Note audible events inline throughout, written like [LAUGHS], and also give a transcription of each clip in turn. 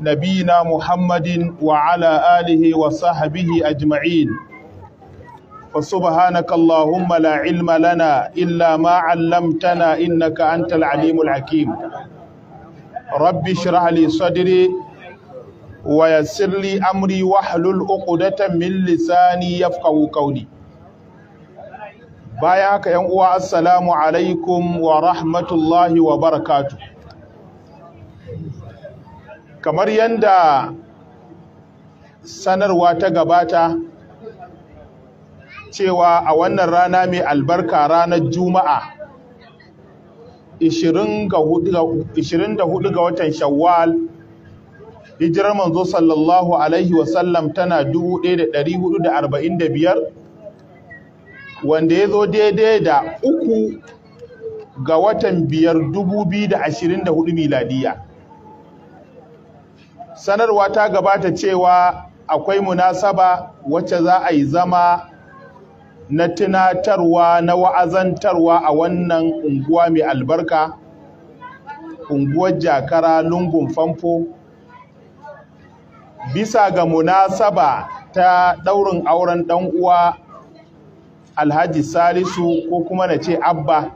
نبينا محمد وعلى آله وصحبه أجمعين فسبحانك اللهم لا علم لنا إلا ما علمتنا إنك أنت العليم الحكيم رب اشرح لي صدري ويسر لي أمري واحلل عقدة من لساني يفقه قولي بايعك يا أنقوى السلام عليكم ورحمة الله وبركاته kamar yadda sanarwa ta gabata cewa a wannan rana mai albarka ranar juma'a 24 ga watan shawwal hijirar manzo sallallahu alaihi wasallam tana 1445 wanda ya zo daidai da uku ga watan biyar 2024 miladiyya sanarwa ta gabata cewa akwai munasaba wacce za a yi zama na tunatarwa na wa'azantarwa a wannan unguwa mai albarka unguwar jakara lungun famfo bisa ga munasaba ta ɗaurin auren ɗan uwa alhaji salisu ko kuma na ce abba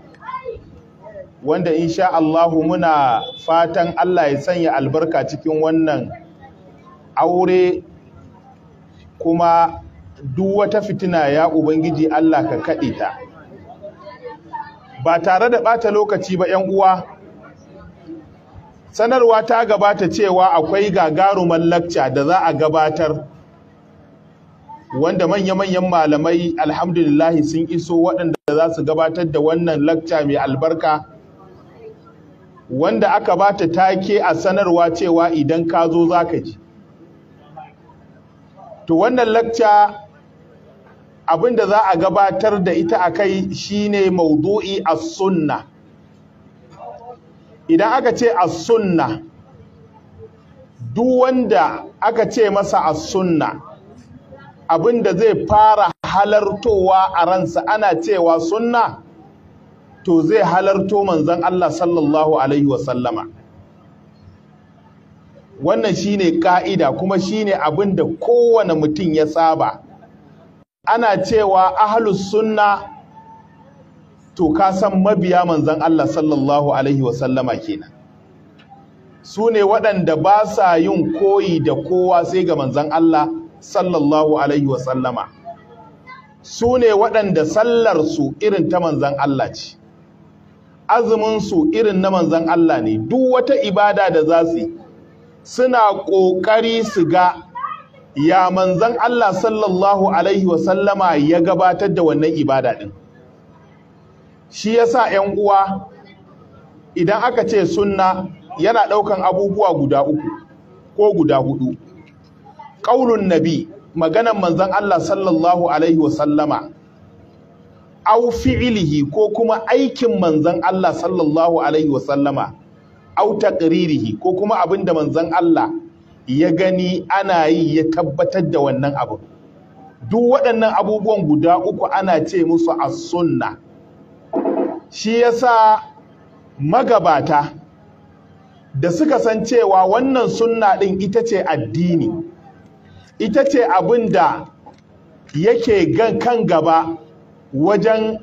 wanda insha Allahu muna fatan Allah ya sanya albarka cikin wannan aure kuma duk wata fitina ya Ubangiji Allah ka kaɗe ta. Ba tare da ɓata lokaci ba ‘yan uwa, sanarwa ta gabata cewa akwai gagaruman lakca da za a gabatar wanda manya-manyan malamai alhamdulillahi sun iso waɗanda za su gabatar da wannan lakca mai albarka. wanda aka ba ta take a sanarwa cewa idan ka zo za ka ji to wannan lakca abin da za a gabatar da ita a kai shi ne maudu'i a sunna idan aka ce a sunna duk wanda aka ce masa a sunna abin da zai fara halartowa a ransa ana cewa sunna to zai halarto manzon Allah sallallahu alaihi wa sallama. wannan shine ka'ida kuma shine abin da kowane mutum ya saba ana cewa ahlus sunna to ka san mabiya manzon Allah sallallahu alaihi wa sallama kenan su ne waɗanda ba sa yin koyi da kowa sai ga manzon Allah sallallahu alaihi wa sallama. su ne waɗanda sallarsu irin ta manzon Allah ce azumin irin na manzan Allah ne duk wata ibada da za su suna ƙoƙari su ga ya manzan Allah sallallahu alaihi wasallama ya gabatar da wannan ibada ɗin shi yasa 'yan uwa idan aka ce sunna yana ɗaukan abubuwa guda uku ko guda hudu ƙaunin nabi maganan manzan Allah sallallahu alaihi wasallama au fi'ilihi ko kuma aikin manzon Allah sallallahu alaihi wasallama au taqririhi ko kuma abin da manzon Allah ya gani ana yi ya tabbatar da wannan abu duk waɗannan abubuwan guda uku ana ce musu a sunna shi yasa magabata da suka san cewa wannan sunna ɗin ita ce addini ita ce abin da yake kan gaba wajen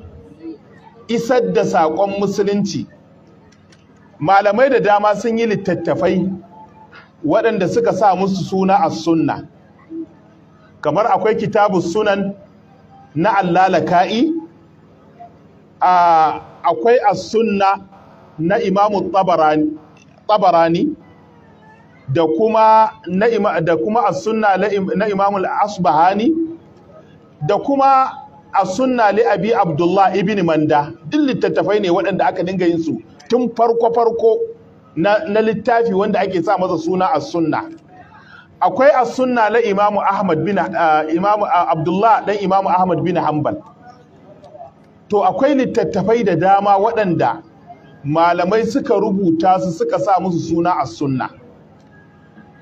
isar da saƙon musulunci malamai da dama sun yi littattafai waɗanda suka sa musu suna a sunna kamar akwai kitabu sunan na allalaka'i akwai a sunna na imamu tabarani da kuma na da kuma sunna na imamul asbahani da kuma a sunna li abi abdullah ibn manda duk littattafai ne waɗanda aka dinga yin su tun farko farko na, littafi wanda ake sa masa suna as sunna akwai as sunna la imamu ahmad bin uh, imamu ah, abdullah dan imamu ahmad bin hanbal to akwai littattafai da dama waɗanda malamai suka rubuta su suka sa musu suna a sunna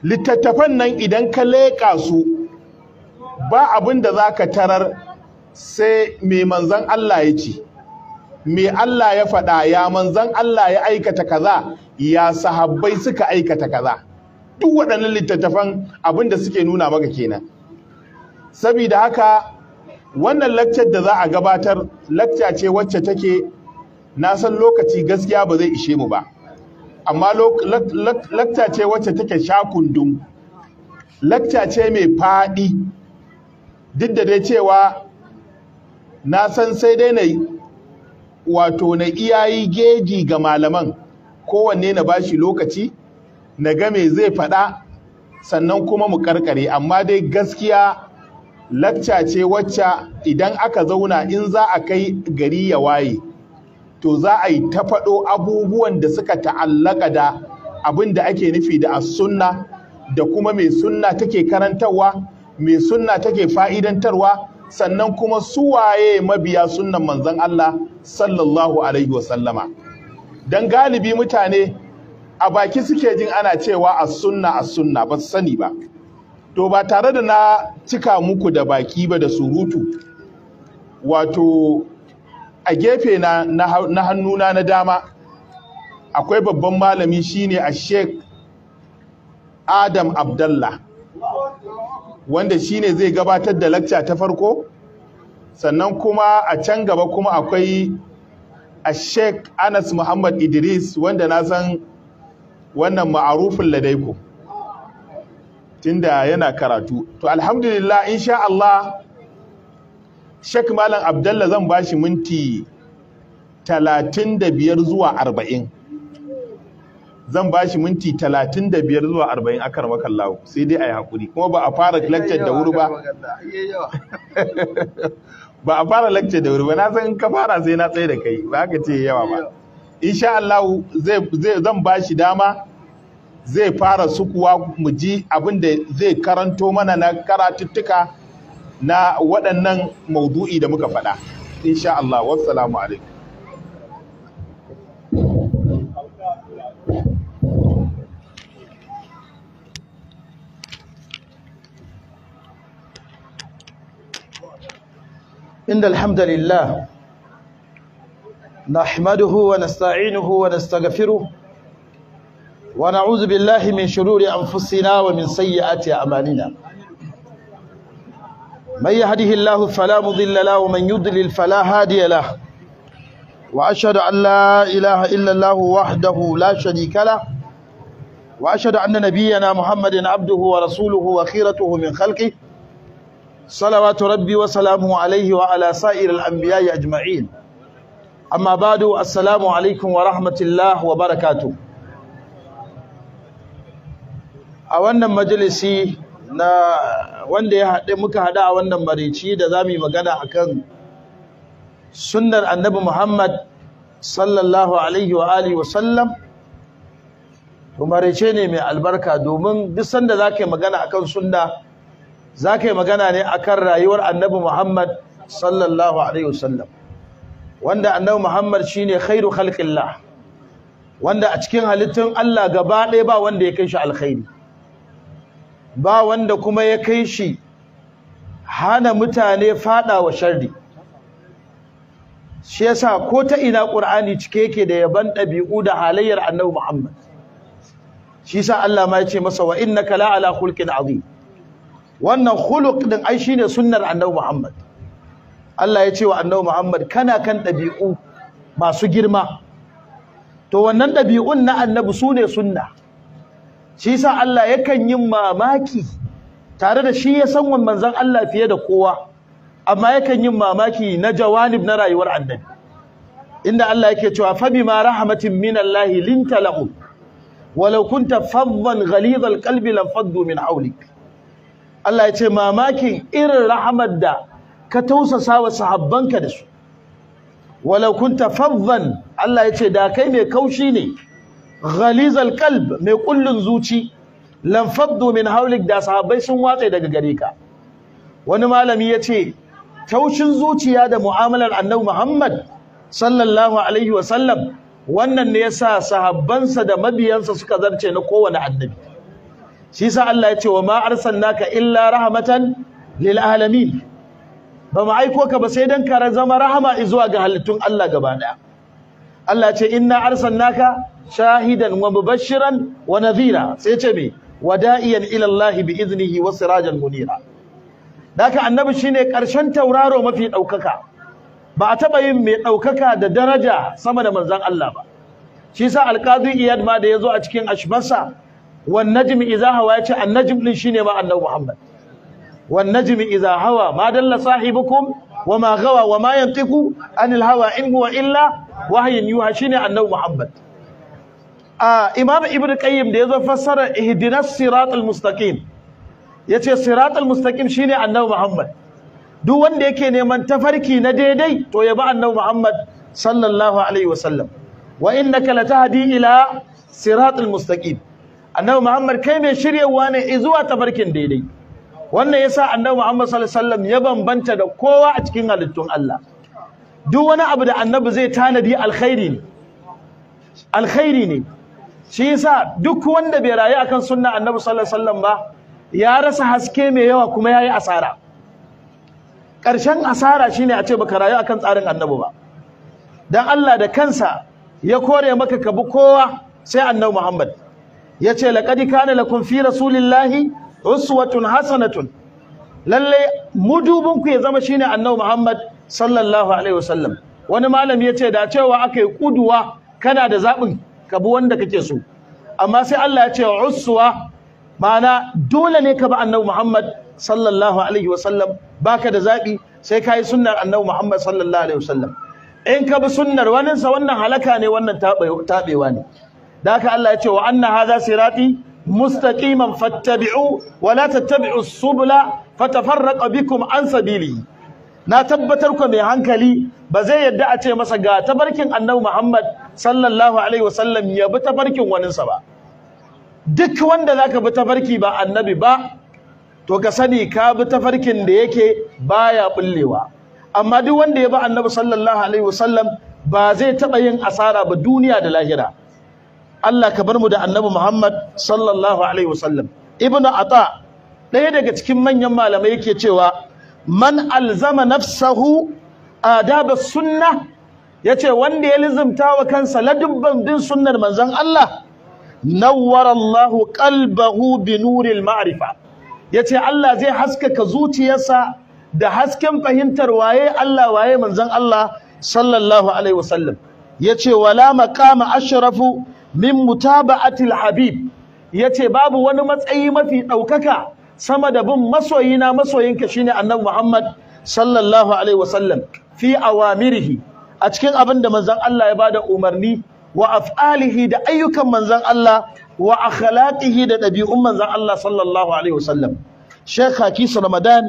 littattafan nan idan ka leƙa su ba abin da za ka tarar sai mai manzan Allah ya ce me Allah ya faɗa ya manzan Allah ya aikata kaza ya sahabbai suka aikata kaza duk waɗannan littattafan abin da suke nuna maka kenan Sabida haka wannan lakcar da za a gabatar lakca ce wacce take na san lokaci gaskiya ba zai ishe mu ba amma lakca ce wacce take sha kundun lakca ce mai faɗi duk da dai cewa na san sai dai na wato na iyayi geji ga malaman kowanne na bashi lokaci na ga me zai faɗa sannan kuma mu karkare amma dai gaskiya lacca ce wacce idan aka zauna in za a kai gari ya waye to za a yi ta faɗo abubuwan da suka ta'allaka da abin da ake nufi da as-sunna da kuma mai sunna take karantarwa mai sunna take fa'idantarwa sannan kuma suwaye mabiya sunnan manzon Allah sallallahu alaihi wasallama dan galibi mutane a baki suke jin ana cewa a sunna as sunna ba su sani ba to ba tare da na cika muku da baki ba da surutu wato a gefe na na hannuna na dama akwai babban malami shine a sheik adam abdallah wanda shi ne zai gabatar da lakca ta farko sannan kuma a can gaba kuma akwai a sheik anas muhammad idris wanda na san wannan ma'arufin ladaiko tunda yana karatu to alhamdulillah insha Allah sheik malam abdallah zan bashi minti talatin da biyar zuwa arba'in zan ba shi minti 35 zuwa 40 akar makallahu sai dai a yi haƙuri kuma ba a fara lecture da wuri ba [LAUGHS] ba a fara lecture da wuri ba na san in ka fara sai na tsaye da kai ba ka ce yawa ba insha Allah zai zan ba shi dama zai fara sukuwa mu ji abin da zai karanto mana na karatuttuka na waɗannan maudu'i da muka faɗa insha Allah wassalamu alaikum إن الحمد لله نحمده ونستعينه ونستغفره ونعوذ بالله من شرور أنفسنا ومن سيئات أعمالنا من يهده الله فلا مضل له ومن يضلل فلا هادي له وأشهد أن لا إله إلا الله وحده لا شريك له وأشهد أن نبينا محمد عبده ورسوله وخيرته من خلقه salawatu rabbi wa salamu alaihi wa ala sa'iril anbiya'i ajma'in amma ba'du assalamu alaikum wa rahmatullah wa barakatuh a wannan majalisi na wanda ya haɗe muka haɗa a wannan marici da za mu yi magana a kan sunnar annabi Muhammad sallallahu alaihi wa alihi wa to marice ne mai albarka domin duk sanda za ka yi magana a kan sunna za ka yi magana ne akan rayuwar annabi Muhammad sallallahu alaihi wasallam wanda annabi Muhammad shine khairu lah. wanda a cikin halittun Allah gaba ɗaya ba wanda ya kai shi alkhairi ba wanda kuma ya kai shi hana mutane fada wa sharri shi yasa ko ta ina ƙur'ani cike yake da yaban ɗabi'u da halayyar annabi Muhammad shi yasa Allah ma ya ce masa wa innaka la ala khulqin azim wannan khuluq din ai shine sunnar annabi Muhammad Allah ya ce wa annabi Muhammad kana kan ɗabi'u masu girma to wannan ɗabi'un na annabi su ne sunna shi yasa Allah yakan yin mamaki tare da shi ya san wannan manzon Allah fiye da kowa amma yakan yin mamaki na jawanib na rayuwar annabi inda Allah yake cewa fa ma rahmatin minallahi linta lahum walau kunta faddan ghalidhal qalbi lanfaddu min hawlik Allah ya ce mamakin irin rahamar da ka tausasa wa sahabbanka da su walau kunta faddan Allah ya ce da kai mai kaushi ne ghalizal qalb mai kullun zuci lan faddu min haulik da sahabbai sun watsa daga gare ka wani malami ya ce taushin zuciya da mu'amalar annabi Muhammad sallallahu alaihi wa sallam wannan ne yasa sahabbansa da mabiyansa suka zarce na kowane annabi shi sa Allah ya ce wa ma arsalnaka illa rahmatan lil alamin ba mu aiko ka ba sai dan ka zama rahama zuwa ga halittun Allah gaba daya Allah ce inna arsalnaka shahidan wa mubashiran wa nadhira sai ce me wada'iyan ila Allah bi iznihi wa sirajan munira daka annabi shine karshen tauraro mafi daukaka ba a taba yin mai daukaka da daraja sama da manzon Allah ba shi sa alqadi iyad ma da yazo a cikin ashbasa wan najmi idza hawa yace an najm din shine ma annabi Muhammad wan najmi idza hawa ma dalla sahibukum wama gawa wama yantiku anil hawa in huwa illa wahyin yuha shine annabi Muhammad a imam ibn qayyim da yazo fassara ihdinas siratal mustaqim yace siratal mustaqim shine annabi Muhammad duk wanda yake neman tafarki na daidai to ya bi annabi Muhammad sallallahu alaihi wasallam wa ila siratal annabi Muhammad kai mai shiryarwa ne zuwa tafarkin daidai wannan yasa annabi Muhammad sallallahu alaihi wasallam ya bambanta da kowa a cikin halittun Allah duk wani abu da annabi zai tanadi alkhairi ne alkhairi ne shi yasa duk wanda bai rayu akan sunna annabi sallallahu alaihi wasallam ba ya rasa haske mai yawa kuma yayi asara ƙarshen asara shine a ce baka rayu akan tsarin annabi ba dan Allah da kansa ya kore maka ka bi kowa sai annabi Muhammad yace laqad kana lakum fi rasulillahi uswatun hasanatun lalle mudubun ku ya zama shine annabi Muhammad sallallahu alaihi wasallam wani malami yace da cewa akai kuduwa kana da zabin ka bi wanda kake so amma sai Allah ya ce uswa ma'ana dole ne ka bi annabi Muhammad sallallahu alaihi wasallam baka da zabi sai kai sunnar annabi Muhammad sallallahu alaihi wasallam in ka bi sunnar waninsa wannan halaka ne wannan tabewa ne da haka Allah ya ce wa anna hadha sirati mustaqiman fattabi'u wa la tattabi'u subula fatafarraqa bikum an sabili na tabbatar ku mai hankali ba zai yadda a ce masa ga tabarkin Annabi Muhammad sallallahu alaihi wasallam ya bi tabarkin waninsa ba duk wanda zaka bi tafarki ba annabi ba to ka sani ka bi tafarkin da yake baya bullewa amma duk wanda ya bi annabi sallallahu alaihi wasallam ba zai taba yin asara ba duniya da lahira Allah ka bar mu da annabi Muhammad sallallahu alaihi wasallam ibnu ata ɗaya daga cikin manyan malamai yake cewa man alzama nafsahu adaba sunna yace wanda ya lizumta wa kansa ladubban bin sunnar manzon Allah nawwara Allah qalbahu bi nuril Ya yace Allah zai haskaka zuciyarsa da hasken fahimtar waye Allah waye manzan Allah sallallahu alaihi wasallam yace wala maqama ashrafu min mutaba'atil habib yace babu wani matsayi mafi ɗaukaka sama da bin masoyina masoyinka shine annabi Muhammad sallallahu alaihi wasallam fi awamirihi a cikin abin da manzon Allah ya bada umarni wa af'alihi da ayyukan manzon Allah wa akhlaqihi da ɗabi'un manzon Allah sallallahu alaihi wasallam Sheikh Hakisu Ramadan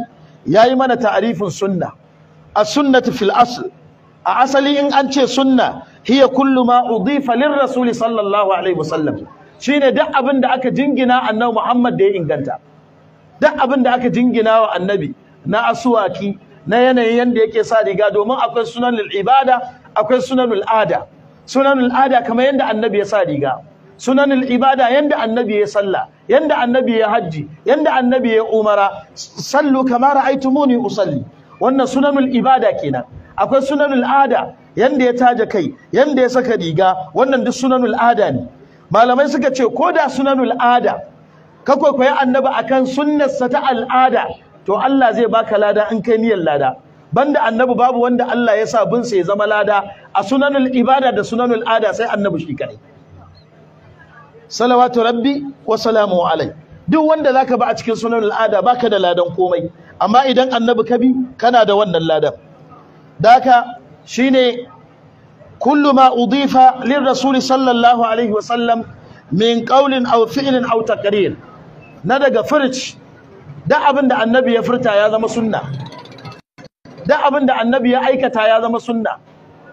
yayi mana tarifin sunna as-sunnatu fil asl a asali in an ce sunna hiya kullu ma udifa lirrasuli sallallahu alaihi wasallam shine duk abin da aka jingina annabi Muhammad da ya inganta duk abin da aka jingina wa annabi na asuwaki na yanayin yanda yake sa riga domin akwai sunanul ibada akwai sunanul ada sunanul ada kamar yanda annabi ya sa riga sunanul ibada yanda annabi ya sallah yanda annabi ya hajji yanda annabi ya umara sallu kama ra'aytumuni usalli wannan sunanul ibada kenan akwai sunanul ada yanda ya taja kai yanda ya saka riga wannan duk sunanul ada ne malamai suka ce ko da sunanul ada ka kwaikwayi annabi akan sa ta al'ada to Allah zai baka lada in kai niyyar lada banda annabi babu wanda Allah ya sa bin sa ya zama lada a sunanul ibada da sunanul ada sai annabi shi kadai salawatu rabbi wa salamu alai duk wanda zaka ba a cikin sunanul ada baka da ladan komai amma idan annabi ka bi kana da wannan ladan daka shine kullu ma udifa lir rasul sallallahu alaihi wasallam min qawlin aw fi'lin aw taqrir na daga furci da abinda annabi ya furta ya zama sunna da abinda annabi ya aikata ya zama sunna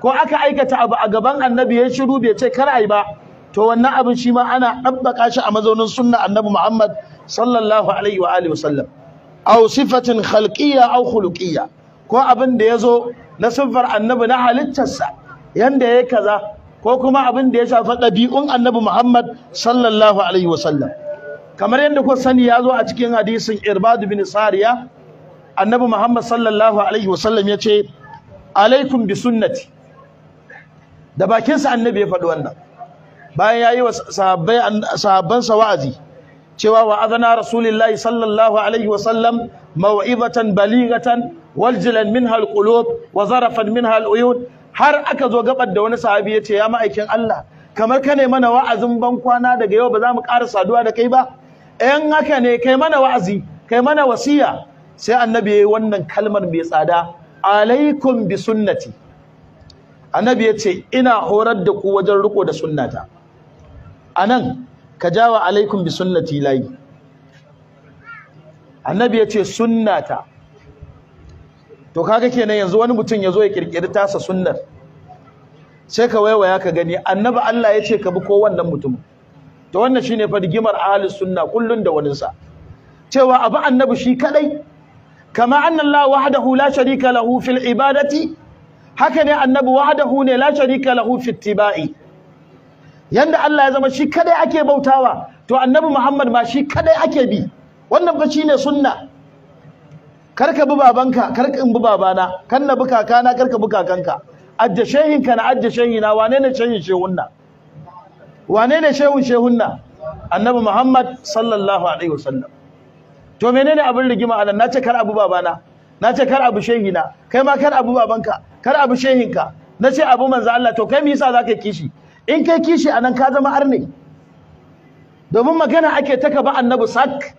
ko aka aikata abu a gaban annabi ya shiru bai ce kar ai ba to wannan abin shi ma ana dabbaka shi a mazaunin sunna annabi Muhammad sallallahu alaihi wa alihi wasallam aw sifatin khalqiyya aw khuluqiyya ko abin da yazo na siffar annabi na halittarsa yanda ya kaza ko kuma abin da ya shafi ɗabi'un annabi Muhammad sallallahu alaihi wasallam kamar yadda ku sani ya zo a cikin hadisin Irbad bin Sariya annabi Muhammad sallallahu alaihi wasallam ya ce alaikum bi sunnati da bakinsa annabi ya faɗi wannan bayan ya yi wa sahabbansa wa'azi cewa wa azana rasulillahi sallallahu alaihi wa sallam maw'izatan baligatan waljilan minha alqulub wa zarafan minha aluyun har aka zo gabar da wani sahabi ya ce ya ma'aikin Allah kamar ka ne mana wa'azin ban kwana daga yau ba za mu ƙara saduwa da kai ba ɗan haka ne kai mana wa'azi kai mana wasiya sai annabi yi wannan kalmar mai tsada alaikum bi sunnati annabi ya ce ina horar da ku wajen riko da sunnata anan ka alaikum bi sunnati layi annabi ya ce sunnata to kaga kenan yanzu wani mutum ya zo ya kirkiri tasa sunnar sai ka waiwaya ka gani annabi Allah ya ce ka bi ko wannan mutumin to wannan shine fa digimar ahlus sunna kullun da waninsa cewa abu annabi shi kadai kama anna Allah wahdahu la sharika lahu fil ibadati haka ne annabi wahdahu ne la sharika lahu fit tibai yanda Allah ya zama shi kadai ake bautawa to annabi Muhammad ma shi kadai ake bi wannan fa shine sunna karka bi babanka karka in bi babana kan na bi kakana karka bi kakanka ajja shehinka na ajja shehina wane ne shehin shehunna wane ne shehun shehunna annabi Muhammad sallallahu alaihi wasallam to menene abin rigima anan nace kar abu babana nace kar abu shehina kai ma kar abu babanka kar abu shehinka nace abu manzo Allah to kai me yasa zaka kishi in kai kishi a nan ka zama arne domin magana ake ta ba annabu sak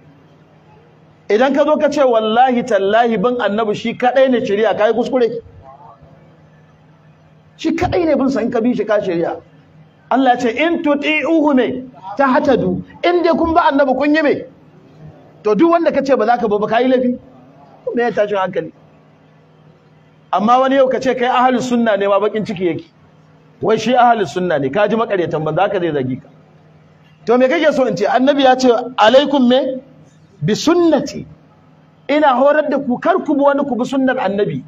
idan ka zo ka ce wallahi tallahi bin annabu shi kadai ne shari'a yi kuskure shi kadai ne bin san ka bi shi ka shari'a Allah ya ce in tuti'uhu ne ta hatadu in dai kun ba annabu kun yi me to duk wanda ka ce ba za ka ba ka yi laifi me ya tashin hankali amma wani yau ka ce kai ahalus sunna ne ma bakin ciki yake wai shi ahli sunna ne kaji makaryatan banza ka zai zagi ka to me kake so in ce annabi ya ce alaikum me bi sunnati ina horar da ku kar ku wani ku bi sunnar annabi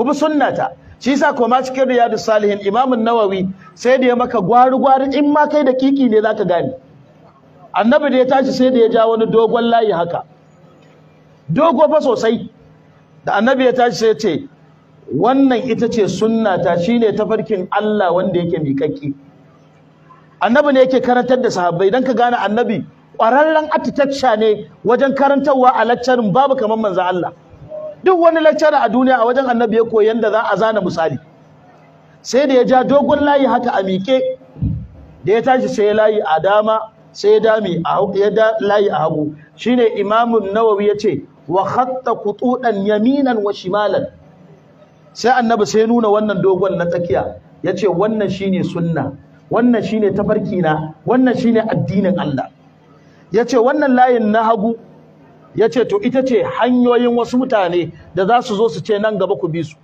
ku bi sunnata shi yasa koma cikin riyadu salihin imamun nawawi sai da ya maka gwari gwari in ma kai da kiki ne zaka gane annabi da ya tashi sai da ya ja wani dogon layi haka dogo fa sosai da annabi ya tashi sai ya ce wannan ita ce sunnata shine tafarkin Allah wanda yake miƙaƙƙi annabi ne yake karantar da sahabbai dan ka gane annabi ƙwararren atitacca ne wajen karantarwa a laccarin babu kamar manzo Allah duk wani laccar a duniya a wajen annabi ya koyi yanda za a zana misali sai da ya ja dogon layi haka a miƙe da ya tashi sai layi a dama sai ya dami ya da layi a hagu shine imamun nawawi yace wa khatta qutudan yaminan wa shimalan sai annabi sai nuna wannan dogon na tsakiya yace wannan shine sunna wannan shine tafarki na wannan shine addinin Allah yace wannan layin na hagu yace to ita ce hanyoyin wasu mutane da za su zo su ce nan gaba ku bi su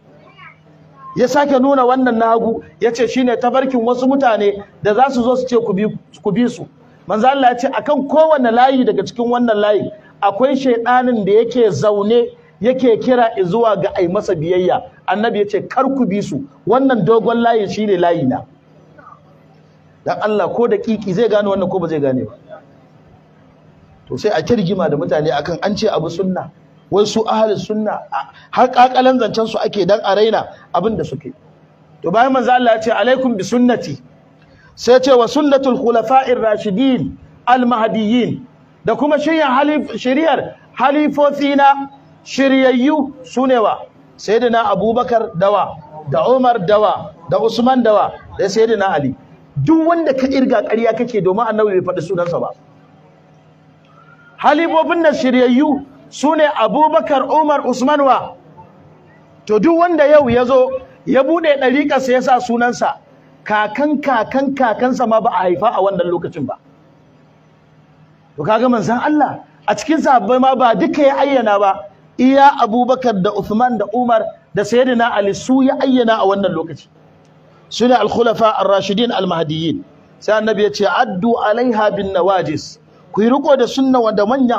ya sake nuna wannan na hagu yace shine tafarkin wasu mutane da za su zo su ce ku bi su manzo Allah yace akan kowanne layi daga cikin wannan layi akwai shaydanin da yake zaune yake kira zuwa ga ai masa biyayya annabi yace kar ku bi su wannan dogon layi shine layi na dan Allah ko daƙiƙi zai gane wannan ko ba zai gane ba to sai a kirgima da mutane akan an ce abu sunna wai su ahli sunna har kakalan zancen su ake dan a raina abin da suke to bayan manzo Allah ya ce alaikum bi sunnati sai ya ce wa sunnatul khulafa'ir rashidin al mahdiyyin da kuma shiryar halif shiryayyu su ne wa sayyidina abubakar dawa da umar dawa da usman dawa da sayyidina ali duk wanda ka irga ƙarya kake domin annabi bai faɗi sunansa ba halibobin nan shiryayyu sune abubakar umar usman wa to duk wanda yau ya zo ya buɗe ɗariƙarsa ya sa sunansa kakan kakan kakansa ma ba a haifa a wannan lokacin ba to kaga manzan Allah a cikin sahabbai ma ba duka ya ayyana ba iya abubakar da uthman da umar da sayyidina ali su ya ayyana a wannan lokaci sune al a ar-rashidin al-mahdiyyin sai annabi ya ce addu alaiha bin nawajis ku riko da sunna wanda manyan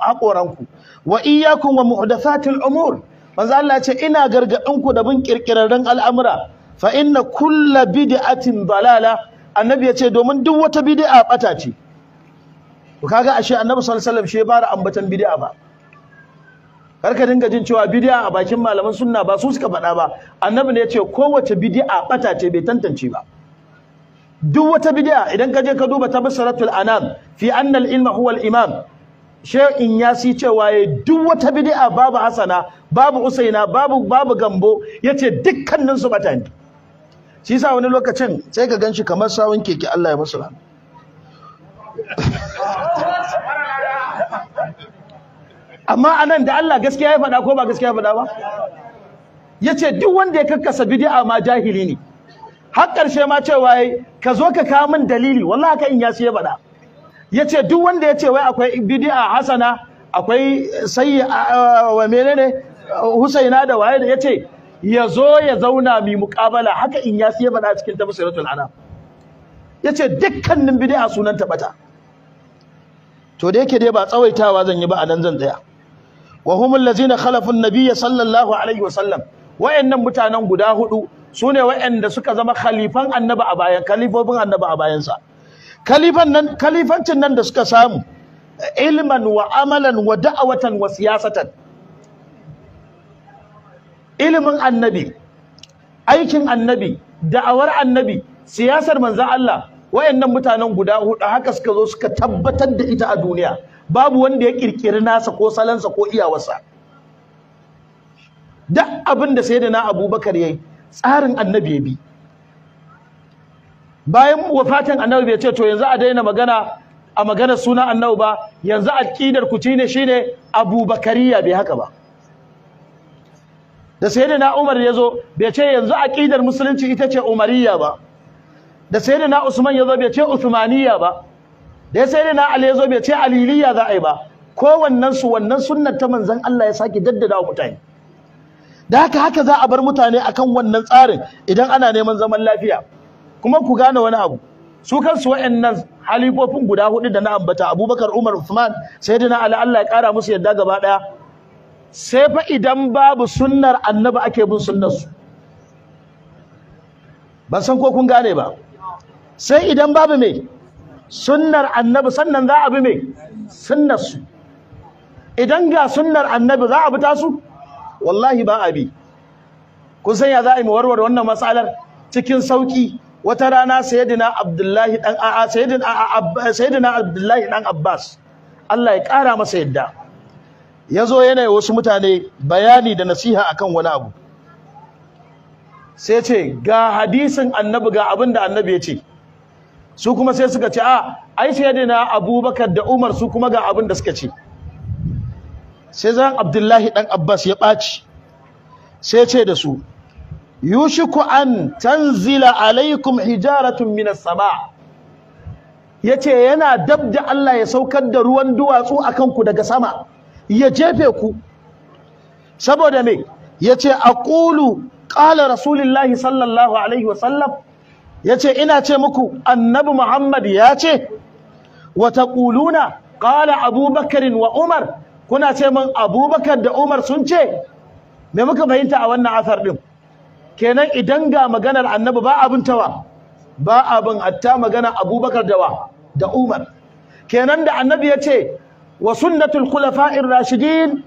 haƙoranku wa iyyakum wa muhdathatil umur manzo Allah ya ce ina gargadin ku da bin kirkirarren al'amura fa inna kulla bid'atin dalala annabi ya ce domin duk wata bid'a bata ce Ku kaga ashe annabi sallallahu alaihi wasallam shi ya bara ambatan bid'a ba karka dinga jin cewa bid'a a bakin malaman sunna ba su suka faɗa ba annabi ne ya ce kowace bid'a bata ce bai tantance ba duk wata bid'a idan ka je ka duba tabsaratul anam fi anna al-ilma huwa al-imam in yasi cewa ya duk wata bid'a babu hasana babu usaina babu babu gambo yace dukkanin su bata ne shi yasa wani lokacin sai ka ganshi kamar sawun keke Allah ya masa rahama [LAUGHS] amma anan da Allah gaskiya ya faɗa ko ba gaskiya ya faɗa ba yace duk wanda ya karkasa bid'a ma jahili ne har ƙarshe ma cewa yayi ka zo ka kawo min dalili wallahi haka in ya ya faɗa yace duk wanda yace wai akwai bid'a hasana akwai sayyi wa menene husaina da waye da yace ya zo ya zauna mi muƙabala haka in ya ya faɗa cikin tafsiratul anam yace dukkanin bid'a sunan ta bata to da yake dai ba tsawaitawa zan yi ba a nan zan tsaya wa humul ladzina khalafu an-nabiyya sallallahu alaihi wasallam wayannan mutanen guda hudu sune wayanda suka zama khalifan annabi a bayan khalifofin annabi a bayan sa khalifan nan khalifancin nan da suka samu ilman wa amalan wa da'awatan wa siyasatan ilimin annabi aikin annabi da'awar annabi siyasar manzon Allah wayannan mutanen guda hudu haka suka zo suka tabbatar da ita a duniya babu wanda ya kirkiri nasa ko salansa ko iyawarsa duk abin da sayyidina abubakar yayi tsarin annabi ya bi bayan wafatin annabi bai ce to yanzu a daina magana a magana suna annabi ba yanzu aqidar ku shine shine abubakariya bai haka ba da na umar yazo bai ce yanzu aqidar musulunci ita ce umariya ba da na usman yazo bai ce uthmaniya ba da sai na Ali yazo bai ce aliliya za a yi ba kowannen su wannan sunnar ta manzon Allah ya sake daddada wa mutane da haka haka za a bar mutane akan wannan tsarin idan ana neman zaman lafiya kuma ku gane wani abu su kansu wa'annan halifofin guda hudu da na ambata Abubakar Umar Uthman sayyidina Ali Allah ya kara musu yadda gaba daya sai fa idan babu sunnar annabi ake bin sunnar su ban san ko kun gane ba sai idan babu me sunnar annabi sannan za a bi me sunnar su idan ga sunnar annabi za a bi tasu wallahi ba a bi kun san ya za a yi warware wannan matsalar cikin sauki wata rana sayyidina abdullahi dan abbas Allah ya kara masa yadda Ya zo yana wasu mutane bayani da nasiha akan wani abu sai ce ga hadisin annabi ga abin da annabi ya ce su kuma sai suka ce a ai sayyidina abubakar da umar su kuma ga abin da suka ce sai zan abdullahi dan abbas ya ɓaci sai ce da su yushiku an tanzila alaikum hijaratun minas sama yace yana dab da Allah ya saukar da ruwan duwatsu a ku daga sama ya jefe ku saboda me a ƙulu qala rasulullahi sallallahu alaihi wasallam yace ina ce muku annabi Muhammad ya ce Wata taquluna qala abubakarin wa Umar kuna ce min Abubakar da Umar sun ce me muka fahimta a wannan asar din kenan idan ga maganar annabi ba abin tawa ba abin hatta magana Abubakar da wa da Umar kenan da annabi ya ce wa sunnatul khulafa'ir rashidin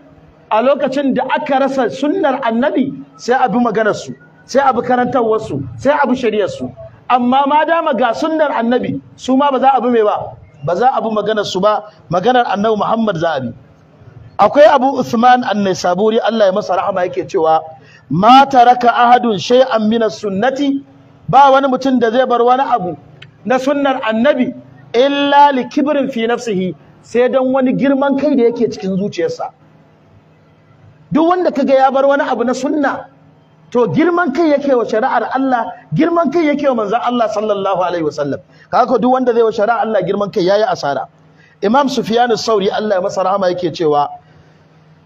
a lokacin da aka rasa sunnar annabi sai abi bi maganarsu sai abi karantar su sai abi bi su amma ma dama ga sunnar annabi su ma ba za a bi mai ba ba za a bi maganar su ba maganar annabi Muhammad za a bi akwai Abu Usman An-Naisaburi Allah ya masa rahama yake cewa ma taraka ahadun shay'an min sunnati ba wani mutum da zai bar wani abu na sunnar annabi illa li kibrin fi nafsihi sai dan wani girman kai da yake cikin zuciyarsa duk wanda kaga ya bar wani abu na sunna to girman kai yake wa shari'ar Allah girman kai yake wa manzon Allah sallallahu alaihi wasallam kaga duk wanda zai wa shari'ar Allah girman kai yayi asara Imam Sufyan as-Sauri Allah ya masa rahama yake cewa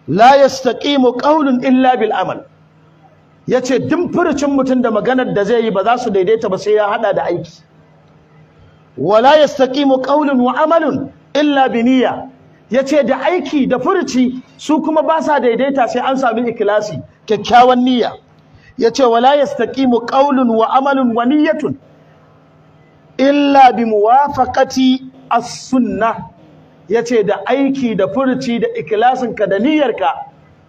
la yastaqimu qawlun illa bil amal yace duk furucin mutum da maganar da zai yi ba za su daidaita ba sai ya hada da aiki wala yastaqimu qawlun wa amalun illa bi niyya yace da aiki da furuci su kuma ba sa daidaita sai an sami ikhlasi kyakkyawan niyya yace wala yastaqimu qawlun wa amalun wa niyyatun illa bi muwafaqati as-sunnah yace da aiki da furuci da ikilasinka da niyyarka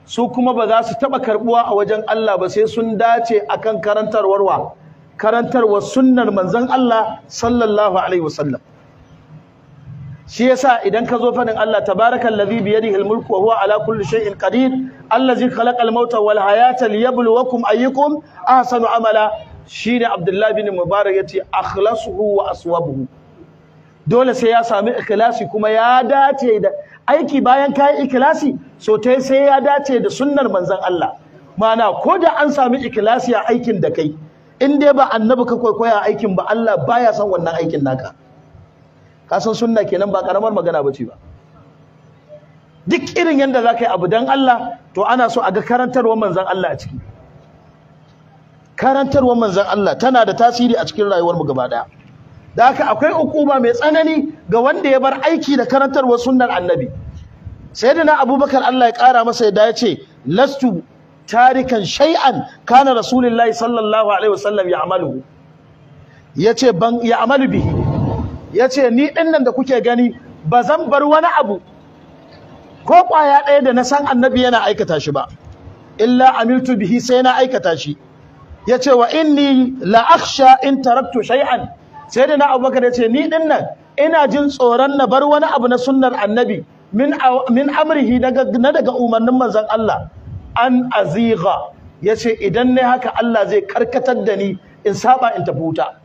su kuma ba za su taɓa karɓuwa a wajen Allah ba sai sun dace akan karantarwarwa karantarwar sunnar manzan Allah sallallahu alaihi wasallam shi yasa idan ka zo fannin Allah tabarakal ladhi bi yadihi almulku wa huwa ala kulli shay'in qadir allazi khalaqal mauta wal hayata liyabluwakum ayyukum ahsanu amala shine Abdullah bin Mubarak yace akhlasuhu wa aswabuhu dole sai ya sami ikhlasi kuma ya dace da aiki bayan kai ikhlasi so tai sai ya dace da sunnar manzon Allah mana ko da an sami ikhlasi a aikin da kai in dai ba annabi ka kwaikwaya aikin ba Allah baya son wannan aikin naka kasan sunna kenan ba karamar magana ba ce ba duk irin yadda za ka yi abu don Allah to ana so a ga karantarwar manzan Allah a ciki karantarwar manzan Allah tana da tasiri a cikin rayuwarmu gaba daya da haka akwai ukuba mai tsanani ga wanda ya bar aiki da karantarwar sunnar annabi sayyidina abubakar Allah ya kara masa yadda ya ce lastu tarikan shay'an kana rasulullahi sallallahu alaihi wasallam ya amalu yace ban ya amalu bihi ya ce ni ɗin nan da kuke gani ba zan bar wani abu ko ƙwaya ɗaya da na san annabi yana aikata shi ba illa amiltu bihi sai na aikata shi ya ce wa inni la akhsha in taraktu shay'an sai da na abubakar ya ce ni ɗin nan ina jin tsoron na bar wani abu na sunnar annabi min amrihi na daga umarnin manzan Allah an aziga ya ce idan ne haka Allah zai karkatar da ni in saba in tafi wuta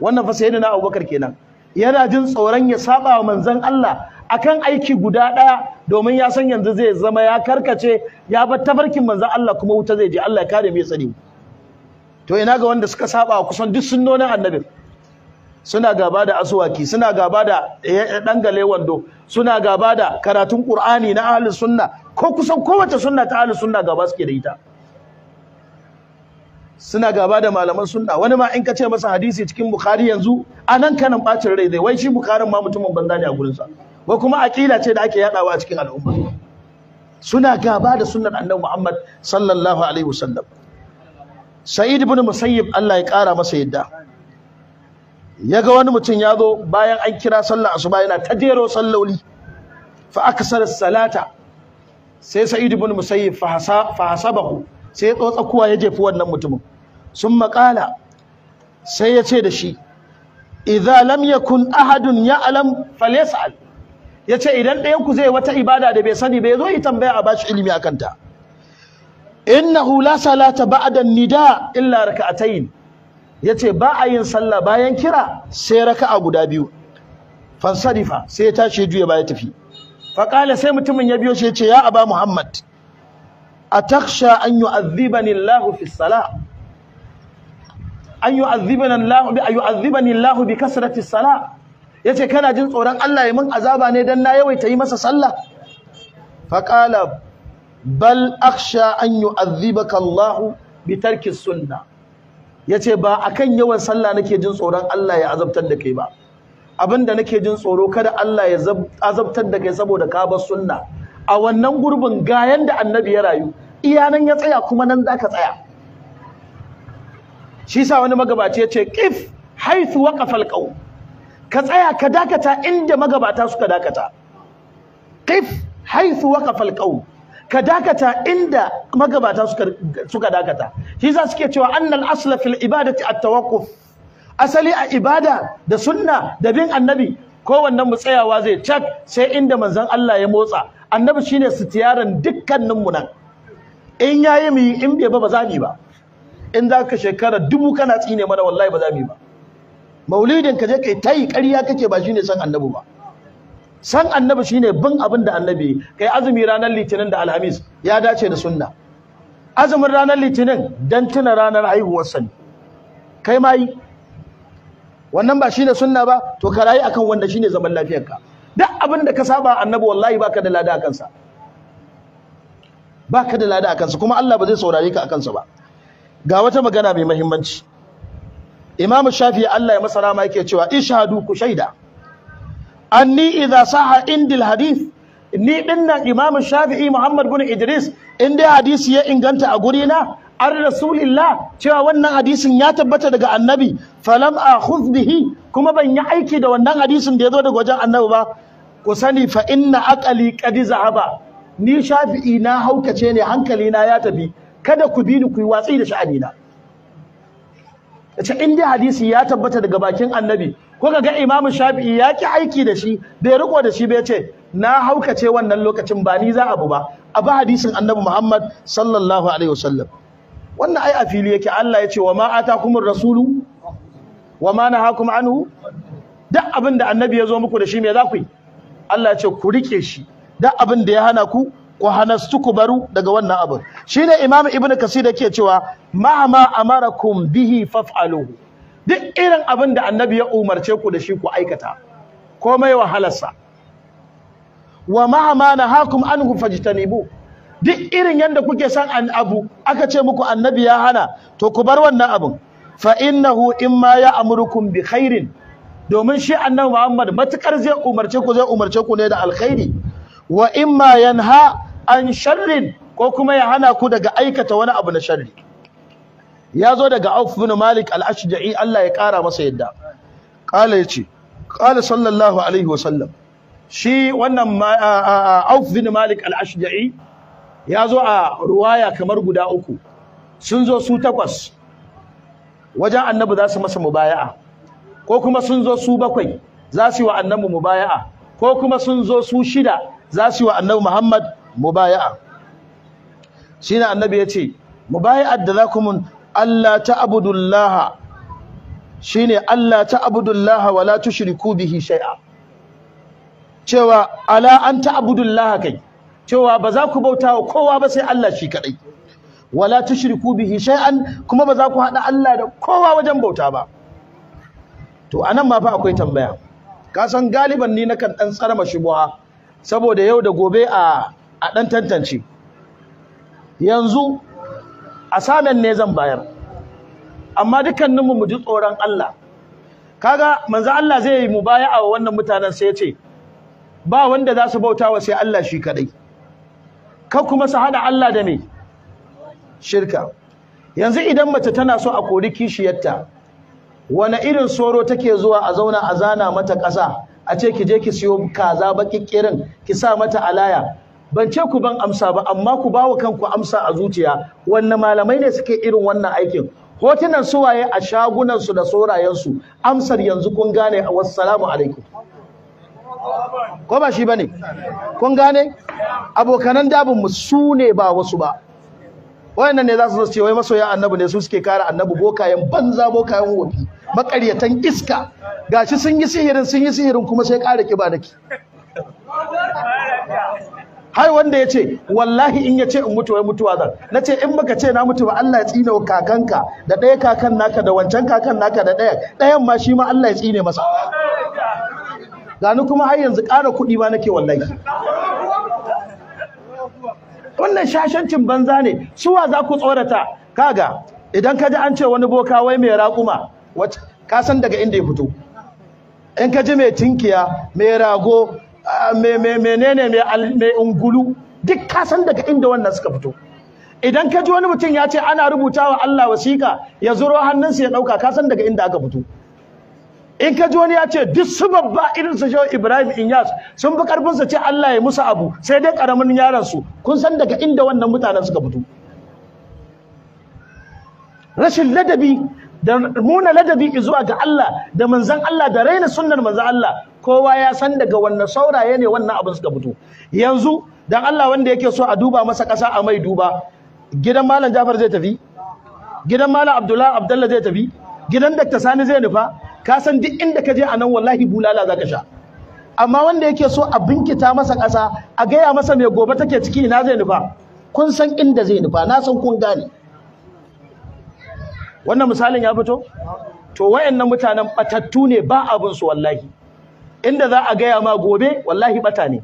wannan fa sayyidina Abubakar kenan yana jin tsoron ya saba wa manzon Allah akan aiki guda ɗaya domin ya san yanzu zai zama ya karkace ya bar tafarkin manzon Allah kuma wuta zai je Allah ya kare mai tsari to ina ga wanda suka saba kusan duk sunnonin annabi suna gaba da asuwaki suna gaba da gale wando suna gaba da karatun qur'ani na ahlus sunna ko kusan kowace sunna ta ahlus sunna gaba suke da ita suna gaba da malaman sunna wani ma in ka ce masa hadisi cikin bukhari yanzu a nan kanan bacin rai zai wai shi bukharin ma mutumin banza ne a gurinsa ko kuma aƙida ce da ake yadawa a cikin al'umma suna gaba da sunnar annabi muhammad sallallahu alaihi wasallam sa'id ibn musayyib Allah ya kara masa yadda yaga wani mutum ya zo bayan an kira sallar asuba yana ta jero salloli fa aksara salata sai sa'id ibn musayyib fa hasabahu sai tsotsa kuwa ya jefi wannan mutumin sun maƙala sai ya ce da shi Idan lam yakun ahadun ya'lam falyas'al yace idan ɗayan ku zai wata ibada da bai sani bai zo yi tambaya a bashi ilimi akan ta innahu la salata ba'da nida illa raka'atayn yace ba a yin sallah bayan kira sai raka'a guda biyu fansarifa sai ya tashi juya baya tafi fa sai mutumin ya biyo shi yace ya aba muhammad atakhsha an yu'adhibani Allah fi salah an yu'adhibana bi yu'adhibani bi kasrati salah yace kana jin tsoron Allah ya min azaba ne dan na yawaita yi masa sallah fa qala bal akhsha an yu'adhibaka Allah bi tarki sunna yace ba akan yawan sallah nake jin tsoron Allah ya azabtar da kai ba abinda nake jin tsoro kada Allah ya azabtar da kai saboda ka bar sunna a wannan gurbin ga yanda annabi ya rayu iya nan ya tsaya kuma nan za ka tsaya shi sa wani magabaci ya ce kif haithu waka falƙau. ka tsaya ka dakata inda magabata suka dakata kif haithu waka falƙau ka dakata inda magabata suka dakata shi sa suke cewa annal asla fil ibadati at asali a ibada da sunna da bin annabi wannan mu tsayawa zai cak sai inda manzon Allah ya motsa annabi shine sitiyaran dukkanin mu nan in yayi mu in bai ba ba za mu ba in za ka shekara dubu kana tsine mana wallahi ba za mu ba maulidin ka je kai tayi ƙarya kake ba shine san annabi ba san annabi shine bin abin da annabi kai azumi ranar litinin da alhamis ya dace da sunna azumin ranar litinin dan tuna ranar haihuwar sa kai ma wannan ba shine sunna ba to ka rayu akan wanda shine zaman lafiyarka duk abin da ka saba annabi wallahi baka da lada akan baka da lada kuma Allah ba zai saurare ka akan sa ba ga wata magana mai muhimmanci Imam Shafi'i Allah ya masa rama yake cewa ishadu ku shaida anni idza saha indil hadith ni dinnan Imam Shafi'i Muhammad bin Idris in dai hadisi ya inganta a guri na an rasulillah cewa wannan hadisin ya tabbata daga annabi falam a bihi kuma ban yi aiki da wannan hadisin da ya zo daga wajen annabi ba ku sani fa inna aqali qad zahaba ni shafi'i na haukace ne hankali na ya tafi kada ku bi ni ku watsi da sha'ani na ce in dai hadisi ya tabbata daga bakin annabi ko ga imamu shafi'i ya ki aiki da shi bai riko da shi bai ce na haukace wannan lokacin ba ni za abu ba a hadisin annabi muhammad sallallahu alaihi wasallam wannan ai a fili yake Allah ya ce wa ma atakumur rasulu wa ma nahakum anhu duk abin da annabi ya zo muku da shi me za ku yi Allah ya ce ku rike shi duk abin da ya hana ku ku hanastu ku baru daga wannan abin shine imam ibnu kasir yake cewa ma ma amarakum bihi faf'aluhu duk irin abin da annabi ya umarce ku da shi ku aikata komai wahalarsa wa ma ma nahakum anhu fajtanibu duk irin yadda kuke san an abu aka ce muku annabi ya hana to ku bar wannan abun fa innahu imma ya amurukum bi khairin domin shi annabi Muhammad matukar zai umarce ku zai umarce ku ne da alkhairi wa imma yanha an sharrin ko kuma ya hana ku daga aikata wani abu na sharri ya zo daga Auf bin Malik al-Ashja'i Allah ya kara masa yadda kala yace kala sallallahu alaihi wa sallam shi wannan Auf bin Malik al-Ashja'i ya zo a ruwaya kamar guda uku sun zo su takwas wajen annabi za su masa mubaya'a ko kuma sun zo su bakwai za su yi wa annabi mubaya'a ko kuma sun zo su shida za su yi wa annabi Muhammad mubaya'a shine annabi ya ce mubaya'ar da za ku mun Allah ta abudullaha shine Allah ta abudullaha wa la tushriku bihi shay'a cewa ala an ta abudullaha kai cewa ba za ku bauta wa kowa ba sai Allah shi kadai wala tushriku bihi shay'an kuma ba za ku haɗa Allah da kowa wajen bauta ba to anan ma fa akwai tambaya ka san galiban ni nakan dan tsarama shubuha saboda yau da gobe a a dan tantance yanzu a asanan ne zan bayar amma dukkanin mu ji tsoron Allah kaga manzo Allah zai yi mubaya'a wa wannan mutanen sai ya ce ba wanda za su bauta wa sai Allah shi kadai ka kuma su hada Allah da me shirka yanzu idan mace tana so a kori kishiyarta wani irin soro take zuwa a zauna a zana mata ƙasa a ce ki je ki siyo kaza baƙiƙirin ki sa mata alaya ban ce ku ban amsa ba amma ku bawa kanku amsa a zuciya Wanne malamai ne suke irin wannan aikin hotunan suwaye a shagunansu da sorayensu amsar yanzu kun gane wassalamu alaikum ko ba shi bane kun gane abokanan dabin mu su ne ba wasu ba wayannan ne za su zo ce wai masoya annabi ne su suke kare annabi bokayen banza bokayen wofi makaryatan iska gashi sun yi sihirin sun yi sihirin kuma sai ƙara kiba dake har wanda ya ce wallahi in yace in mutu mutuwa zan na ce in baka ce na mutu ba Allah ya tsine wa kakanka da ɗaya kakan naka da wancan kakan naka da ɗaya ɗayan ma shi ma Allah ya tsine masa gani kuma har yanzu ƙara kuɗi ba nake wallahi wannan shashancin banza ne suwa za ku tsorata kaga idan ka ji an ce wani boka wai mai raƙuma ka san daga inda ya fito in ka ji mai tinkiya mai rago mai menene mai ungulu duk ka san daga inda wannan suka fito idan ka ji wani mutum ya ce ana rubuta wa Allah wasiƙa ya zuro hannunsa ya ɗauka ka san daga inda aka fito in ka ji wani ya ce duk su babba irin su shehu ibrahim inyas sun fi karfin su ce allah ya musu abu sai dai karamin yaran su kun san daga inda wannan mutanen suka fito rashin ladabi da muna ladabi zuwa ga Allah da manzan Allah da raina sunnar manzan Allah kowa ya san daga wannan sauraye ne wannan abin suka fito yanzu dan Allah wanda yake so a duba masa kasa a mai duba gidan malam Jafar zai tafi gidan malam Abdullahi Abdullahi zai tafi gidan dakta Sani zai nufa ka san duk inda ka je a nan wallahi bulala za ka sha amma wanda yake so a binkita masa ƙasa a gaya masa mai gobe take ciki ina zai nufa kun san inda zai nufa na san kun gane wannan misalin ya fito to wayannan mutanen batattu ne ba abin su wallahi inda za a gaya ma gobe wallahi bata ne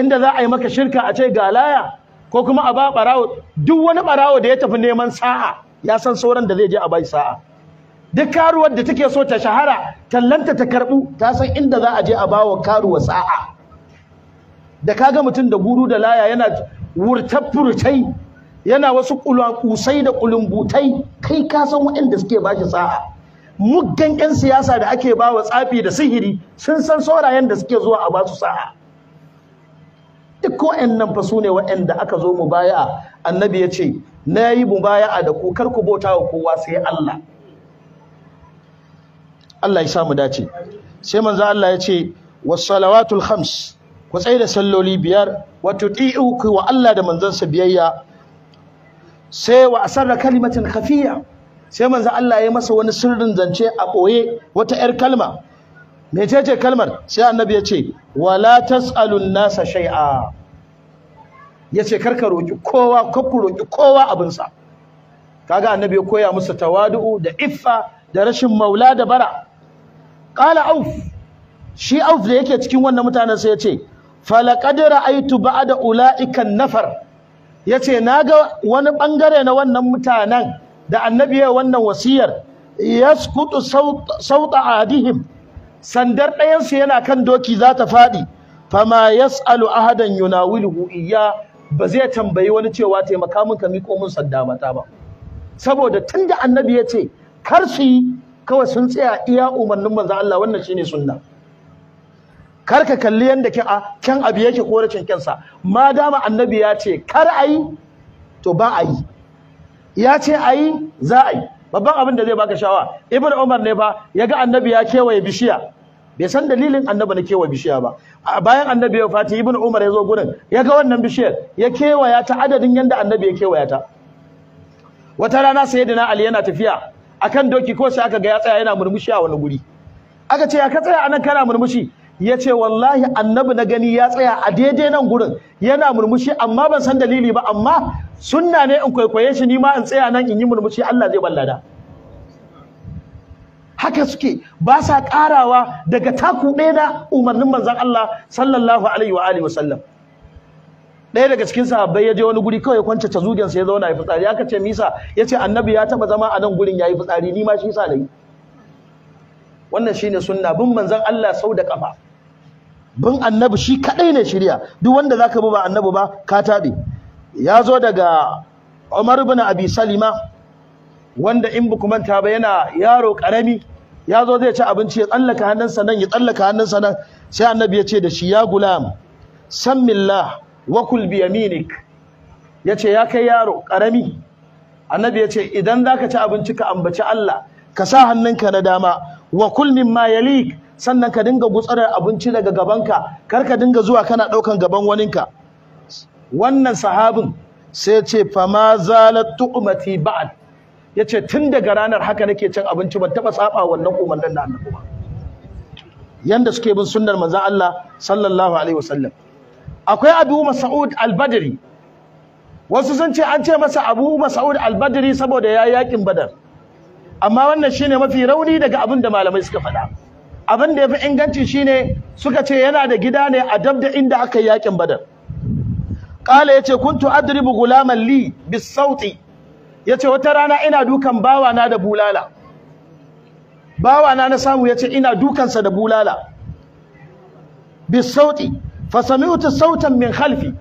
inda za a yi maka shirka a ce galaya laya ko kuma a ba barawo duk wani barawo da ya tafi neman sa'a ya san sauran da zai je a bai sa'a duk karuwar da take so ta shahara tallanta ta karbu ta san inda za a je a bawa karuwa sa'a da kaga mutum da guru da laya yana wurtafurtai yana wasu kulakusai da kulumbutai kai ka san waɗanda suke bashi sa'a muggan 'yan siyasa da ake bawa tsafi da sihiri sun san saurayen da suke zuwa a basu sa'a duk nan fa su ne waɗanda aka zo mu baya annabi ya ce na yi mu baya da ku kar ku bauta wa kowa sai Allah Allah ya samu dace sai manzo Allah ya ce was khams ku tsaye da salloli biyar wato ti'u ku wa Allah da manzansa biyayya sai wa asarra kalimatin khafiya sai manzo Allah ya masa wani sirrin zance a boye wata yar kalma mecece kalmar sai annabi ya ce wala tas'alun nasa shay'a yace karka roki kowa kakku roki kowa abinsa kaga annabi ya koya musu tawadu'u da iffa da rashin maula da bara Ƙala auf shi auf da yake cikin wannan mutanen sai ya ce aitu ra'aytu da ula'ikan nafar yace ga wani bangare na wannan mutanen da annabi ya wannan wasiyar yasqutu sauta adihim sandar ɗayansu yana kan doki za ta faɗi fama yas'alu ahadan wilhu? iya ba zai tambayi wani cewa taimaka min ka miƙo min sanda mata ba saboda tunda annabi ya ce kar su yi kawai sun tsaya iya umarnin manzo Allah wannan shine sunna kar ka kalli yadda ke a can abu yake ko rashin kansa ma dama annabi ya ce kar ayi to ba ayi ya ce ayi za ayi babban abin da zai baka shawa ibnu umar ne ba yaga annabi ya kewaye bishiya bai san dalilin annabi na kewaye bishiya ba bayan annabi ya fati ibnu umar ya zo gurin ya ga wannan bishiyar ya kewaya ta adadin yadda annabi ya kewaya ta wata rana sayyidina ali yana tafiya akan doki ko sai aka ga ya tsaya yana murmushi a wani guri aka ce ya ka tsaya anan kana murmushi ya ce wallahi annabi na gani ya tsaya a daidai nan gurin yana murmushi amma ban san dalili ba amma sunna ne in kwaikwaye shi ni ma in tsaya nan in yi murmushi Allah zai ballada haka suke ba sa karawa daga taku ɗaya na umarnin manzon Allah sallallahu alaihi wa alihi wasallam ɗaya daga cikin sahabbai ya je wani guri kawai kwance ta zugen sa ya zauna ya fitsari aka ce misa ya ce annabi ya taba zama a nan gurin yayi fitsari ni ma shi sa nayi wannan shine sunna bin manzon Allah sau da kafa bin annabi shi kadai ne shirya duk wanda zaka bi ba annabi ba ka tabe ya zo daga Umar ibn Abi Salima wanda in buku manta ba yana yaro karami ya zo zai ci abinci ya tsallaka hannunsa nan ya tsallaka hannunsa nan sai annabi ya ce da shi ya gulam sammillah wakul bi yaminik yace ya kai yaro karami annabi yace idan zaka ci abinci ka ambaci Allah ka sa hannunka na dama wa kul mimma yalik sannan ka dinga gutsarar abinci daga gabanka kar ka dinga zuwa kana ɗaukan gaban waninka wannan sahabin sai yace fama zalat tu'mati ba'd yace tun daga ranar haka nake cin abinci ban taba saba wannan umarnin na annabi ba yanda suke bin sunnar manzon Allah sallallahu alaihi wasallam akwai abu Sa'ud al wasu sun ce an ce masa abu mas'ud al saboda ya yakin badar amma wannan shine mafi rauni daga abin da malamai suka faɗa abin da ya fi inganci shine suka ce yana da gida ne a dabda inda aka yi yakin badar kala yace kuntu adribu gulaman li bis sauti yace wata rana ina dukan bawa na da bulala bawa na na samu yace ina dukansa da bulala bis sauti fa sami'tu sautan min khalfi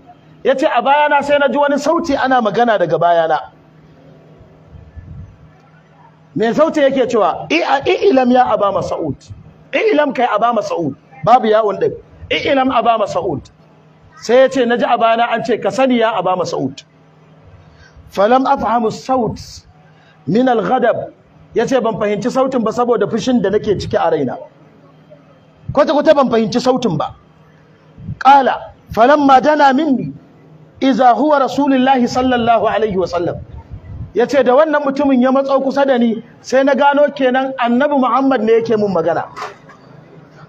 yace a bayana sai na ji wani sauti ana magana daga bayana me sauti yake cewa i'lam ya aba mas'ud i'lam kai aba mas'ud babu yawon din i'lam aba mas'ud sai yace naji a bayana an ce ka sani ya aba mas'ud falam afhamu saut min alghadab ya yace ban fahimci sautin ba saboda fushin da nake ciki a raina kwata kwata ban fahimci sautin ba قال فلما دنا مني إذا هو رسول الله صلى الله عليه وسلم yace da wannan mutumin ya matso kusa da ni sai na gano kenan annabi Muhammad ne yake mun magana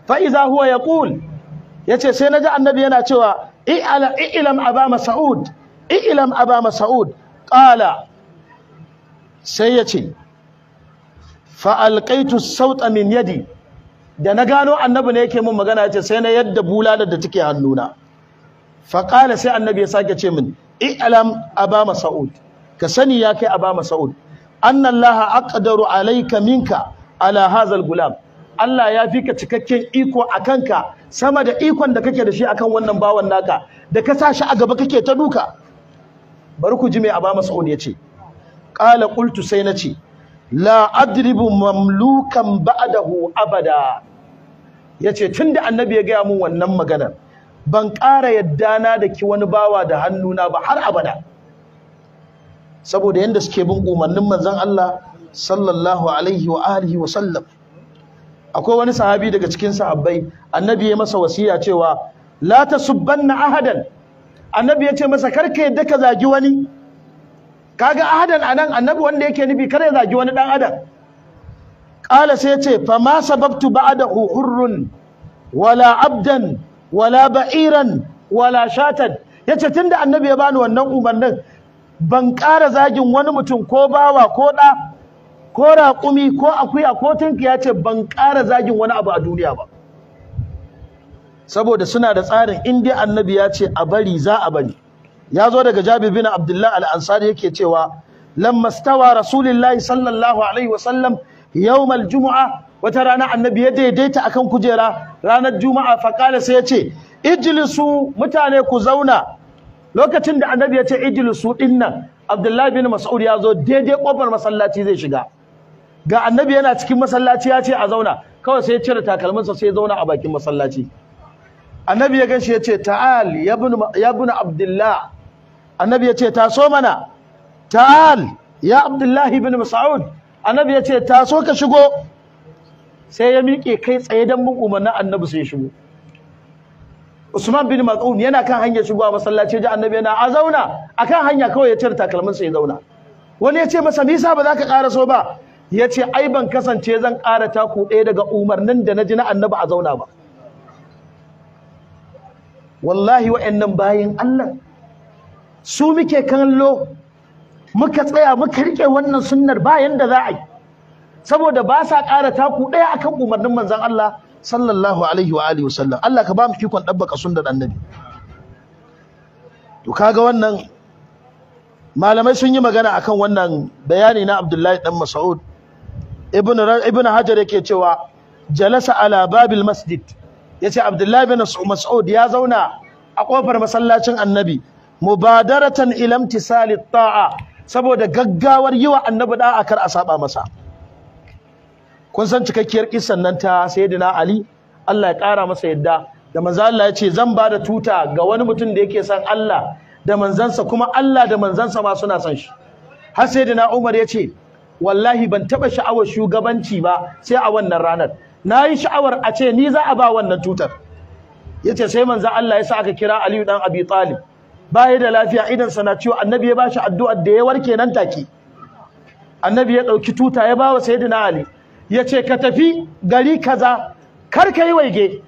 fa iza huwa yaqul yace sai na naji annabi yana cewa i'ilam i'lam aba mas'ud i'lam aba mas'ud qala sai yace fa alqaitu sawta yadi da na gano annabi ne yake min magana yace sai na yadda bulalar da take hannuna fa qala sai annabi ya sake ce min i'lam aba mas'ud ka sani ya kai aba mas'ud anna allah aqdaru alayka minka ala hadha gulam Allah ya fi cikakken iko a kanka sama da ikon da kake da shi akan wannan bawan naka da ka sa shi a gaba kake ta duka bari ku ji me aba mas'ud yace qala qultu sai nace la adribu mamlukan ba'dahu abada yace tunda annabi ya gaya mun wannan maganar ban ƙara yadda na da ki wani bawa da hannuna ba har abada saboda yadda suke bin umarnin manzon Allah sallallahu alaihi wa alihi wa sallam akwai wani sahabi daga cikin sahabbai annabi ya masa wasiya cewa la tasubbanna ahadan annabi ya ce masa karka yadda ka zagi wani kaga ahadan anan annabi wanda yake nufi kar ya zagi wani dan adam ƙala sai ce fa ma sababtu da hurrun wala abdan wala ba'iran wala shatan yace tunda annabi ya bani wannan umarnin ban ƙara zagin wani mutum ko bawa ko ɗa ko raƙumi ko akuya ko tunki ya ce ban ƙara zagin wani abu a duniya ba saboda suna da tsarin in dai annabi ya ce a bari za a bari ya zo daga jabi bin abdullahi al-ansari yake cewa lamma stawa rasulillahi sallallahu alaihi wasallam yawmal jumu'a wata rana annabi ya daidaita akan kujera ranar juma'a faqala sai ya ce ijlisu mutane ku zauna lokacin da annabi ya ce ijlisu dinnan abdullahi bin mas'ud ya zo daidai kofar masallaci zai shiga ga annabi yana cikin masallaci ya ce a zauna kawai sai ya cire takalminsa sai ya zauna a bakin masallaci annabi ya ganshi ya ce ta'al ya ibn abdullah annabi ya ce taso mana ta'al ya abdullahi bin mas'ud annabi ya ce so ka shigo sai ya miƙe kai tsaye don bin umarnin annabi sai ya shigo Usman bin Mas'ud yana kan hanya a masallaci ji annabi yana a zauna akan hanya kawai ya cire takalmin su ya zauna wani ya ce masa nisa ba za ka ƙara so ba ya ce ai ban kasance zan ƙara taku ɗaya daga umarnin da na ji na annabi a zauna ba wallahi wa'annan bayin Allah su muke kallo muka tsaya muka rike wannan sunnar bayan da za a yi saboda ba sa ƙara taku ɗaya akan umarnin manzon Allah sallallahu alaihi wa alihi wasallam Allah ka ba mu fikon dabbaka sunnar annabi to kaga wannan malamai sun yi magana akan wannan bayani na Abdullahi dan Mas'ud ibn Hajar yake cewa jalasa ala babil masjid yace Abdullahi bin Mas'ud ya zauna a kofar masallacin annabi mubadaratan ila ta'a saboda gaggawar yi wa annabi da'a kar a saba masa kun san cikakkiyar kissan nan ta sayyidina ali Allah ya ƙara masa yadda da manzo Allah ya ce zan ba da tuta ga wani mutum da yake san Allah da manzansa kuma Allah da manzansa ma suna son shi har sayyidina Umar ya ce wallahi ban taba sha'awar shugabanci ba sai a wannan ranar nayi sha'awar a ce ni za a ba wannan tutar yace sai manzo Allah ya sa aka kira Aliyu dan Abi Talib baya da lafiya idan sana ciwo annabi ya bashi addu'ar da ya warke nan take annabi ya dauki tuta ya bawa sayyidina ali yace ka tafi gari kaza kar ka waige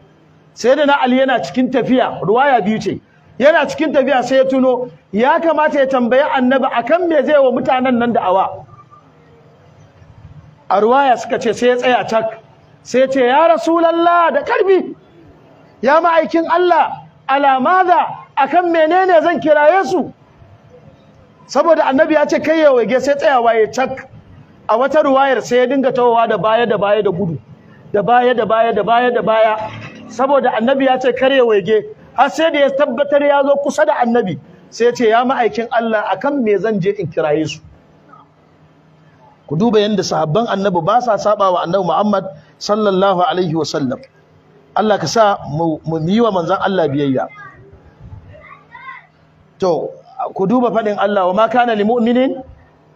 sayyidina ali yana cikin tafiya ruwaya biyu ce yana cikin tafiya sai ya tuno ya kamata ya tambayi annabi akan me zai wa mutanen nan da'awa a ruwaya suka ce sai ya tsaya tak sai ya ce ya rasulallah da karbi ya ma'aikin Allah ala maza akan menene zan kiraye su saboda annabi ya ce kai ya wage sai tsaya waye cak a wata ruwayar sai ya dinga tawowa da baya da baya da gudu da baya da baya da baya da baya saboda annabi ya ce kar ya wage har sai da ya tabbatar ya zo kusa da annabi sai ya ce ya ma'aikin Allah akan me zan je in kiraye su ku duba yadda sahabban annabi ba sa saba wa annabi Muhammad sallallahu alaihi wa sallam Allah ka sa mu yi wa manzon Allah biyayya to ku duba faɗin Allah wa ma kana lil mu'minin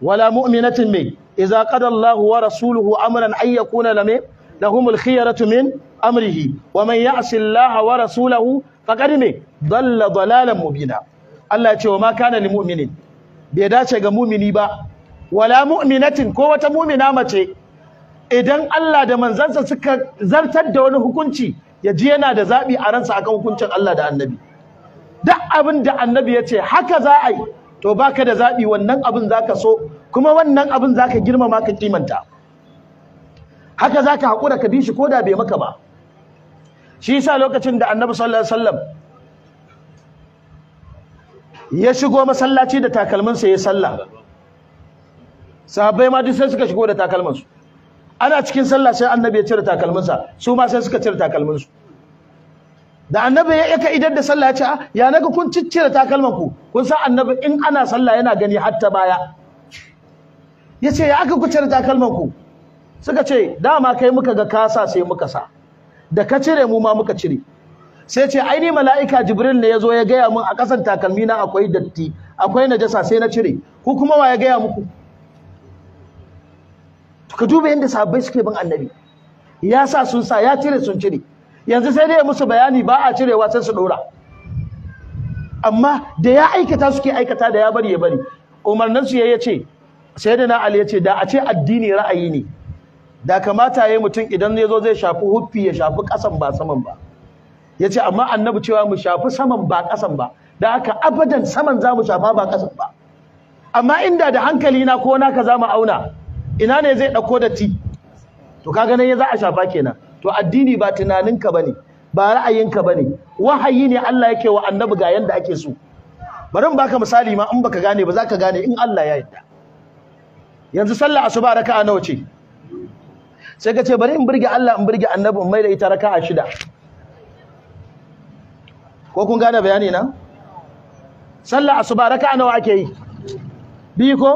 wala mu'minatin mai idza qada Allahu wa rasuluhu amran ay yakuna lame lahumul khiyaratu min amrihi wa man ya'si Allah wa rasulahu faqad me dalla dalalan mubina Allah ce wa ma kana lil mu'minin bai dace ga mu'mini ba wala mu'minatin ko wata mu'mina mace idan Allah da manzansa suka zartar da wani hukunci ya ji yana da zabi a ransa akan hukuncin Allah da Annabi duk abin da annabi ya ce haka za a yi to baka da zaɓi wannan abin za ka so kuma wannan abin za ka girmama ka kimanta haka za ka haƙura ka bi shi ko da bai maka ba shi yasa lokacin da annabi sallallahu alaihi wasallam ya shigo masallaci da takalminsa ya sallah sahabbai ma duk sai suka shigo da su ana cikin sallah sai annabi ya cire takalminsa su ma sai suka cire su da annabi ya yaka idar da sallah ya ce ah, ya naga kun ciccire takalman ku kun san annabi in ana sallah yana gani har ta baya yace ce ya aka kuce cire takalman ku suka ce dama kai muka ga kasa sai muka sa da ka cire mu ma muka cire sai ce ai ni mala'ika jibril ne ya zo ya gaya mun a kasan takalmi na akwai datti akwai najasa sai na cire ku kuma wa ya gaya muku ka duba yadda sahabbai suke bin annabi ya sa sun sa ya cire sun cire yanzu sai dai musu bayani ba a cirewa sai su dora amma da ya aikata suke aikata da ya bari ya bari umarnin su yayi ce sayyidina ali yace da a ce addini ra'ayi ne da kamata yayi mutum idan ya zo zai shafi huffi ya shafi kasan ba saman ba yace amma annabi cewa mu shafi saman ba kasan ba da haka abadan saman za mu shafa ba kasan ba amma inda da hankali na ko naka za mu auna ina ne zai dauko ti. to kaga nan ya za a shafa kenan to addini ba tunaninka bane ba ra'ayinka bane wahayi ne Allah yake wa annabi ga yanda ake so bari baka misali ma in baka gane ba za ka gane in Allah ya yarda yanzu sallar asuba raka'a nawa ce sai ka ce bari in burge Allah in burge annabi in mai da ita raka'a shida ko kun gane bayani na sallar asuba raka'a nawa ake yi biyu ko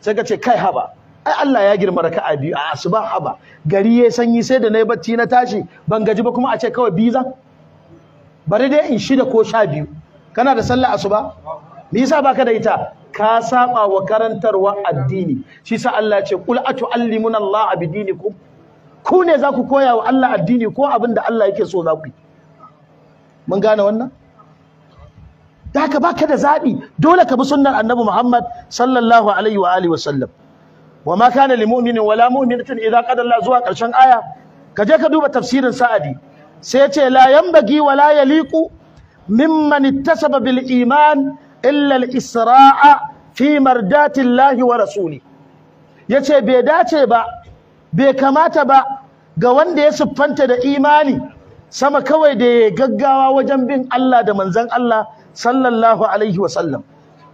sai ka ce kai haba ai Allah ya girma a biyu a asuba haba gari ya sanyi sai da na yi bacci na tashi ban gaji ba kuma a ce kawai biza? bari dai in shida ko sha biyu kana da sallah asuba me yasa baka da ita ka saba wa karantarwa addini shi sa Allah ya ce qul atu'allimuna Allah bidinikum ku ne za ku koya wa Allah addini ko abin da Allah yake so za ku yi mun gane wannan da haka baka da zaɓi dole ka bi sunnar annabi Muhammad sallallahu alaihi wa alihi wa sallam wa ma kana lil mu'minin wala mu'minatin idza qada Allah zuwa karshen aya ka je ka duba tafsirin sa'adi sai ya ce la yanbaghi wala yaliqu mimman ittasaba bil iman illa al isra'a fi mardati Allah wa rasuli yace bai dace ba bai kamata ba ga wanda ya siffanta da imani sama kawai da ya gaggawa wajen bin Allah da manzon Allah sallallahu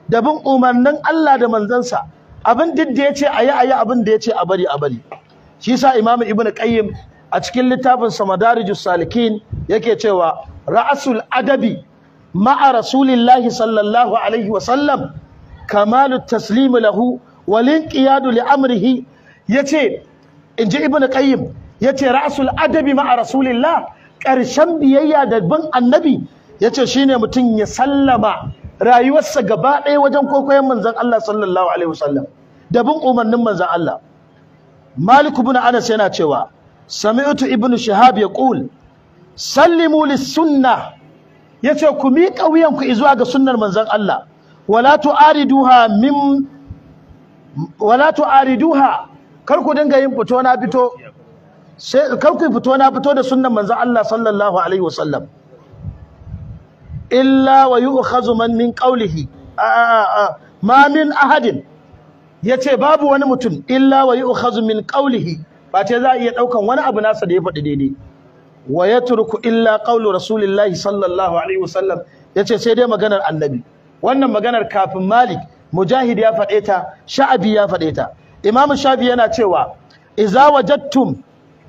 da bin umarnin Allah da manzansa abin duk da yace ayi yi abin da yace a bari a bari shi yasa imam ibnu qayyim a cikin littafin samadarijus salikin yake cewa ra'asul adabi ma'a rasulillahi sallallahu alaihi wa sallam kamalu taslimu lahu wal inqiyadu li amrihi yace inji ibnu qayyim yace ra'asul adabi ma'a rasulillah ƙarshen biyayya da bin annabi yace shine mutum ya sallama rayuwarsa gaba ɗaya wajen kwaikwayon manzan Allah sallallahu alaihi wasallam da bin umarnin manzan Allah Malik ibn Anas yana cewa sami'tu ibn shihab yaqul sallimu lis-sunnah yace ku miƙa wuyan ku zuwa ga sunnar manzan Allah wala tu'ariduha min wala tu'ariduha kar ku dinga yin fito na fito sai kar ku fito na fito da sunnar manzan Allah sallallahu alaihi wasallam illa wa yu'khazu man min qawlihi ma min ahadin yace babu wani mutum illa wa yu'khazu min qawlihi ba ce za a iya daukan wani abu nasa da ya faɗi daidai wa yatruku illa qawlu rasulillahi sallallahu alaihi wasallam yace sai dai maganar annabi wannan maganar kafin malik mujahid ya faɗe ta sha'abi ya faɗe ta imam shafi yana cewa idza wajadtum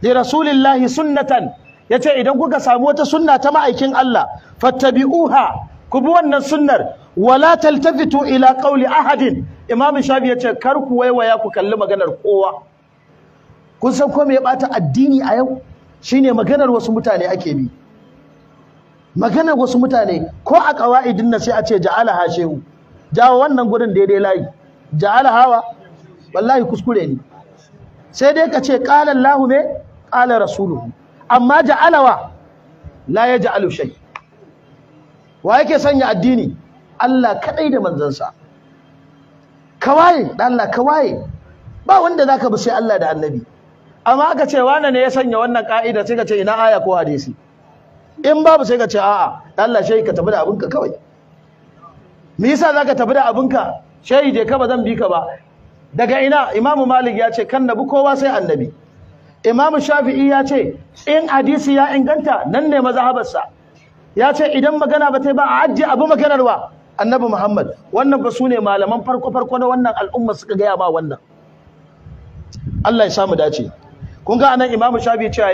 li rasulillahi sunnatan yace idan kuka samu wata sunna ta ma'aikin Allah fattabi'uha ku bi wannan sunnar wala taltafitu ila qawli ahadin Imamin shafi yace karku ku waiwaya ku kalli maganar kowa kun san ko me bata addini a yau shine maganar wasu mutane ake bi maganar wasu mutane ko a qawaidin na sai a ce ja'ala hashehu jawo wannan gurin daidai layi ja'ala hawa wallahi kuskure ne sai dai ka ce qala Allahu me qala rasuluhu amma ja'alawa la ya ja'alu shay wa yake sanya addini Allah kadai da manzansa Kawai, dan Allah kawai ba wanda zaka bi sai Allah da annabi amma aka ce wane ne ya sanya wannan ka'ida sai ka ce ina aya ko hadisi in babu sai ka ce a'a Allah shi ka tafi da abinka kawai me yasa zaka tafi da abinka shay je ka ba zan bi ka ba daga ina imamu malik ya ce kan nabi kowa sai annabi imamu shafi'i ya ce in hadisi ya inganta nan ne mazahabarsa ya ce idan magana ba ta ba a ajiye abu maganarwa annabi muhammad wannan ba su ne malaman farko farko na wannan al'umma suka gaya ba wannan allah ya samu dace kun ga anan imamu shafi'i ce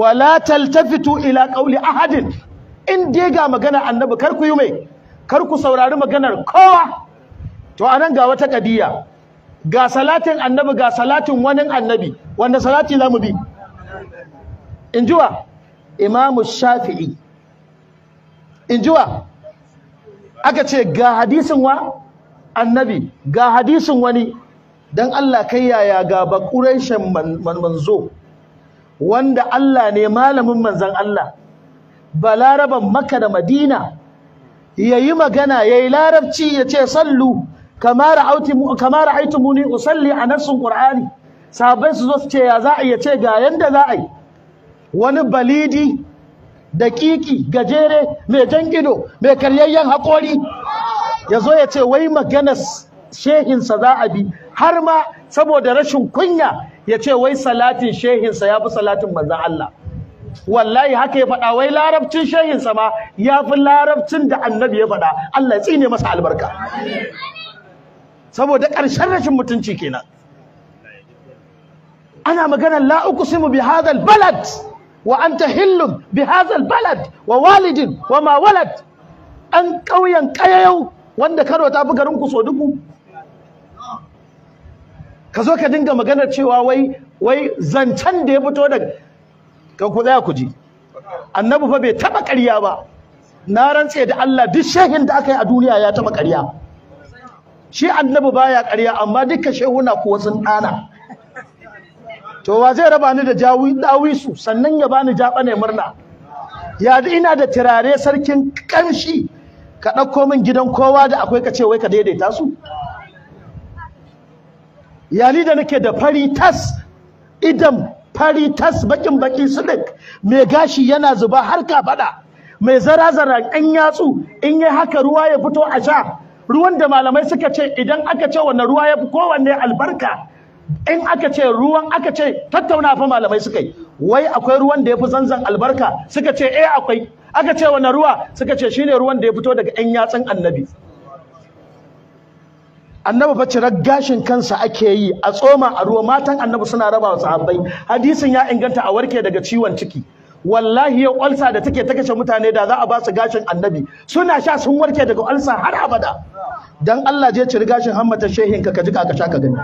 wala taltafitu ila qawli ahadin in dai ga magana annabi kar ku yi mai kar ku saurari maganar kowa to a nan ga wata kadiya ga salatin annabi ga salatin wani annabi wanda salati za mu bi in jiwa imamu shafi'i in jiwa aka ce ga hadisin wa annabi ga hadisin wani don Allah kai yaya ga bakureshen manzo wanda Allah ne malamin manzan Allah balaraban maka da madina ya yi magana ya yi larabci ya ce sallu kama ra'aytum kama usalli a nassin qur'ani sahabbai su zo su ce ya za a ce ga yanda za a yi wani balidi dakiki gajere mai jan ido mai karyayyen haƙori ya zo ya ce wai maganar shehinsa za a bi har ma saboda rashin kunya ya ce wai salatin shehinsa ya fi salatin manzan Allah wallahi haka ya faɗa wai larabcin shehinsa ma ya fi larabcin da annabi ya faɗa Allah ya tsine masa albarka saboda ƙarshen rashin mutunci kenan ana maganar la uqsimu bi hadhal balad wa anta hillum bi balad wa walidin wa ma walad an ƙauyen ƙayayau wanda karo ta fi garin ku so dubu ka zo ka dinga maganar cewa wai wai zancen da ya fito da ka ku tsaya ku ji annabi fa bai taɓa ƙarya ba na rantse da Allah duk shehin da aka yi a duniya ya taɓa ƙarya shi annabi baya ƙarya amma dukkan shehuna kuwa sun ɗana to wa zai raba ni da jawi dawisu sannan ya bani jaba ne murna ya ina da turare sarkin ƙamshi ka ɗauko min gidan kowa da akwai ka ce wai ka daidaita su yali da nake da fari tas idan fari tas bakin baki sudik mai gashi yana zuba har ka faɗa mai zara-zara ɗan yatsu in yi haka ruwa ya fito a sha ruwan da malamai suka ce idan aka ce wannan ruwa ya fi kowanne albarka in aka ce ruwan aka ce tattauna fa malamai suka yi wai akwai ruwan da ya fi zanzan albarka suka ce eh akwai aka ce wannan ruwa suka ce shine ruwan da ya fito daga 'yan yatsun annabi annabi fa cirar gashin kansa ake yi a tsoma a ruwa matan annabi suna raba wa sahabbai hadisin ya inganta a warke daga ciwon ciki wallahi yau ulsa da take ta kashe mutane da za a ba su gashin annabi suna sha sun warke daga ulsa har abada dan Allah je ciri gashin hammata shehin ka kaji ka sha ka gani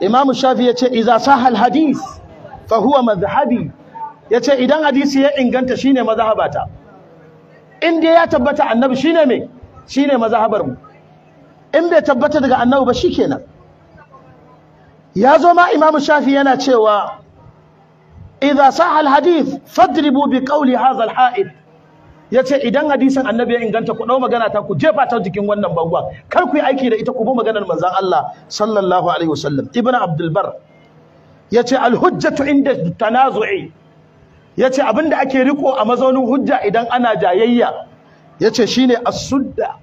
Imam Shafi yace idza sahal Hadis fa huwa madhhabi yace idan hadisi ya inganta shine mazhabata in dai ya tabbata annabi shine me shine mazhabar mu in bai tabbata daga annabi ba shikenan ya zo ma imamu shafi yana cewa idan sahha alhadith fadribu bi qawli hadha alha'id yace idan hadisin annabi ya inganta ku dau magana ta ku jefa ta jikin wannan bangwa kar ku yi aiki da ita ku bi maganar manzon Allah sallallahu alaihi wasallam ibnu abdul bar yace alhujjatu inda tanazu'i yace abinda ake riko a mazaunin hujja idan ana jayayya yace shine as-sunna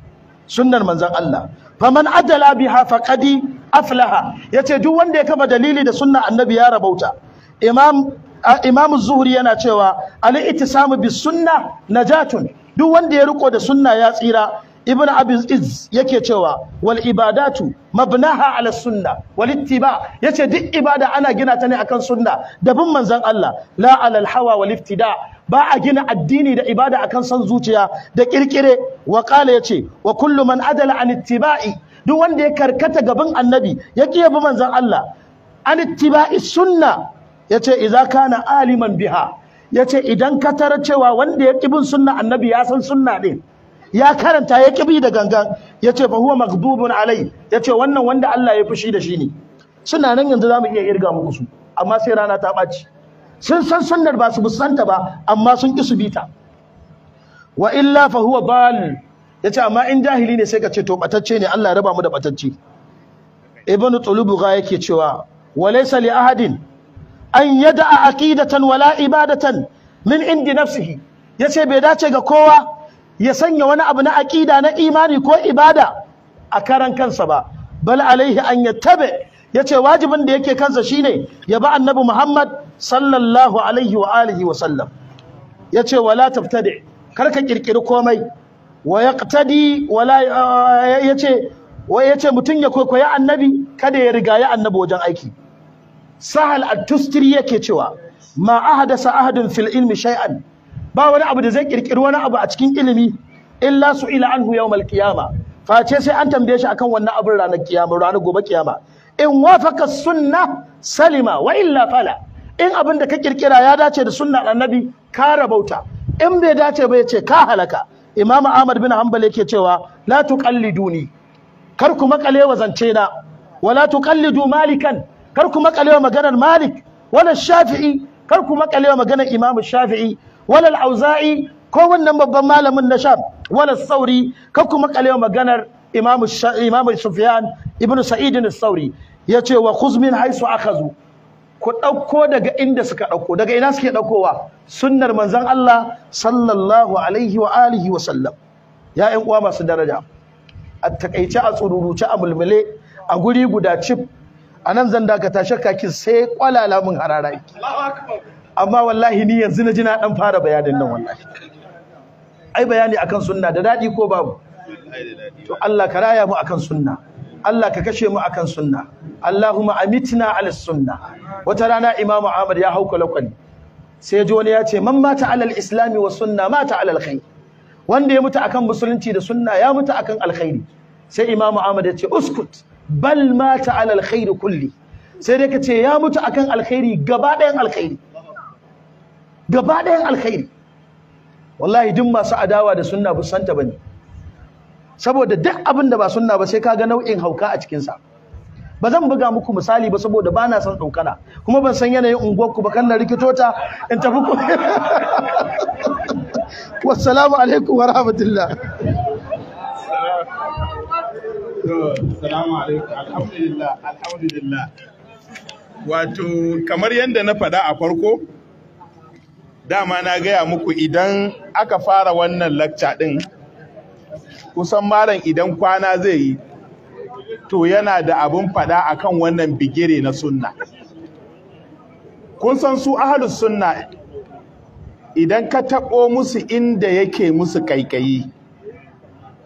sunnar manzon Allah faman adala biha faqadi aflaha yace duk wanda ya kafa dalili da sunna annabi ya rabauta imam imam zuhri yana cewa al ittisamu bis sunna najatun duk wanda ya riko da sunna ya tsira ibn abin iz yake cewa wal ibadatu mabnaha ala sunna wal ittiba yace duk ibada ana gina ta ne akan sunna da bin manzon Allah la alal hawa wal iftida ba a gina addini da ibada akan san zuciya da kirkire wa ya yace wa kullu man adala an ittiba'i duk wanda ya karkata gaban annabi ya kiyaye manzon Allah an ittiba'i sunna ce idza kana aliman biha yace idan ka tara cewa wanda ya bin sunna annabi ya san sunna ɗin ya karanta ya bi da gangan yace fa huwa maghdubun alai yace wannan wanda Allah ya fushi da shi ne suna nan yanzu zamu iya irga muku su amma sai rana ta ɓaci sun san sunnar ba su busanta ba amma sun ƙi su bita wa illa fa huwa bal yace amma in jahili ne sai ka ce to batacce ne Allah ya raba mu da batacce ibn tulubugha yake cewa walaysa li ahadin an yada'a aqidatan wala ibadatan min indi nafsihi yace bai dace ga kowa ya sanya wani abu na aqida na imani ko ibada a karan kansa ba bal alaihi an yattabe yace wajibin da yake kansa shine ya ba annabi Muhammad sallallahu alaihi wa alihi wa sallam yace wala tabtadi kar ka kirkiri komai wa yaqtadi wala yace wa yace mutun ya koyi annabi kada ya riga ya annabi wajen aiki sahal at-tustri yake cewa ma ahadasa ahadun fil ilmi shay'an ba wani abu da zai kirkiri wani abu a cikin ilimi illa su'ila anhu yawmal qiyama face sai an tambaye shi akan wannan abin ranar kiyama ranar gobe kiyama in wafaka sunna salima wa illa fala in abin da ka kirkira ya dace da sunnar annabi ka rabauta in bai dace ba yace ka halaka imam ahmad bin hanbal yake cewa la tuqalliduni kar ku makale wa zance na wala tuqallidu malikan kar ku makale wa maganar malik wala shafi'i kar ku makale wa maganar imam shafi'i wala al-auza'i ko wannan babban malamin na sham wala sauri kar ku makale wa maganar imam imam sufyan ibnu sa'id as-sauri yace wa khuz min aka akhazu ku ɗauko daga inda suka ɗauko daga ina suke ɗaukowa sunnar manzon Allah sallallahu alaihi wa alihi wa sallam ya ƴan uwa masu daraja a takaice a tsururuce a mulmule a guri guda cif a nan zan dakata shakkakin sai kwalala mun harara amma wallahi ni yanzu na ji na dan fara bayanin nan wallahi ai bayani akan sunna da daɗi ko babu to Allah ka raya mu akan sunna Allah ka kashe mu akan sunna Allahumma amitna ala sunna wata rana Imam Ahmad ya hauka lakwani sai ji wani ya ce man mata alal islami wa sunna mata alal khair wanda ya mutu akan musulunci da sunna ya mutu akan alkhairi sai Imam Ahmad ya ce uskut bal mata alal khair kulli sai dai ka ce ya mutu akan alkhairi gaba ɗayan alkhairi gaba ɗayan alkhairi wallahi duk masu adawa da sunna busanta bane saboda duk abin da ba sunna ba sai kaga nau'in hauka a cikinsa ba zan buga muku misali ba saboda ba na son ɗaukana kuma ban san yanayin unguwarku ba kan na rikitota in tafi ku [LAUGHS] wassalamu alaikum wa rahmatullah Assalamu alaikum alhamdulillah alhamdulillah wato kamar yadda na faɗa a farko dama na gaya muku idan aka fara wannan lakca ɗin kusan malam idan kwana zai yi to yana da abin fada akan wannan bigire na sunna kun san su ahlus sunna idan ka taɓo musu inda yake musu kaikayi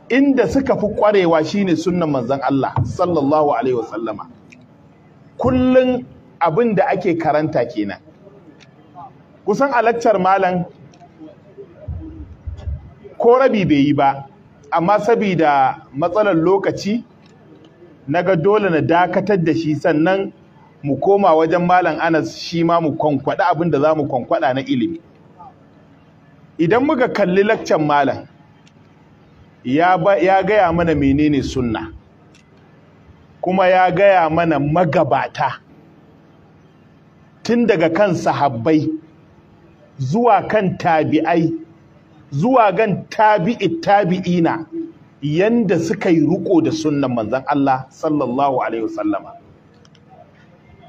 inda suka fi ƙwarewa shine sunnan manzon Allah sallallahu alaihi wasallama kullun abin da ake karanta kenan kusan a laccar malam ko rabi bai yi ba amma sabida matsalar lokaci naga dole na dakatar da shi sannan mu koma wajen malam Anas shi ma mu kwankwada abin da zamu kwankwada na ilimi idan muka kalli lakcan malam ya ya gaya mana menene sunna kuma ya gaya mana magabata tun daga kan sahabbai zuwa kan tabi'ai zuwa gan tabi'i tabi'ina yanda suka yi riko da sunnan manzon Allah sallallahu alaihi wasallama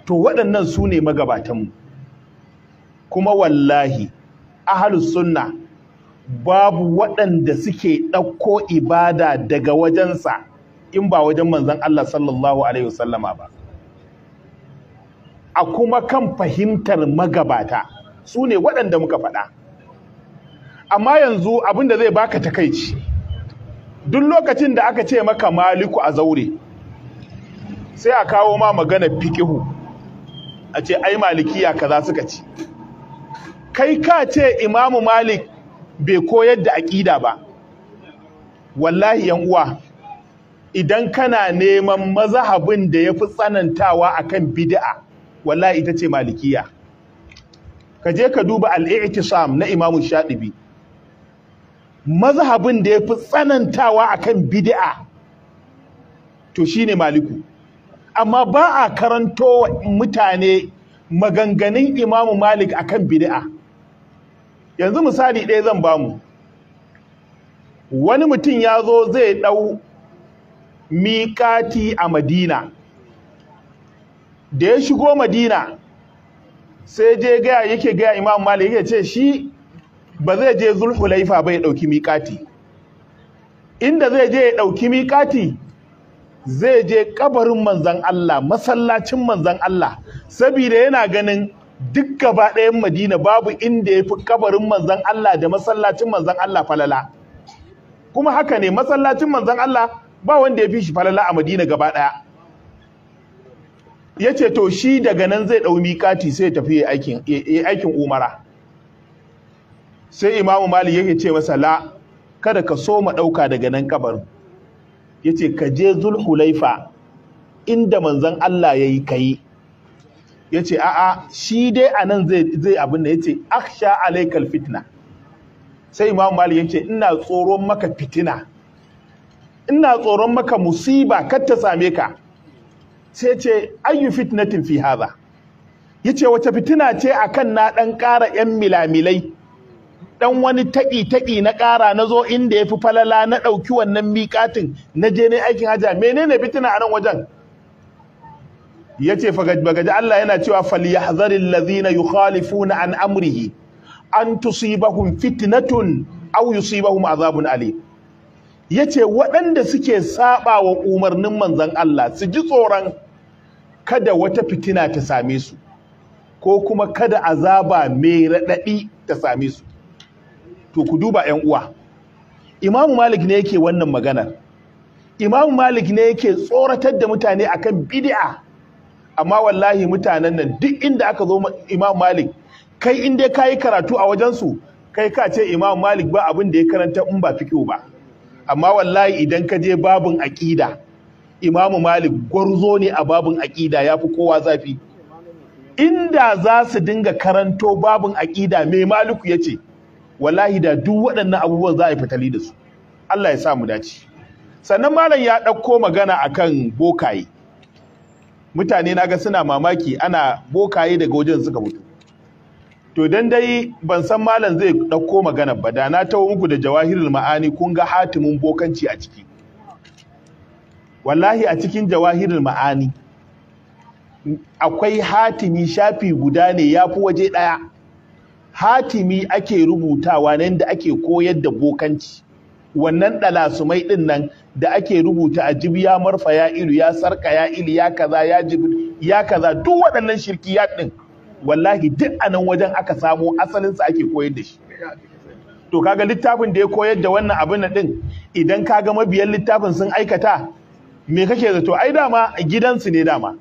to waɗannan su ne magabatanmu kuma wallahi ahlus sunna babu waɗanda suke ɗauko ibada daga wajensa in ba wajen manzon Allah sallallahu alaihi wasallama ba a kuma kan fahimtar magabata su ne waɗanda muka faɗa amma yanzu abin da zai baka takaici duk lokacin da aka ce maka maliku a zaure sai a kawo ma magana fikihu a ce ai malikiya kaza suka ci kai ka ce imamu malik bai koyar da aƙida ba wallahi yan uwa idan kana neman mazhabin da yafi fi tsanantawa akan bid'a wallahi ita ce malikiya ka je ka duba al-i'tisam na imamu shadibi mazhabin da ya fi tsanantawa akan bidi'a to shi ne maliku amma ba a karanto mutane maganganun imamu malik akan bidi'a. yanzu misali ɗaya zan bamu wani mutum ya zo zai ɗau miƙati a madina da ya shigo madina sai je gaya yake gaya imam malik yake ce shi ba zai je laifa ba ya ɗauki miƙati inda zai je ya ɗauki miƙati zai je ƙabarin manzan Allah masallacin manzan Allah saboda yana ganin duk gaba ɗayan Madina babu inda ya fi kabarin manzan Allah da masallacin manzan Allah falala kuma haka ne masallacin manzan Allah ba wanda ya fi shi falala a Madina gaba ɗaya ya ce to shi daga nan zai ɗau miƙati sai ya tafi aikin umara sai imamu malik yake ce masa la kada ka so ma ɗauka daga nan kabarin yace ka je zulhulaifa inda manzon Allah yayi kai yace a'a shi dai anan zai zai abin da yace akhsha alaikal fitna sai imamu malik yace ina tsoron maka fitina ina tsoron maka musiba kar ta same ka sai ce ayyu fitnatin fi Ya yace wata fitina ce akan na ɗan ƙara yan milamilai ɗan wani taƙi-taƙi na ƙara na zo inda ya fi falala na ɗauki wannan miƙatin na je ne aikin haja, menene fitina a nan wajen ya ce bagaji Allah yana cewa falyahzaril ladhina na an amrihi an tusibahum fitnatun aw yusibahum azabun ali yace waɗanda suke saba wa umarnin manzon Allah su ji tsoron kada wata fitina ta same su ko kuma kada azaba mai raɗaɗi ta same su to ku duba ‘yan uwa imamu malik ne yake wannan maganar imamu malik ne yake tsoratar da mutane akan bid'a amma wallahi mutanen nan duk inda aka zo imamu malik kai in dai kayi karatu a wajensu kai ka ce imamu malik ba abin da ya karanta in ba fiqh ba amma wallahi idan ka je babin aƙida imamu malik gwarzo ne a babin Aqida yafi kowa zafi inda za su dinga karanto babin aƙida mai maliku ya ce wallahi da duk waɗannan abubuwan za a yi fitali da su Allah ya sa mu dace sannan malam ya ɗauko magana akan bokaye mutane na ga suna mamaki ana bokaye daga wajen suka mutu to dan dai ban san malam zai ɗauko magana ba da na tawo muku da jawahirul ma'ani kun ga hatimin bokanci a ciki wallahi a cikin jawahirul ma'ani akwai hatimi shafi guda ne yafi waje ɗaya hatimi ake rubutawa nan da ake koyar da bokanci wannan ɗalasumai ɗin nan da ake rubuta a jibi ya marfa ya ilu ya sarka ya ilu ya kaza ya jibi ya kaza duk waɗannan ya din wallahi duk a nan wajen aka samo asalinsa ake koyar da shi to kaga littafin da ya koyar da wannan abin ɗin idan kaga mabiyan littafin sun aikata me kake zato ai dama gidansu ne dama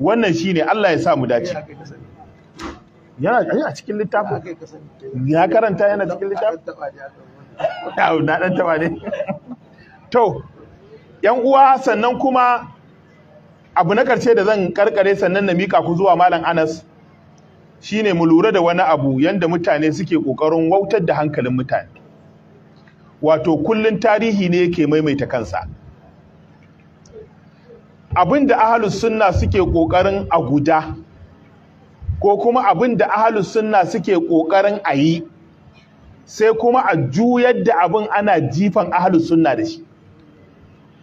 wannan shine Allah ya sa mu dace yana a cikin littafin ya karanta yana cikin littafin na ɗan taɓa ne to yan uwa sannan kuma abu na karshe da zan karkare sannan na mika ku zuwa malam anas shine mu lura da wani abu yanda mutane suke kokarin wautar da hankalin mutane wato kullun tarihi ne yake maimaita kansa abin da ahalus sunna suke kokarin a guda ko kuma abin da ahalus sunna suke ƙoƙarin a yi sai kuma a juyar da abin ana jifan ahalus sunna da shi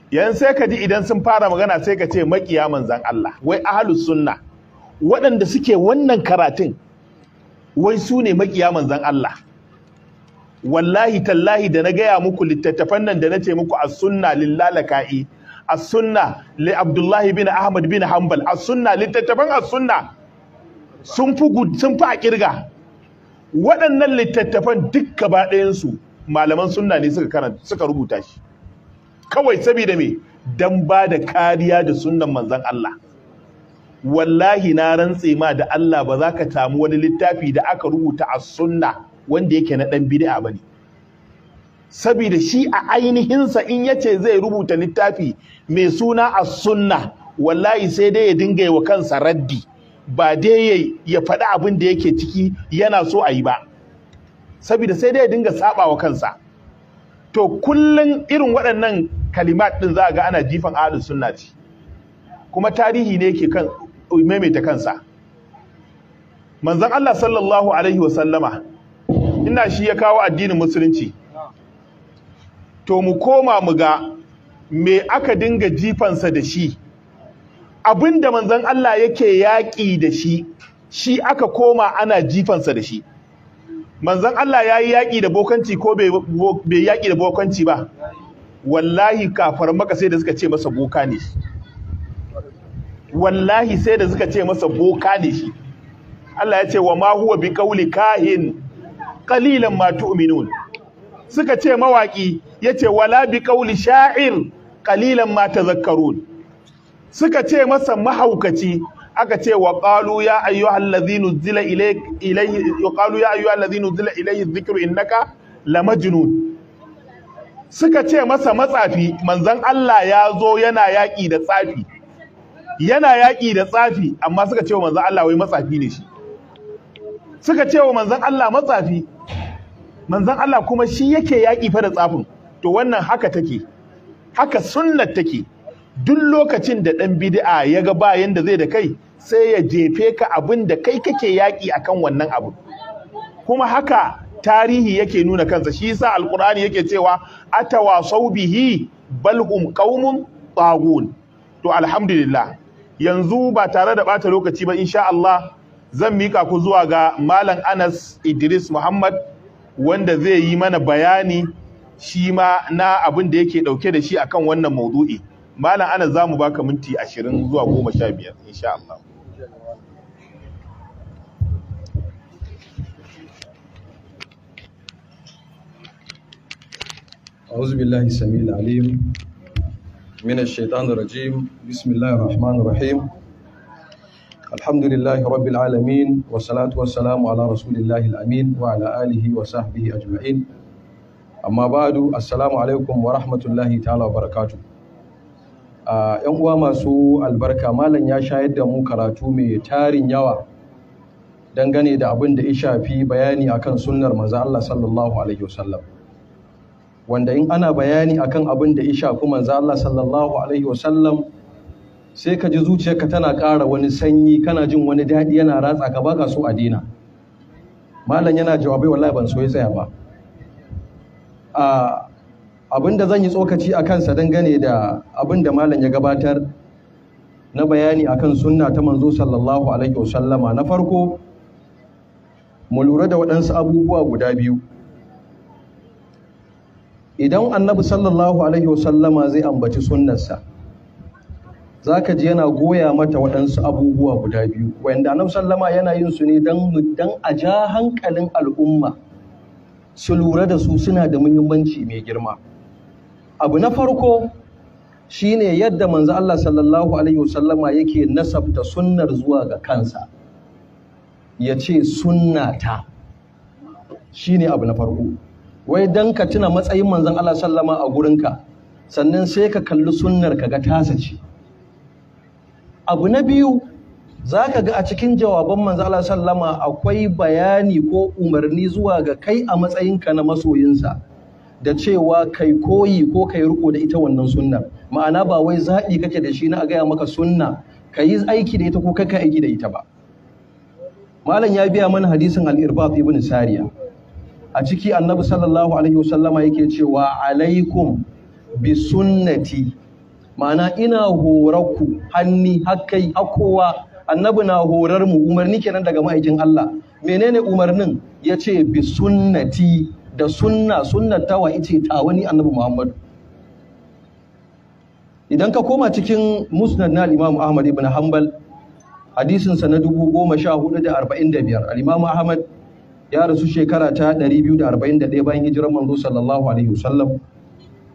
yan sai ka ji idan sun fara magana sai ka ce makiya manzan Allah wai ahalus sunna waɗanda suke wannan karatun wai su ne makiya manzan Allah wallahi tallahi da na gaya muku littattafan nan da na ce muku as-sunna lilalaka'i as-sunna li Abdullahi bin Ahmad bin Hanbal as-sunna littattafan as-sunna sun fi a kirga waɗannan littattafan duk gaba ɗayansu malaman suna ne suka rubuta shi kawai saboda mai, don ba da kariya da sunan manzan Allah wallahi na rantse ma da Allah ba za ka tamu wani littafi da aka rubuta a sunna wanda yake na ɗan bid'a ba ne saboda shi a ainihinsa in ya ce zai rubuta littafi mai suna a sunna wallahi sai dai ya dinga yi wa kansa raddi ba dai ya faɗi abin da yake ciki yana so a yi ba saboda sai dai ya dinga saba wa kansa to kullun irin waɗannan kalimat ɗin za a ga ana jifan ahlus sunna ci kuma tarihi ne yake kan maimaita kansa manzon Allah sallallahu alaihi wasallama ina shi ya kawo addinin musulunci to mu koma mu ga me aka dinga jifansa da shi abin da manzon Allah yake yaƙi da shi shi aka koma ana jifansa da shi manzon Allah ya yi yaƙi da bokanci ko bai yaƙi da bokanci ba wallahi kafar maka sai da suka ce masa boka ne shi wallahi sai da suka ce masa boka ne shi Allah ya ce wa ma huwa bi qawli kahin qalilan ma tu'minun suka ce mawaki yace wala bi qawli sha'ir qalilan ma tazakkarun suka ce masa mahaukaci aka ce wa qalu ya ayyuhal ladhi nuzila ilayhi wa qalu ya ayyuhal ladhi nuzila ilayhi dhikru innaka lamajnun suka ce masa matsafi manzon Allah ya zo yana yaki da tsafi yana yaki da tsafi amma suka ce wa manzon Allah wai matsafi ne shi suka ce wa manzon Allah matsafi manzon Allah kuma shi yake yaki fa da tsafin to wannan haka take haka sunnat take duk lokacin da ɗan bid'a ya ga bayan da zai da kai sai ya jefe ka abin da kai kake yaƙi a kan wannan abu kuma haka tarihi yake nuna kansa shi yasa alkur'ani yake cewa atawasau bihi bal hum qaumun tagun to alhamdulillah yanzu ba tare da bata lokaci ba insha Allah zan mika ku zuwa ga malam Anas Idris Muhammad wanda zai yi mana bayani shi ma na abin da yake ɗauke da shi akan wannan maudu'i malam ana za mu baka minti ashirin zuwa goma sha biyar insha Allah أعوذ بالله السميع العليم من الشيطان الرجيم بسم الله الرحمن الرحيم الحمد لله رب العالمين والصلاة والسلام على رسول الله الأمين وعلى آله وصحبه أجمعين أما بعد السلام عليكم ورحمة الله تعالى وبركاته 'yan uwa masu albarka malam ya shayar da mu karatu mai tarin yawa dangane da abin da ya shafi bayani akan sunnar manzo Allah sallallahu alaihi wasallam wanda in ana bayani akan abin da ya shafi manzo Allah sallallahu alaihi wasallam sai ka ji zuciyarka tana ƙara wani sanyi kana jin wani daɗi yana ratsa ka baka so a dina malam yana jawabai wallahi ban so ya tsaya ba Abin da zan yi tsokaci a kansa dangane da abin da malam ya gabatar na bayani a kan sunna ta manzo sallallahu alaihi wasallama na farko mu lura da waɗansu abubuwa guda biyu idan annabi sallallahu alaihi wasallama zai ambaci sunnarsa za ka ji yana goya mata waɗansu abubuwa guda biyu wanda annabi sallama yana yin su ne don a ja hankalin al'umma su lura da su suna da muhimmanci mai girma abu na farko shine yadda manzo Allah sallallahu alaihi wasallama yake nasabta sunnar zuwa ga kansa ya ce sunnata shine abu na farko wai dan ka tuna matsayin manzon Allah sallama a gurinka sannan sai ka kalli sunnar ka ga tasa ce abu na biyu za ka ga a cikin jawaban manzo Allah sallama akwai bayani ko umarni zuwa ga kai a matsayinka na masoyinsa da cewa kai koyi ko kai riko da ita wannan sunna ma'ana ba wai zaɓi kake da shi na a gaya maka sunna ka yi aiki da ita ko ka aiki da ita ba malam ya biya mana hadisin al-irbab ibn sariya a ciki annabi sallallahu alaihi wasallama yake cewa alaikum bi sunnati ma'ana ina horarku hanni hakkai hakowa annabi na horar mu umarni kenan daga ma'aikin Allah menene umarnin yace bi sunnati da sunna sunnar tawa ita ta wani annabi Muhammadu idan ka koma cikin musnad na Imam Ahmad ibn Hanbal hadisin sa na 10445 al-Imam Ahmad ya rasu shekara ta 241 bayan hijiran manzo sallallahu alaihi wasallam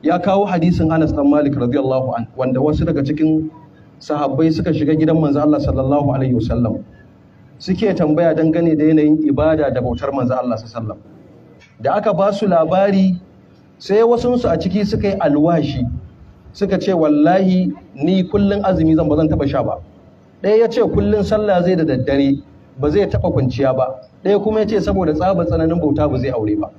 ya kawo hadisin Anas dan Malik radiyallahu an wanda wasu daga cikin sahabbai suka shiga gidan manzo Allah sallallahu alaihi wasallam suke tambaya dangane da yanayin ibada da bautar manzo Allah sallallahu alaihi wasallam da aka ba su labari sai wasunsu a ciki suka yi alwashi suka ce wallahi ni kullun azumi zan ba zan taba sha ba ɗaya ya ce kullun sallah zai da daddare ba zai taba kwanciya ba ɗaya kuma ya ce saboda tsaba tsananin bauta ba zai aure ba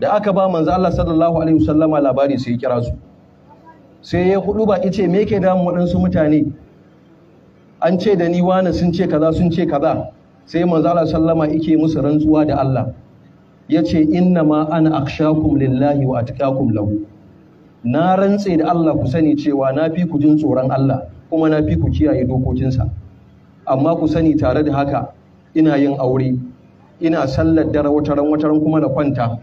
da aka ba manzo Allah sallallahu alaihi wasallama labari sai ya kira su sai ya hudu ba ice me yake damun waɗansu mutane an ce da ni wani sun ce kaza sun ce kaza sai manzo Allah sallama yake musu rantsuwa da Allah Ya ce, inna ma ana akshakum lillahi wa atqakum lahu na rantse da Allah ku sani cewa na fi ku jin tsoron Allah kuma na fi ku kiyaye dokokinsa amma ku sani tare da haka ina yin aure ina sallar dare wataran wataran kuma na kwanta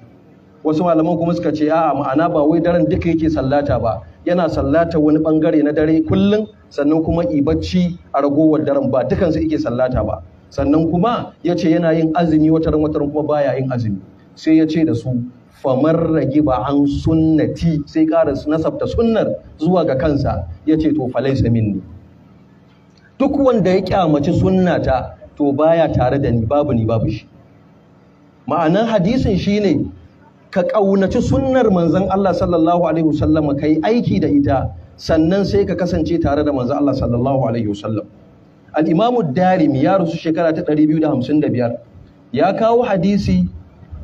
wasu malaman kuma suka ce a'a ma'ana ba wai daren duka yake sallata ba yana sallata wani bangare na dare kullum sannan kuma ibacci a ragowar daren ba dukansu yake sallata ba sannan kuma ya ce yana yin azumi wataran wataran kuma baya yin azumi sai ya ce da su famar ragi ba an sunnati sai ƙara nasabta sunnar zuwa ga kansa ya ce to falaisa minni duk wanda ya kyamaci sunnata to baya tare da ni babu ni babu shi ma'anan hadisin ne ka ƙaunaci sunnar manzan Allah sallallahu alaihi wasallam yi aiki da ita sannan sai ka kasance tare da manzan Allah sallallahu alaihi wasallam al-imamu darimi ya rusu shekara ta 255 ya kawo hadisi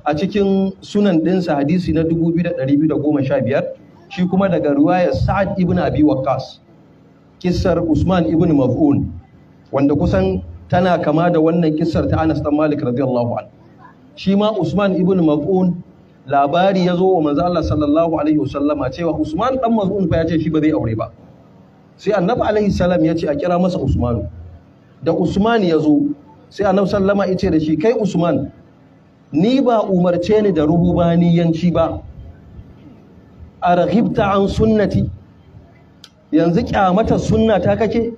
a cikin sunan ɗinsa hadisi na 2215 shi kuma daga riwayar sa'ad ibn abi waqqas kissar usman ibn maf'un wanda kusan tana kama da wannan kissar ta anas dan malik radiyallahu an shi ma usman ibn maf'un labari ya zo wa manzo Allah sallallahu alaihi wasallama cewa Usman dan Maz'un fa ya ce shi ba zai aure ba sai Annabi alaihi salam ya ce a kira masa Usman da Usman ya zo sai Annabi sallama ya ce da shi kai Usman ni ba umarce ni da yanci ba a rahibta an sunnati yanzu kyamata sunna ta kake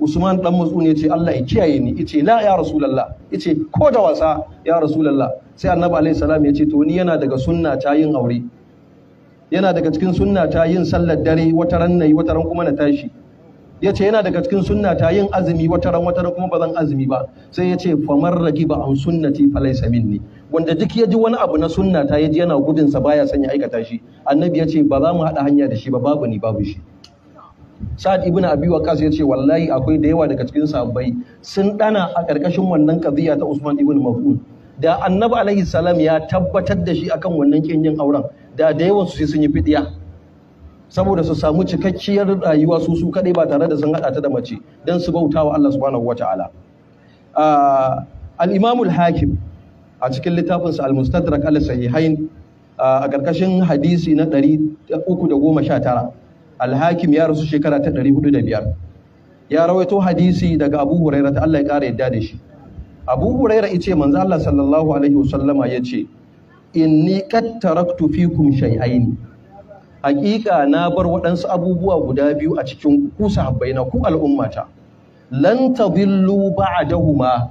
usman dan matsu ne ce Allah ya kiyaye ni yace la ya rasulullah yace ko da wasa ya rasulullah sai annabi alaihi salam ce to ni yana daga sunna ta yin aure yana daga cikin sunna ta yin sallar dare wata ran wata ran kuma na tashi ya ce yana daga cikin sunna ta yin azumi wata ran wata kuma ba zan azumi ba sai ya ce famar ragi ba an sunnati falaisa minni wanda duk ya ji wani abu na sunna ta ya ji yana gudun sa baya son ya aikata shi annabi ya ce ba za mu haɗa hanya da shi ba babu ni babu shi sa'ad ibn abi waqas ya ce wallahi akwai da yawa daga cikin sahabbai sun dana a ƙarƙashin wannan kaziya ta usman ibn maf'un da annabi alaihi salam ya tabbatar da shi akan wannan kin yin auren da da yawan su sai sun yi fidiya saboda su samu cikakkiyar rayuwa su su kadai ba tare da sun hada ta da mace dan su bauta wa Allah subhanahu wataala al-Imam al-Hakim a cikin littafin sa al-Mustadrak al-Sahihain a karkashin hadisi na 319 al-Hakim ya rasu shekara ta 405 ya rawaito hadisi daga Abu Hurairah ta Allah ya kare yadda da shi Abu Hurairah yace manzo Allah sallallahu alaihi wasallama yace inni qad taraktu fikum shay'aini hakika na bar waɗansu abubuwa guda biyu a cikin ku na ku al'ummata lan tadillu ba'dahuma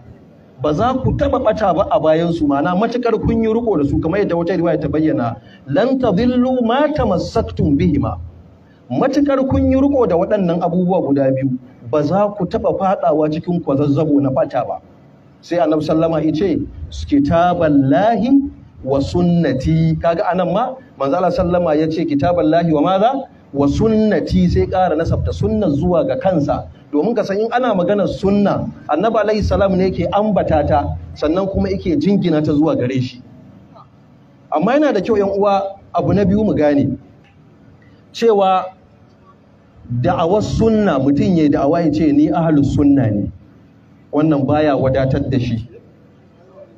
ba za ku taba bata ba a bayan su mana matakar kun yi riko da su kamar yadda wata riwaya ta bayyana lan tadillu ma tamassaktum bihima matakar kun yi riko da waɗannan abubuwa guda biyu ba za ku taba fadawa cikin kwazazzabo na bata ba sai annabi sallama ya ce kitaballahi wa sunnati kaga anan ma manzo Allah sallama yace kitaballahi wa maza wa sunnati sai ƙara nasabta sunnan zuwa ga kansa domin ka san in ana maganar sunna annabi alaihi salam ne yake ambata ta sannan kuma yake jingina ta zuwa gare shi amma yana da kyau yan uwa abu na biyu mu gane cewa da'awar sunna mutum ya da'awa ya ce ni ahlus sunna ne wannan baya wadatar da shi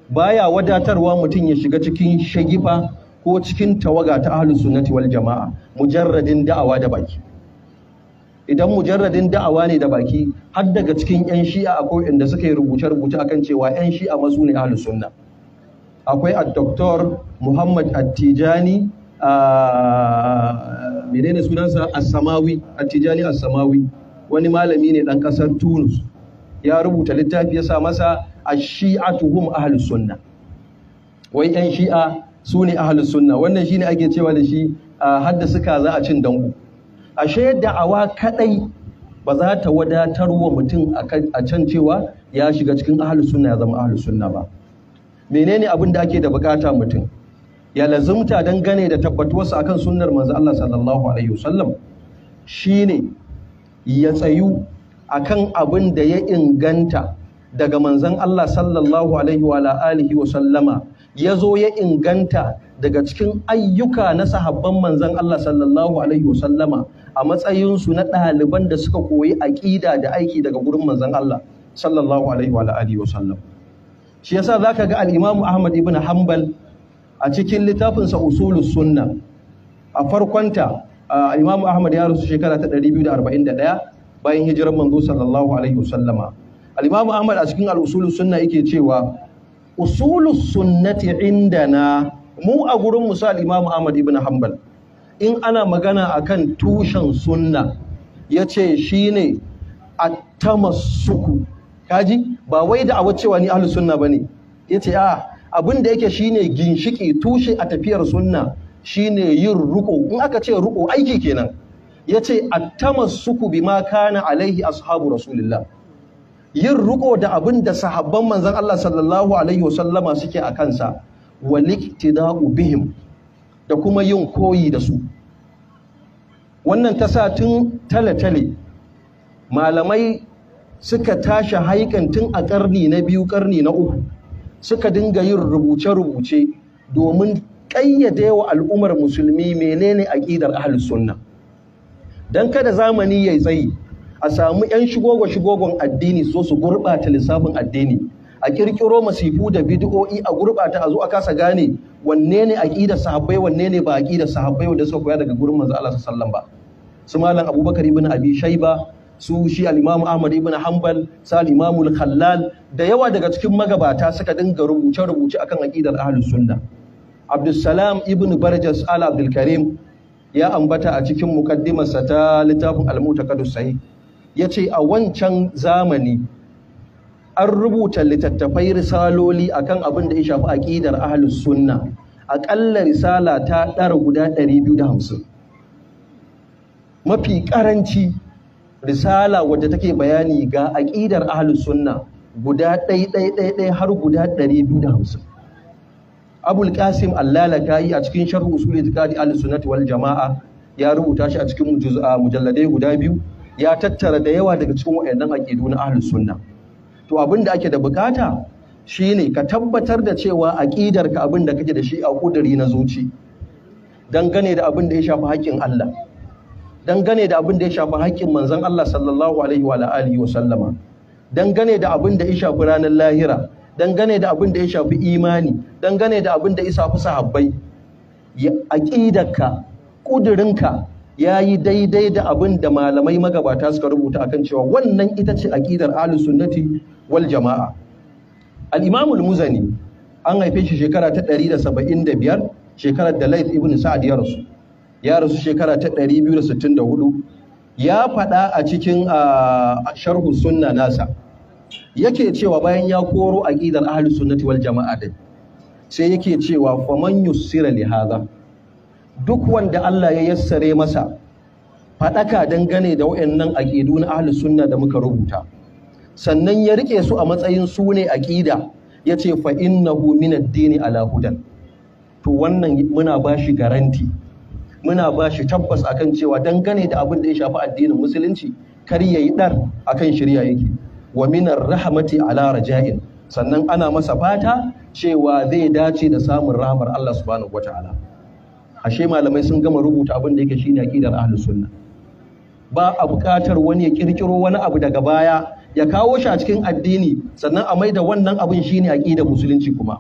baya wadatarwa mutum ya shiga cikin shagifa ko cikin tawaga ta ahlus sunnati wal jama'a mujarradin da'awa da baki idan mujarradin da'awa ne da baki har daga cikin yan shi'a akwai inda suka yi rubuce-rubuce akan cewa yan shi'a masu ne ahlus sunna akwai a doktor Muhammad attijani a menene sunansa As-Samawi attijani As-Samawi wani malami ne dan kasar Tunus ya rubuta littafi ya sa masa ash-shi'atu ahlus sunna wai ɗan shi'a su ne ahlus sunna wannan shine ake cewa da shi hadda suka za a cin dangu ashe awa kadai ba za ta wadatar wa mutum a can cewa ya shiga cikin ahlus sunna ya zama ahlus sunna ba menene abin da ake da bukata mutum ya lazumta gane da tabbatuwarsa akan sunnar manzo Allah sallallahu alaihi wasallam shine ya tsayu akan abin da ya inganta daga manzon Allah sallallahu alaihi wa alihi wa sallama ya zo ya inganta daga cikin ayyuka na sahabban manzon Allah sallallahu alaihi wa sallama a matsayinsu na ɗaliban da suka koyi aƙida da aiki daga gurin manzon Allah sallallahu alaihi wa alihi wa sallam shi yasa zaka ga al-Imam Ahmad ibn Hanbal a cikin littafinsa usulus sunna a farkonta Imam Ahmad ya rasu shekara ta 241 bayan hijirar manzo sallallahu alaihi wasallama al ahmad a cikin al suna sunna yake cewa usulus sunnati indana mu a gurin mu sa al-imamu ahmad ibn hanbal in ana magana akan tushen sunna yace shine at-tamassuku kaji ba wai da awa wani ni ba sunna bane yace a abin da yake shine ginshiki tushe a tafiyar sunna shine yin ruko in aka ce ruko aiki kenan yace at-tamassuku bima kana alaihi ashabu rasulillah yin riko da abin da sahabban manzan Allah sallallahu alaihi wasallama suke a kansa waliktida'u bihim da kuma yin koyi da su wannan ta sa tun tale-tale malamai suka tashi haikan a ƙarni na biyu ƙarni na uku suka dinga yin rubuce-rubuce domin ƙayyade wa al'ummar musulmi menene aƙidar ahal sunna don kada zamani ya tsayi a samu 'yan shigogo shigogon addini so su gurɓata lissafin addini a kirkiro masifu da bid'o'i a gurɓata a zo a kasa gane wanne ne aqidar sahabbai wanne ne ba aqidar sahabbai wanda suka koya daga gurin manzo Allah sallallahu ba su malam Abubakar ibn Abi Shayba su shi al-Imam Ahmad ibn Hanbal su al-Imam al-Khallal da yawa daga cikin magabata suka dinga rubuce rubuce akan aqidar ahlus sunna Abdussalam ibn Barjas al Abdul Karim ya ambata a cikin mukaddimarsa ta littafin al-Mutaqaddis Sahih ya ce a wancan zamani an rubuta littattafai risaloli a kan abin da ya shafi aƙidar ahlus sunna aƙalla risala ta ɗara guda 250 mafi ƙaranci risala wadda take bayani ga aƙidar ahalus sunna guda ɗai har guda 250 abul qasim allalaka yi a cikin sharh usul itiqadi al-sunnah wal jama'a ya rubuta shi a cikin mujalladai guda biyu ya tattara da yawa daga cikin wayannan aqidu na ahlus sunna to abin da ake da bukata shine ka tabbatar da cewa aqidar ka abin da kake da shi a kuduri na zuci dangane da abin da ya shafi haƙƙin Allah dangane da abin da ya shafi haƙƙin manzon Allah sallallahu alaihi wa alihi wa sallama dangane da abin da ya shafi ranar lahira dangane da abin da ya shafi imani dangane da abin da ya shafi sahabbai aqidarka kudurinka ya yi daidai da abin da malamai magabata suka rubuta akan cewa wannan ita ce aƙidar ahlus sunnati wal jama'a al-imam muzani an haife shi shekara ta 175 shekarar da Laith ibn Sa'ad ya rasu ya rasu shekara ta 264 ya faɗa a cikin sharhu sunna nasa yake cewa bayan ya koro aqidar ahlus sunnati wal jama'a din sai yake cewa faman yusira li hadha duk wanda Allah ya yassare masa faɗaka dangane da a aƙidu na ahal sunna da muka rubuta sannan ya rike su a matsayin su ne aƙida ce fa innahu min addini ala hudan to wannan muna bashi garanti muna bashi tabbas akan cewa dangane da abin da ya shafi addinin musulunci kar ya yayi dar akan shari'a yake wa min rahmati ala raja'in sannan ana masa fata cewa zai dace da samun rahmar Allah subhanahu wataala ashe malamai sun gama rubuta abin da yake shine aqidar ahlus sunna ba a buƙatar wani ya kirkiro wani abu daga baya ya kawo shi a cikin addini sannan a maida wannan abin shine aqidar musulunci kuma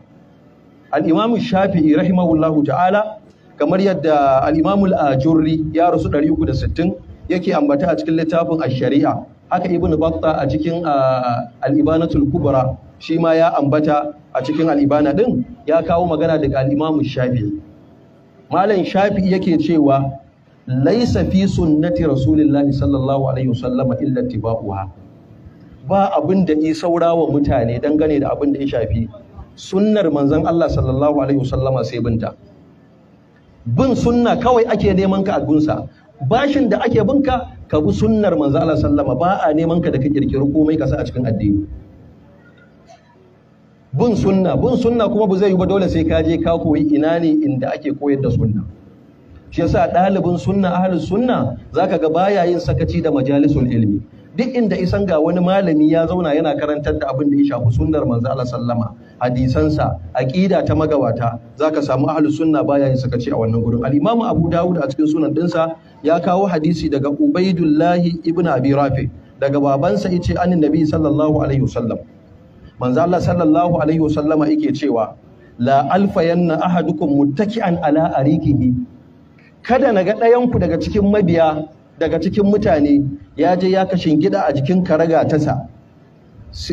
al-imamu shafi'i rahimahullahu ta'ala kamar yadda al-imamu al-ajurri ya rasu 360 yake ambata a cikin littafin ash-shari'a haka ibnu batta a cikin al-ibanatul kubra shi ma ya ambata a cikin al-ibana din ya kawo magana daga al-imamu shafi'i malam shafi yake cewa laisa fi sunnati rasulillahi sallallahu alaihi wasallam illa tibahuha ba abin da yi saurawa mutane dangane da abin da ya shafi sunnar manzon Allah sallallahu alaihi wasallam sai binta bin sunna kawai ake neman ka a gunsa bashin da ake binka ka bi sunnar manzon Allah wasallam ba a neman ka da ka kirkiri komai ka sa a cikin addini bin sunna bin sunna kuma ba zai yi ba dole sai ka je ka koyi ina ne inda ake koyar da sunna shi yasa ɗalibin sunna ahlus sunna zaka ga baya yin sakaci da majalisul ilmi duk inda isan ga wani malami ya zauna yana karantar da abin da ya shafi sunnar manzo Allah sallama hadisansa aqida ta magabata zaka samu ahlus sunna baya yin sakaci a wannan gurin al-imamu Abu Dawud a cikin sunan dinsa ya kawo hadisi daga Ubaidullahi ibn Abi Rafi daga babansa yace annabi sallallahu alaihi wasallam manzo Allah sallallahu alaihi wasallama yake cewa la alfayanna ahadukum muttaki'an ala arikihi kada naga ɗayan ku daga cikin mabiya daga cikin mutane ya je ya kashin gida a jikin karaga tasa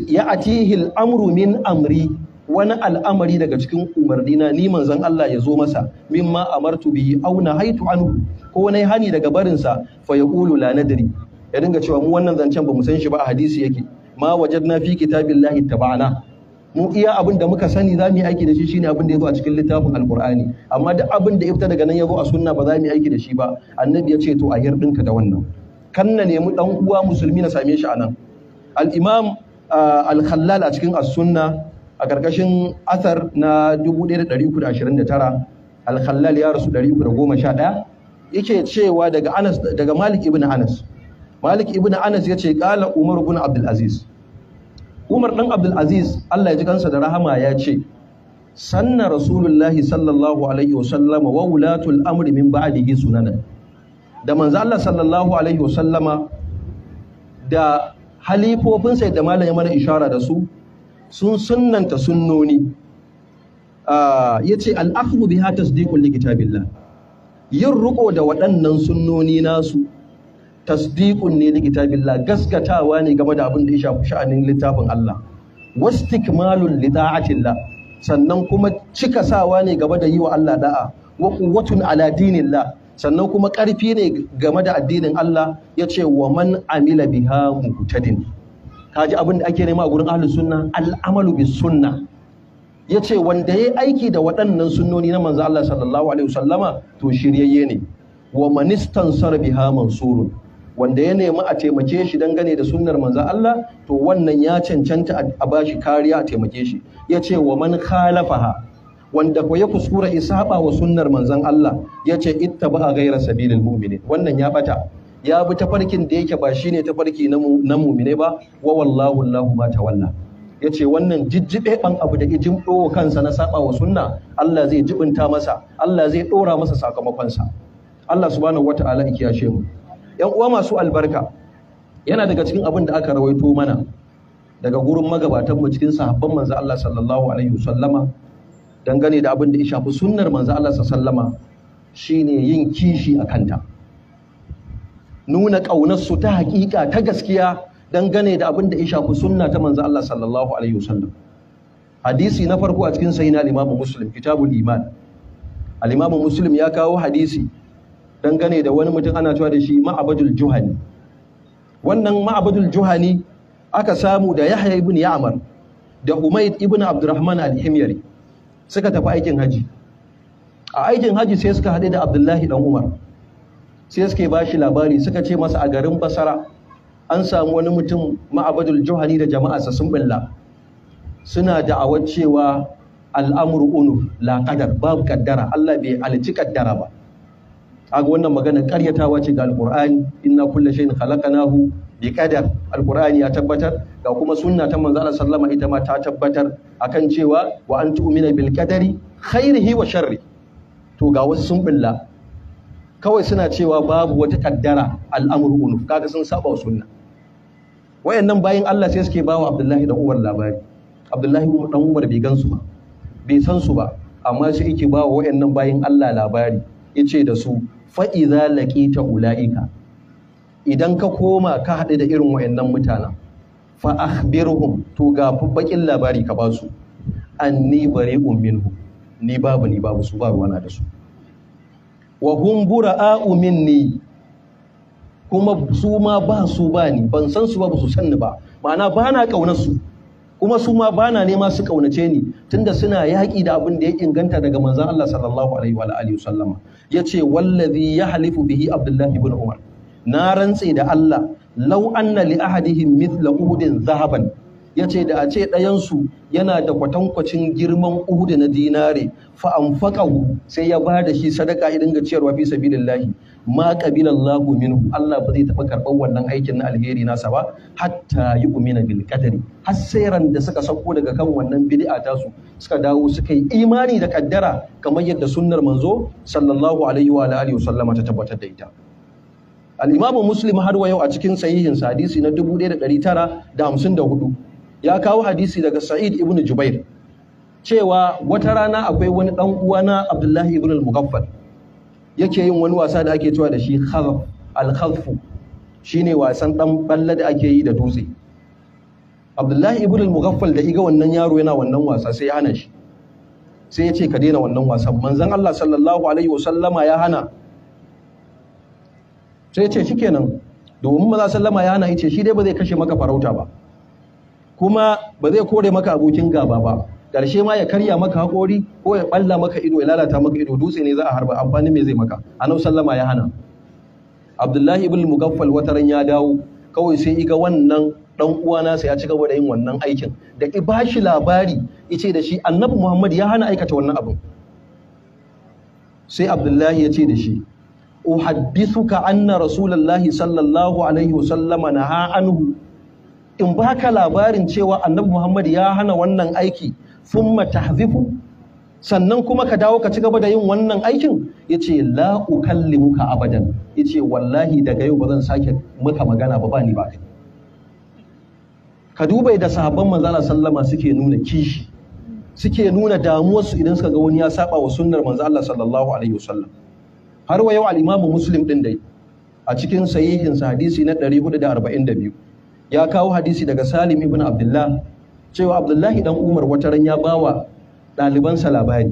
ya atihil amru min amri wani al'amari daga cikin umarnina ni manzon Allah ya zo masa mimma amartu bihi aw nahaitu anhu ko wani hani daga barinsa fa yaqulu la nadri ya dinga cewa mu wannan zancen ba mu san shi ba a hadisi yake ma wajadna fi kitabillahi tabana mu iya abin da muka sani za mu yi aiki da shi shine abin da ya zo a cikin littafin alkur'ani amma duk abin da ifta daga nan ya zo a sunna ba za mu yi aiki da shi ba annabi ya ce to a hirdinka da wannan Kanna ne mu dan uwa musulmi na same shi anan al-imam al-khallal a cikin as-sunna a karkashin athar na 1329 al-khallal ya rasu 311 yake cewa daga Anas daga Malik ibn Anas malik ibn anas ya ce kala umar ibn abdul aziz umar dan abdul aziz Allah ya ji kansa da rahama ya ce sanna rasulullahi sallallahu alaihi wasallam wa wulatul amri min ba'dihi sunana da manzo Allah sallallahu alaihi wasallama da halifofin sai da malamin mana ishara da su sun sunnanta sunnoni ah, ya ce akhdhu biha tasdiqul kitabillah yin riko da waɗannan sunnoni nasu tasdiqun ne li kitabillah gaskatawa ne game da abin da ya shafi sha'anin littafin Allah wastikmalul li da'atillah sannan kuma cika sawa ne game da yi wa Allah da'a wa quwwatun ala dinillah sannan kuma ƙarfi ne game da addinin Allah ya ce wa man amila biha muhtadin kaji abin da ake nema a gurin ahlus sunna al'amalu bis sunna ya ce wanda ya aiki da waɗannan sunnoni na manzo Allah sallallahu alaihi wasallama to shiryayye ne wa manistan sarbiha mansurun wanda ya nemi a taimake shi dangane da sunnar manzan Allah to wannan ya cancanta a bashi kariya a taimake shi ya ce wa man khalafaha wanda ko ya kuskura isaba wa sunnar manzon Allah ya ce ittaba ghayra sabilil mu'minin wannan ya bata ya bi ta farkin da yake ba shine farki na mumine ba wa wallahu Allahu ma tawalla ce wannan jijjibe ban abu da ijin kansa na saba wa sunna Allah zai jibinta masa Allah zai ɗora masa sakamakonsa Allah subhanahu wataala ya yashe mu yan uwa masu albarka yana daga cikin abin da aka rawaito mana daga gurin magabatan mu cikin sahabban manzo Allah sallallahu alaihi wasallama dangane da abin da ya shafi sunnar manzo Allah sallallahu alaihi shine yin kishi a kanta nuna kaunar su ta hakika ta gaskiya dangane da abin da ya shafi sunna ta manzo Allah sallallahu alaihi wasallam hadisi na farko a cikin sahih na Imam Muslim kitabul iman al-Imam Muslim ya kawo hadisi dangane da wani mutum ana cewa da shi ma'abadul juhani wannan ma'abadul juhani aka samu da yahya ibn ya'mar da umayd ibn abdurrahman al-himyari suka tafi aikin haji a aikin haji sai suka haɗe da abdullahi dan umar sai suka ba shi labari suka ce masa a garin basara an samu wani mutum ma'abadul juhani da jama'arsa sun billa suna da'awar cewa al'amur unu la qadar babu kaddara Allah bai alci kaddara ba kaga wannan maganar karyatawa ce ga alqur'ani inna na shay'in khalaqnahu bi qadar alqur'ani ya tabbatar ga kuma sunna ta manzo Allah sallama ita ma ta tabbatar akan cewa wa an umina bil qadari khairihi wa sharri to ga wasu sun billa kawai suna cewa babu wata kaddara al'amru unuf kaga sun saba wa sunna wayannan bayin Allah sai suke bawa Abdullahi da Umar labari Abdullahi dan Umar bai gansu ba bai san su ba amma sai yake bawa wayannan bayin Allah labari yace da su fa'iza laƙi ta ula'ika idan ka koma ka haɗu da irin wa'yannan mutanen fa'ahbirhum to ga baƙin labari ka basu, su an ni bare minhu ni babu ni babu su ba ruwana da su wa hum bura'a'u umminni kuma su ma ba su ba ni ban san su ba su san ni ba ma'ana ba na ƙaunar su kuma su ma bana nema su kaunace ni tunda suna yaƙi da abin da ya inganta daga manzon Allah sallallahu alaihi wa alihi wasallam yace wallazi yahlifu bihi Abdullah ibn Umar na rantse da Allah law anna li ahadihim mithla uhudin zahaban yace da a ce ɗayan su yana da kwatankwacin girman Uhud na dinare fa anfaqahu sai ya bada shi sadaka idan ga ciyarwa fi sabilillahi ma qabila Allahu minhu Allah ba zai taba karɓar wannan aikin na alheri nasa ba hatta yu'mina bil qadari har sai ran da suka sauko daga kan wannan bid'a ta su suka dawo suka yi imani da kaddara kamar yadda sunnar manzo sallallahu alaihi wa alihi wasallama ta tabbatar da ita al-imamu muslim har wa a cikin sahihin hadisi na 1954 ya kawo hadisi daga sa'id Ibnu jubair cewa wata rana akwai wani dan uwa abdullahi ibn al-mughaffal yake yin wani wasa da ake cewa da shi khalf al-khalfu shine wasan dan balle da ake yi da dutse Abdullahi ibn al-Mughaffal da iga wannan yaro yana wannan wasa sai ya hana shi sai ya ce ka daina wannan wasan manzon Allah sallallahu alaihi wasallama ya hana sai ya ce shikenan domin maza sallama ya hana ya ce shi dai ba zai kashe maka farauta ba kuma ba zai kore maka abokin gaba ba karshe ma ya karya maka haƙori ko ya balla maka ido ya lalata maka ido dutse ne za a harba amfani me zai maka annabi sallama ya hana abdullahi ibn mugaffal wataran ya dawo kawai sai iga wannan dan na sai ya ci gaba da yin wannan aikin da ki bashi labari yace da shi annabi muhammad ya hana aikata wannan abin sai abdullahi ya ce da shi uhaddithuka anna rasulullahi sallallahu alaihi wasallam naha anhu in baka labarin cewa annabi muhammad ya hana wannan aiki thumma tahzifu sannan kuma ka dawo ka ci gaba da yin wannan aikin Ya ce la ukallimuka abadan Ya ce, wallahi daga yau ba zan sake maka magana ba ba ba kai ka duba da sahabban manzala sallama suke nuna kishi suke nuna damuwarsu idan suka ga wani ya saba wa sunnar manzo Allah sallallahu alaihi wasallam har wa yau al-Imam Muslim din dai a cikin sahihin hadisi na 442 ya kawo hadisi daga Salim ibn Abdullah cewa abdullahi dan umar wata ran ya ba wa ɗalibansa labari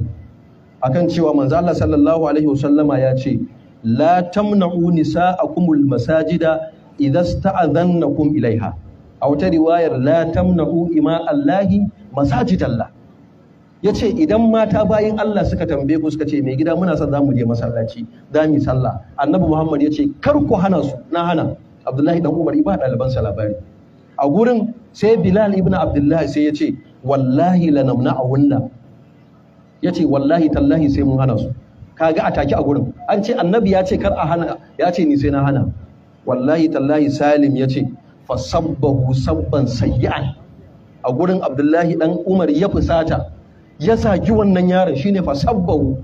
akan cewa manzo Allah sallallahu alaihi wasallama ya ce la tamna'u nisa'akumul masajida idza sta'adhannakum ilaiha a wata riwayar la tamna'u ima Allahi masajidallah yace idan mata bayin Allah suka tambaye ku suka ce mai gida muna son zamu je masallaci zamu sallah annabi Muhammad yace kar ku hana su na hana Abdullahi dan Umar ba ɗalibansa labari a gurin sai bilal ibn abdullahi sai ya ce wallahi la namna'ahunna ya ce wallahi tallahi sai mun hana su kaga a take a gurin an ce annabi ya ce kar a hana ya ce ni sai na hana wallahi tallahi salim ya ce fa sabbahu sabban sayyi'an a gurin abdullahi dan umar ya fusata ya saki wannan yaron shine sabbahu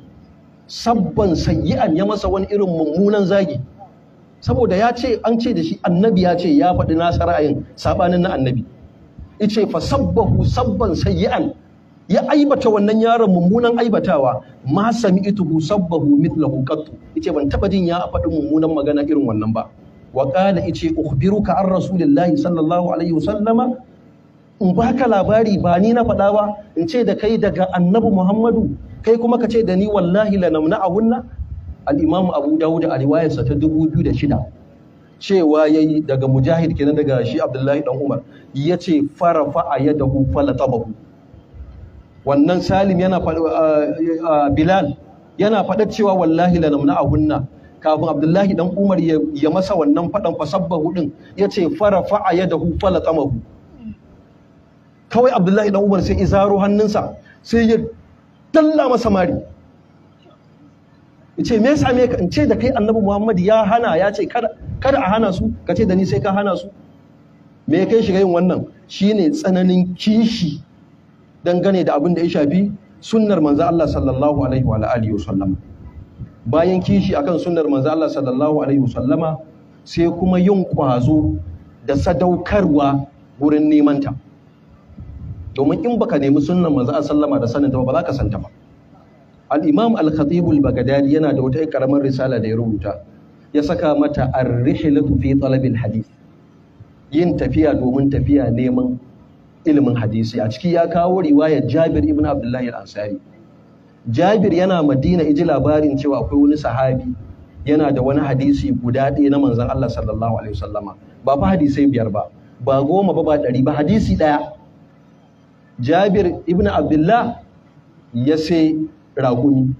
sabban sayyi'an ya masa wani irin mummunan zagi saboda ya ce an ce da shi annabi ya ce ya faɗi nasa ra'ayin sabanin na annabi yace fa sabbahu sabban sayyi'an ya aibata wannan yaron mummunan aibatawa ma sami'tuhu sabbahu mithlahu qattu yace ban taba jin ya faɗi mummunan magana irin wannan ba wa qala yace ukhbiruka an rasulillahi sallallahu alaihi wasallama in baka labari ba ni na faɗa ba in ce da kai daga annabi muhammadu kai kuma ka ce da ni wallahi la namna'ahunna al-imam abu dawud a riwayarsa ta 2006 cewa yayi daga mujahid kenan daga shi abdullahi dan umar yace farafa ayadahu falatabahu wannan salim yana bilal yana faɗa cewa wallahi la namna'ahunna kafin abdullahi dan umar ya masa wannan faɗan fasabbahu ya yace farafa ayadahu falatamahu kawai abdullahi dan umar sai izaro hannunsa sai ya dalla masa mari in ce me yasa me in ce da kai annabi Muhammad ya hana ya ce kada kada a hana su ka ce da ni sai ka hana su me ya kai shiga yin wannan shine tsananin kishi dangane da abin da ya shafi sunnar manzo Allah sallallahu alaihi wa alihi wasallam bayan kishi akan sunnar manzo Allah sallallahu alaihi wasallama sai kuma yin kwazo da sadaukarwa wurin neman ta domin in baka nemi sunnar manzo Allah sallama da sanin ta ba za ka santa ba al-imam al-khatib al yana da wata karamar risala da ya rubuta ya saka mata ar-rihlatu fi talab al-hadith yin tafiya domin tafiya neman ilimin hadisi a ciki ya kawo riwayar Jabir ibn Abdullah al-Ansari Jabir yana Madina iji labarin cewa akwai wani sahabi yana da wani hadisi guda ɗaya na manzon Allah sallallahu alaihi wasallama ba fa hadisai biyar ba ba goma ba ba ɗari ba hadisi ɗaya Jabir ibn Abdullah ya sai raƙumi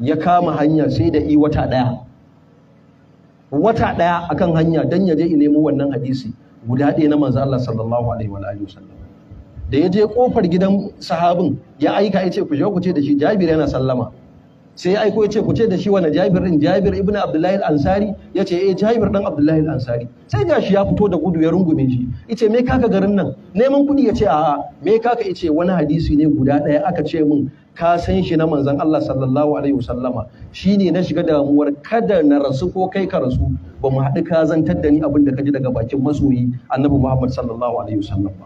ya kama hanya sai da i wata ɗaya wata ɗaya akan hanya don ya je i nemo wannan hadisi guda ɗaya na manzo Allah sallallahu alaihi wa alihi wasallam da ya je kofar gidan sahabin ya aika ya ce ku je ku ce da shi Jabir yana sallama sai ya aiko ya ce ku ce da shi wa jabir din jabir ibn abdullahi al-ansari ya ce eh jabir dan abdullahi al-ansari sai gashi ya fito da gudu ya rungume shi yace me kaka garin nan neman kuɗi ya ce a me kaka yace wani hadisi ne guda ɗaya aka ce min ka san shi na manzon Allah sallallahu alaihi wasallama shine na shiga damuwar kada na rasu ko kai ka rasu ba mu haɗu ka zantar da ni abin da ka ji daga bakin masoyi annabi Muhammad sallallahu alaihi Wasallama.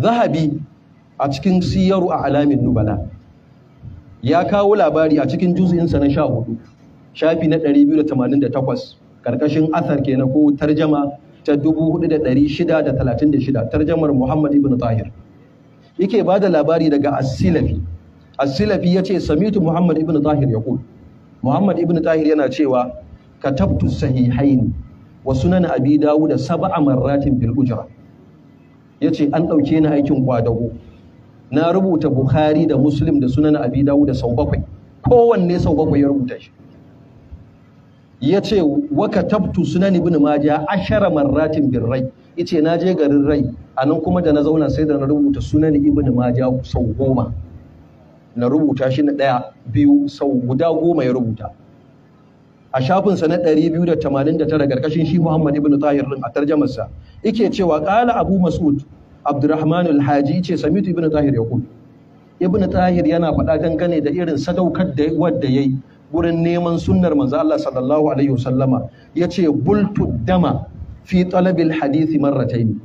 zahabi a cikin siyaru a alamin nubala ya kawo labari a cikin juz'insa na sha hudu shafi na 288 karkashin athar kenan ko tarjama ta 4636 tarjamar Muhammad ibn Tahir yake ba da labari daga asilafi asilafi ya ce, yace samitu Muhammad ibn Tahir yaqul Muhammad ibn Tahir yana cewa katabtu sahihain wa sunan abi da sab'a marratin bil ujra yace an dauke ni aikin kwadago na rubuta bukhari da muslim da sunan abi dawud da sau bakwai kowanne sau bakwai ya rubuta shi ya ce waka tabtu sunan ibn maja ashara marratin bin rai yace na je garin rai Anan kuma da na zauna sai da na rubuta sunan ibn maja sau goma na rubuta shi na ɗaya biyu sau guda goma ya rubuta a shafin sa na 289 karkashin shi Muhammad ibn Tahir din a tarjamarsa yake cewa qala Abu Mas'ud Abdurrahman al-Haji ce Samitu ibn Tahir ya kulu ibn Tahir yana faɗa dangane da irin sadaukar da wadda yayi gurin neman sunnar manzo Allah sallallahu alaihi wasallama yace bultu dama fi talabil hadisi marratayn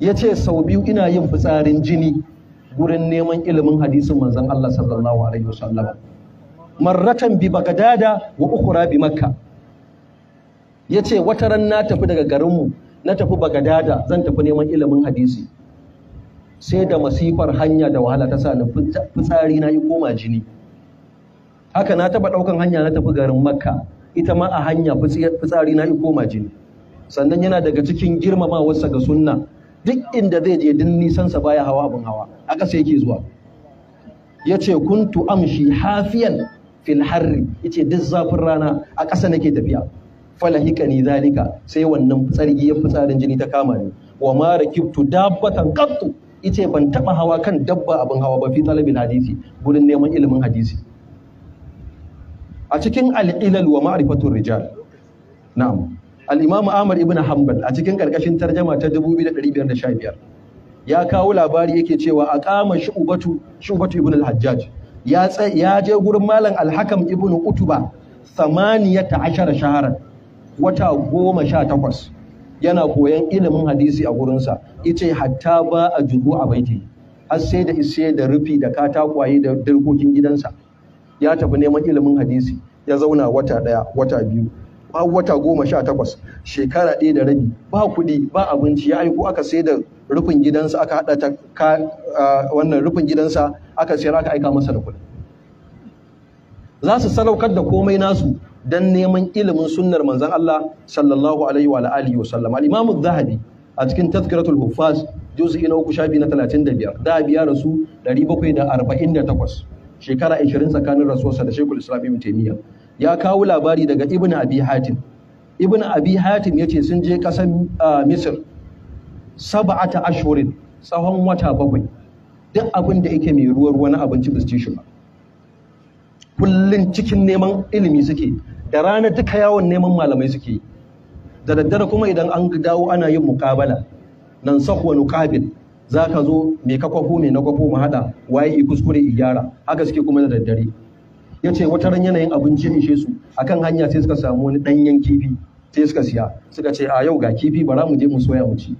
yace sau biyu ina yin fitsarin jini gurin neman ilimin hadisin manzon Allah sallallahu alaihi wasallama marratan bi bagdada wa ukhra bi makka yace wata ran na tafi daga garinmu na tafi bagadada zan tafi neman ilimin hadisi sai da masifar hanya da wahala ta sa ni fitsari na yi koma jini haka na taɓa daukan hanya na tafi garin makka ita ma a hanya fitsari na yi koma jini sannan yana daga cikin girmamawarsa ga sunna duk inda zai je din nisansa baya hawa abin hawa a ƙasa yake zuwa ya ce kuntu amshi hafiyan fil harri ya ce duk zafin rana a ƙasa nake tafiya falahikani zalika sai wannan tsargiyar fitsarin jini ta kama ni wa ma rakibtu dabbatan qattu ice ban taba hawa kan dabba abin hawa ba fi talabin hadisi gurin neman ilimin hadisi a cikin al'ilal wa ma'rifatur rijal na'am al-imam Amr ibn Hanbal a cikin karkashin tarjama ta 2515 ya kawo labari yake cewa aqama shubatu shubatu ibn al-hajjaj ya ya je gurin malam al-hakam ibn utuba 18 shaharan wata goma sha takwas yana koyan ilimin hadisi a gurinsa ice hatta ba a jugu a baiti har sai da isai da rufi da katakwaye da dirkokin gidansa ya tafi neman ilimin hadisi ya zauna wata ɗaya wata biyu ba wata goma sha takwas shekara ɗaya da rabi ba kuɗi ba abinci ya aiko aka sai da rufin gidansa aka haɗa ta wannan rufin gidansa aka sayar aka aika masa da kuɗi za su sadaukar da komai nasu dan neman ilimin sunnar manzon Allah sallallahu alaihi wa alihi wa sallam al-Imam az-Zahabi a cikin Tazkiratul Huffaz juz'i na uku shafi na 35 da biya rasu 748 shekara 20 tsakanin rasuwarsa da Sheikhul Islam Ibn Taymiyyah ya kawo labari daga Ibn Abi Hatim Ibn Abi Hatim yace sun je kasar Misr sab'ata ashhurin tsawon wata bakwai duk abin da yake mai ruwa ruwa na abinci bisu shi ba kullum cikin neman ilimi suke da rana duka yawon neman malamai suke da daddare kuma idan an dawo ana yin mukabala nan sahwa nuqabil za ka zo mai ka kwafo mai na kwafo mu haɗa waye i kuskure i gyara haka suke kuma da daddare ya ce wata ran yanayin abinci ya ishe su akan hanya sai suka samu wani ɗanyen kifi sai suka siya suka ce a yau ga kifi bara mu je mu soya mu ci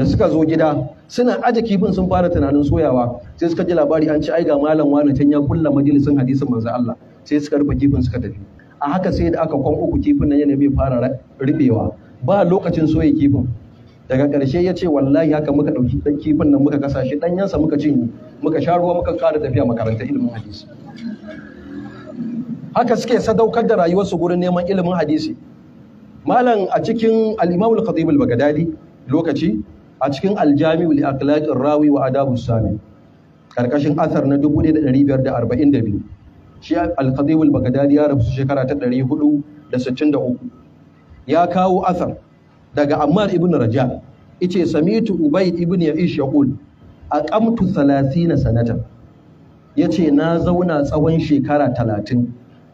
da suka zo gida suna aje kifin sun fara tunanin soyawa sai suka ji labari an ci ai ga malam wani can ya kulla majalisin hadisin manzo Allah sai suka rufe kifin suka tafi a haka sai da aka kwan uku kifin nan yana bai fara ribewa ba lokacin soye kifin daga ƙarshe ya ce wallahi haka muka ɗauki ɗan kifin nan muka kasa shi ɗanyensa muka cinye muka sha ruwa muka ƙara tafiya makarantar ilimin hadisi haka suke sadaukar da rayuwarsu gurin neman ilimin hadisi malam a cikin al-imamul khatib al-bagdadi lokaci a cikin aljami'u li aqlaqir rawi wa adabus sami karkashin asar na 1542 shi al-khatib al-baghdadi ya rabu shekara ta 463 ya kawo Athar. daga ammar ibn raja yace samitu ubay ibn ya'ish yaqul aqamtu 30 sanatan yace na zauna tsawon shekara 30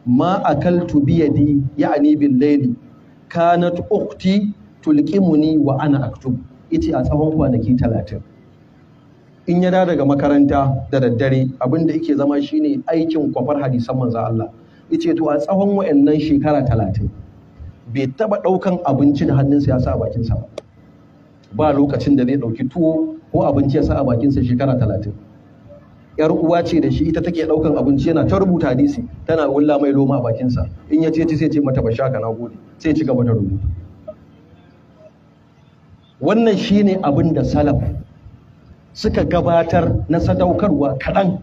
ma akaltu biyadi ya'ni bil layli kanat ukhti tulqimuni wa ana aktubu ice a tsawon kwanaki talatin in ya daga makaranta da daddare abin da yake zama shine aikin kwafar hadisan manzo Allah yace to a tsawon wayannan shekara talatin bai taba ɗaukan abinci da hannunsa ya sa bakinsa ba ba lokacin da zai ɗauki tuwo ko abinci ya sa a bakinsa shekara talatin yar uwa ce da shi ita take ɗaukan abinci yana ta rubuta hadisi tana wulla mai loma a bakinsa in ya ce sai ce mata bashaka na gode sai ci gaba da rubuta wannan shi ne abin da salaf suka gabatar na sadaukarwa kaɗan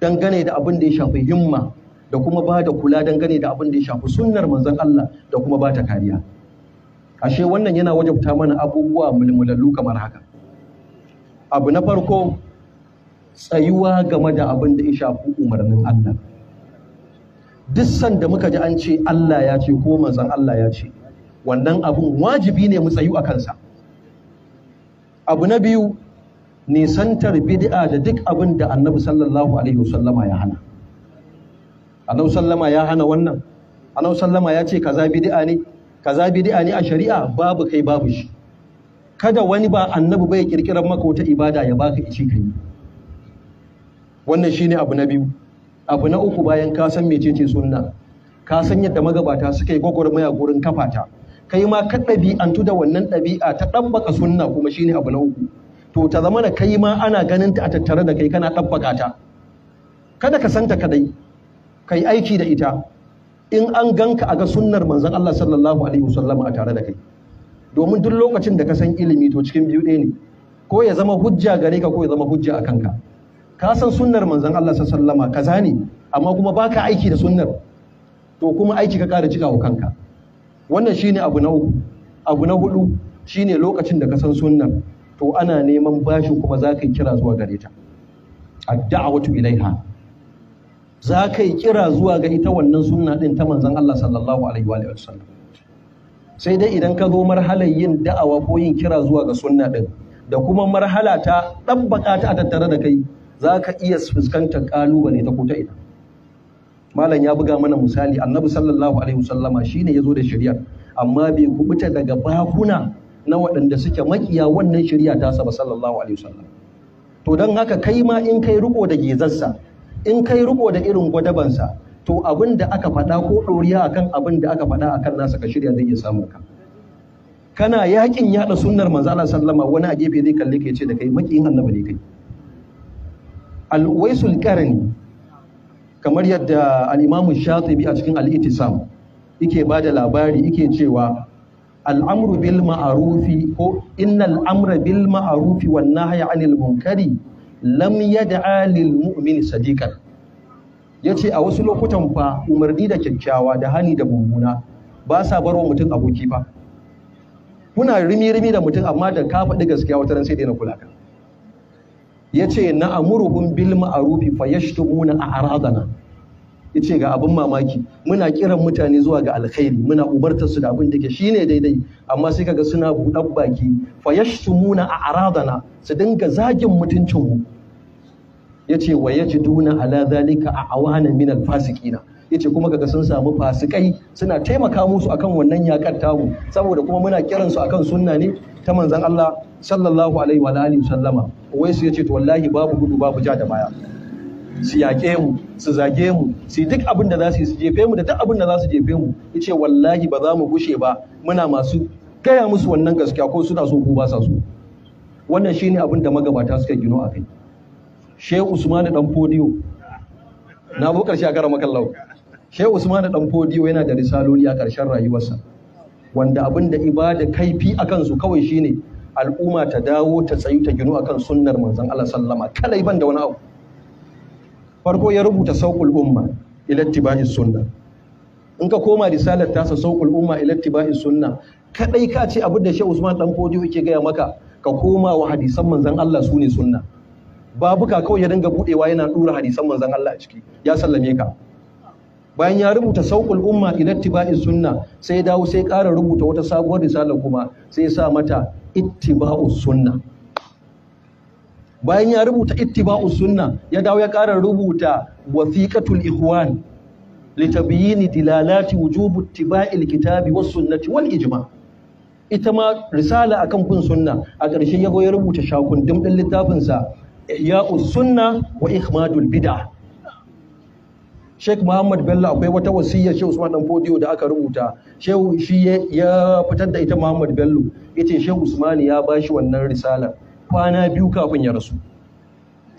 dangane da abin da ya shafi himma da kuma ba da kula dangane da abin da ya shafi sunnar manzon Allah da kuma ba ta kariya ashe wannan yana wajabta mana abubuwa mulmulallu kamar haka abu na farko tsayuwa game da abin da ya shafi umarnin Allah duk sanda muka ji an ce Allah ya ce ko manzon Allah ya ce wannan abun wajibi ne mu tsayu a kansa abu na biyu nisantar bid'a da duk abin da annabi sallallahu alaihi wasallama ya hana annabi sallama ya hana wannan annabi sallama ya ce kaza bid'a ne kaza bid'a ne a shari'a babu kai babu shi kada wani ba annabi bai kirkirar maka wata ibada ya baka ici kai wannan shine abu na biyu abu na uku bayan ka san mecece sunna ka san yadda magabata suka yi gwagwarmaya gurin kafata kai ma ka ɗabi'antu da wannan ɗabi'a ta ɗabbaka sunna kuma shine abu na uku to ta zama da kai ma ana ganin ta a tattare da kai kana ɗabbaka ta kada ka santa kadai kai aiki da ita in an ganka a ga sunnar manzon Allah sallallahu alaihi wasallam a tare da kai domin duk lokacin da ka san ilimi to cikin biyu ɗaya ne ko ya zama hujja gare ka ko ya zama hujja a kanka ka san sunnar manzon Allah sallallahu alaihi wasallam kaza ne amma kuma baka aiki da sunnar to kuma aiki ka ƙara cikawa kanka wannan shine abu na uku abu na hudu shine lokacin da ka san sunnan to ana neman bashi kuma za ka yi kira zuwa gare ta ad-da'watu ilaiha za ka kira zuwa ga ita wannan sunna din ta manzon Allah sallallahu alaihi wa sallam sai dai idan ka zo marhalar yin da'awa ko yin kira zuwa ga sunna din da kuma marhala ta dabbaka ta a tattare da kai za ka iya fuskantar kalubale ta ko ta malam ya buga mana misali annabi sallallahu alaihi wasallama shine yazo da shari'a amma bai kubuta daga bakuna na waɗanda suke makiya wannan shari'a ta saba sallallahu alaihi wasallam to don haka kai ma in kai riko da gezarsa in kai riko da irin gwadabansa to abin da aka faɗa ko ɗoriya akan abin da aka faɗa akan nasa ka shirya zai iya samun ka kana yakin yaɗa sunnar manzo Allah sallama wani a gefe zai kalle ka ce da kai makiyin annabi ne kai alwaisul karani kamar yadda al’imamu shatibi a cikin al’itisam itisam yake ba da labari yake cewa al'amru bil ma'arufi ko Inna al'amra bil ma'arufi Wannan haya 'anil munkari lam alil lil mu'min sadiqan ce a wasu lokutan fa umarni da kyakkyawa da hani da mummuna ba sa bar wa mutum aboki ba kuna rimi rimi da mutum amma da kafaɗi faɗi gaskiya wata ran sai daina na kula ka Ya yace na amuruhum bil a fayashtumuna a'radana ce ga abin mamaki muna kiran mutane zuwa ga alkhairi muna umartar su da abin da ke Shi ne daidai amma sai kaga suna buɗan baki a a'radana su dinga zagin mutuncin Ya ce wa ya ji yajiduna ala zalika a'wana min al fasikina yace kuma kaga sun samu fasikai suna taimaka musu akan wannan yakar tamu saboda kuma muna kiran su akan sunna ne ta manzon Allah sallallahu alaihi wa alihi wai Uwaisu yace to wallahi babu gudu babu ja da baya su yaƙe mu su zage mu su duk abin da za su jefe mu da duk abin da za su jefe mu yace wallahi ba za mu gushe ba muna masu gaya musu wannan gaskiya ko suna so ko ba sa so wannan shine abin da magabata suka gino a kai Shehu Usman dan Fodiyo na bukar shi a karan makallau Shehu Usman dan Fodiyo yana da risaloli a ƙarshen rayuwarsa wanda abin da ibada kaifi a kansu kawai shine al'umma ta dawo ta tsayu ta ginu akan sunnar manzon Allah sallama kalai ban wani abu farko ya rubuta sauƙul umma ila tibai sunna in ka koma risalar tasa sauƙul umma ila tibai sunna kadai ka ce abin da Shehu Usman dan Fodiyo yake gaya maka ka koma wa hadisan manzon Allah sune sunna babuka kawai ya dinga budewa yana dura hadisan manzon Allah a ciki ya sallame ka bayan ya rubuta sauƙul umma ila ittiba'is sunna sai ya dawo sai ƙara rubuta wata sabuwar risala kuma sai ya sa mata ittiba'u sunna bayan ya rubuta ittiba'u sunna ya dawo ya ƙara rubuta wasiqatul ikhwan tabyin dilalati wujubu ittiba'il kitabi was sunnati wal ijma ita ma risala akan bin sunna a ƙarshe ya ya rubuta shakun dimdin littafin sa ya'u sunna wa ihmadul bid'ah Sheikh Muhammad Bello akwai wata wasiyya Sheikh Usman Dan fodio da aka rubuta Sheikh shi ya fitar da ita Muhammad Bello yace Sheikh Usman ya bashi wannan risalar kwana biyu kafin ya rasu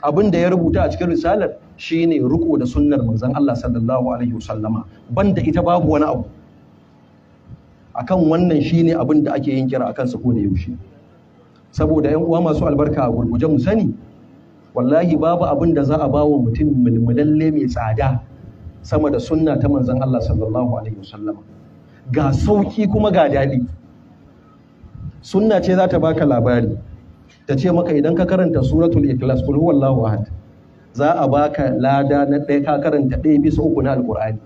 abin da ya rubuta a cikin risalar shine riko da sunnar manzon Allah sallallahu alaihi wasallama banda ita babu wani abu akan wannan shine abin da ake yin kira akan sa ko da yaushe saboda yan uwa masu albarka a gurguje mu sani wallahi babu abin da za a bawa mutum mulmulalle mai tsada sama da sunna ta manzon Allah sallallahu alaihi wasallama ga sauki kuma ga daɗi sunna ce za ta baka labari ta ce maka idan ka karanta suratul ikhlas kul huwallahu ahad za a baka lada na ɗaya ka karanta ɗaya bisa uku na alqur'ani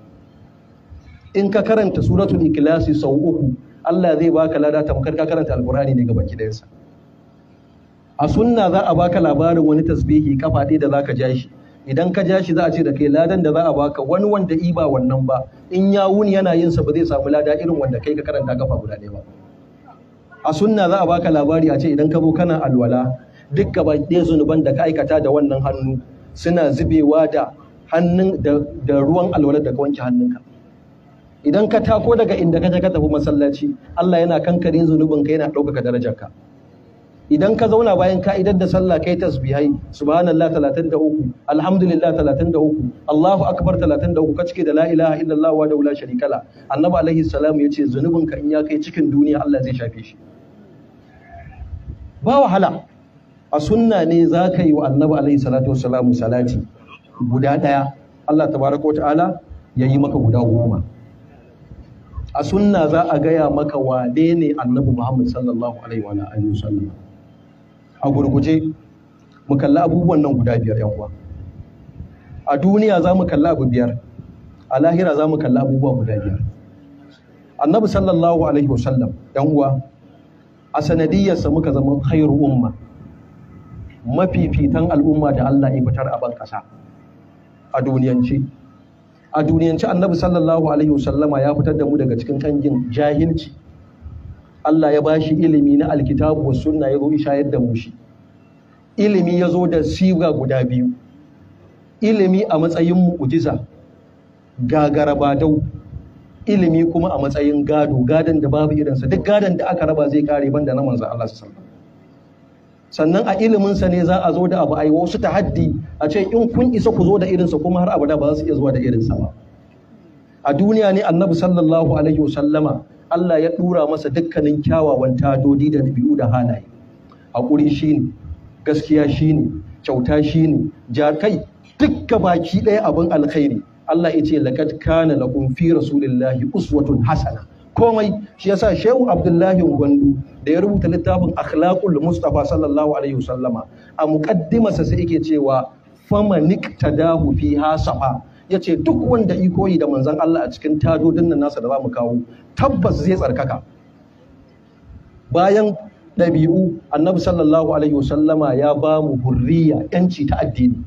in ka karanta suratul ikhlas sau uku Allah zai baka lada ta makar ka karanta alqur'ani ne gaba ɗayansa a sunna za a baka labarin wani tasbihi kafa ɗaya da zaka ja shi idan ka ja shi za a ce da kai ladan da za a baka wani wanda i ba wannan ba in ya wuni yana yin sa ba zai samu lada irin wanda kai ka karanta kafa guda ɗaya ba a sunna za a baka labari a ce idan ka zo kana alwala duk gaba ɗaya zunuban da ka aikata da wannan hannu suna zubewa da hannun da ruwan alwala da ka wanke hannunka idan ka tako daga inda ka ka tafi masallaci Allah yana kankare ka yana ɗaukaka darajarka idan ka zauna bayan ka idar da sallah kai tasbihai subhanallah 33 alhamdulillah 33 Allahu akbar 33 ka cike da la ilaha illallah wa la sharika la annabi alaihi salam ya ce zunubin ka in ya kai cikin duniya Allah zai shafe shi ba wahala a sunna ne za ka yi wa annabi alaihi salatu wassalamu salati guda daya Allah tabaraka wa ta'ala ya yi maka guda goma a sunna za a gaya maka wane ne annabi Muhammad sallallahu alaihi wa alihi wasallam a gurguje mu kalli abubuwan nan guda biyar yan uwa a duniya za mu kalli abu biyar a lahira za mu kalli abubuwa guda biyar annabi sallallahu alaihi wasallam yan uwa a sanadiyarsa muka zama khairu umma mafifitan al'umma da Allah ya fitar a ban kasa a duniyance a duniyance annabi sallallahu alaihi wasallama ya fitar da mu daga cikin kangin jahilci Allah ya bashi ilimi na alkitabu wa sunna ya zo shayar da mu shi ilimi ya zo da siga guda biyu ilimi a matsayin mu'jiza gagarabadau ilimi kuma a matsayin gado gadon da babu irinsa duk gadon da aka raba zai kare banda na manzo Allah sallallahu sannan a iliminsa ne za a zo da abu a yi wasu tahaddi a ce in kun isa ku zo da irinsa kuma har abada ba za su iya zuwa da irinsa ba a duniya ne annabi sallallahu alaihi wasallama Allah ya dura masa dukkanin kyawawan tadodi da biyu da halaye hakuri shine gaskiya shine kyauta shine jakai dukka baki ɗaya abin alkhairi Allah ya ce laqad kana lakum fi rasulillahi uswatun hasana komai shi yasa Shehu Abdullahi Gwandu da ya rubuta littafin Akhlaqul Mustafa sallallahu alaihi wasallama a muqaddimarsa sai yake cewa famanik tadahu fi hasafa ya ce duk wanda yi da manzan Allah a cikin tajodin nan nasa da za mu kawo tabbas zai tsarkaka bayan ɗabi'u annabi sallallahu alaihi wasallama ya ba mu hurriya yanci ta addini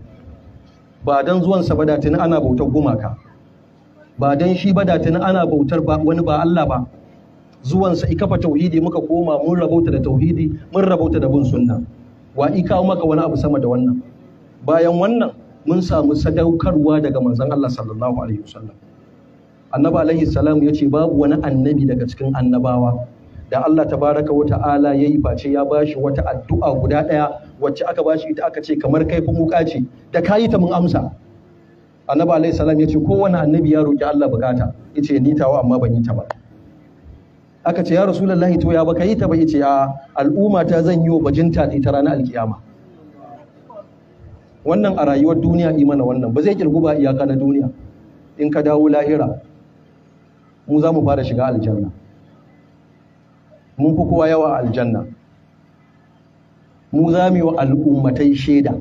ba don zuwansa ba da tuni ana bautar gumaka ba don shi ba da tuni ana bautar wani ba Allah ba zuwansa ikafa tauhidi muka koma mun rabauta da tauhidi mun rabauta da bin sunna wa ikawo maka wani abu sama da wannan bayan wannan mun samu sadaukarwa daga manzon Allah sallallahu alaihi wasallam annabi alaihi salam ya ce babu wani annabi daga cikin annabawa da Allah tabaraka wa ta'ala ya yi face ya bashi wata addu'a guda ɗaya wacce aka bashi ita aka ce kamar kai wuka ce da kayi ta mun amsa annabi alaihi salam ya ce kowane annabi ya roki Allah bukata yace ni tawa amma ban yi ta ba aka ce ya rasulullahi to ya baka yi ta ba yace a al'umma ta zan yi wa bajinta ita ranar alkiyama wannan a rayuwar duniya imana wannan ba zai kirgu ba iyaka na duniya in ka dawo lahira mu za mu fara shiga aljanna mun fi kowa yawa aljanna mu za mu yi wa al'ummatai shaida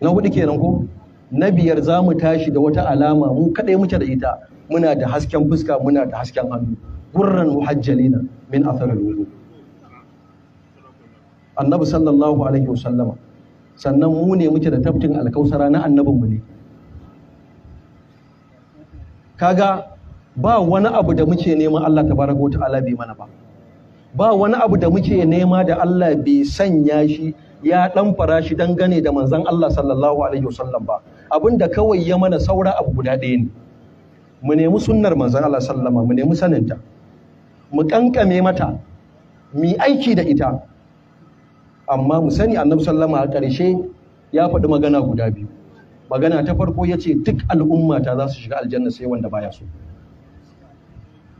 na hudu kenan ko na biyar za mu tashi da wata alama mu kaɗai muke da ita muna da hasken fuska muna da hasken hannu gurran muhajjalina min atharul wudu annabi sallallahu alaihi wasallama sannan mu ne muke da tafkin alkausara na annabinmu ne kaga ba wani abu da muke nema Allah tabaraka ta'ala bai mana ba ba wani abu da muke nema da Allah bai sanya shi ya dan fara shi dangane da manzon Allah sallallahu alaihi wasallam ba abinda kawai ya mana saura abu guda ɗaya ne mu nemi sunnar manzon Allah sallama mu nemi saninta mu kankame mata mu aiki da ita amma mu sani annabi sallama a ƙarshe ya faɗi magana guda biyu magana ta farko ya ce duk al'umma ta za su shiga aljanna sai wanda baya so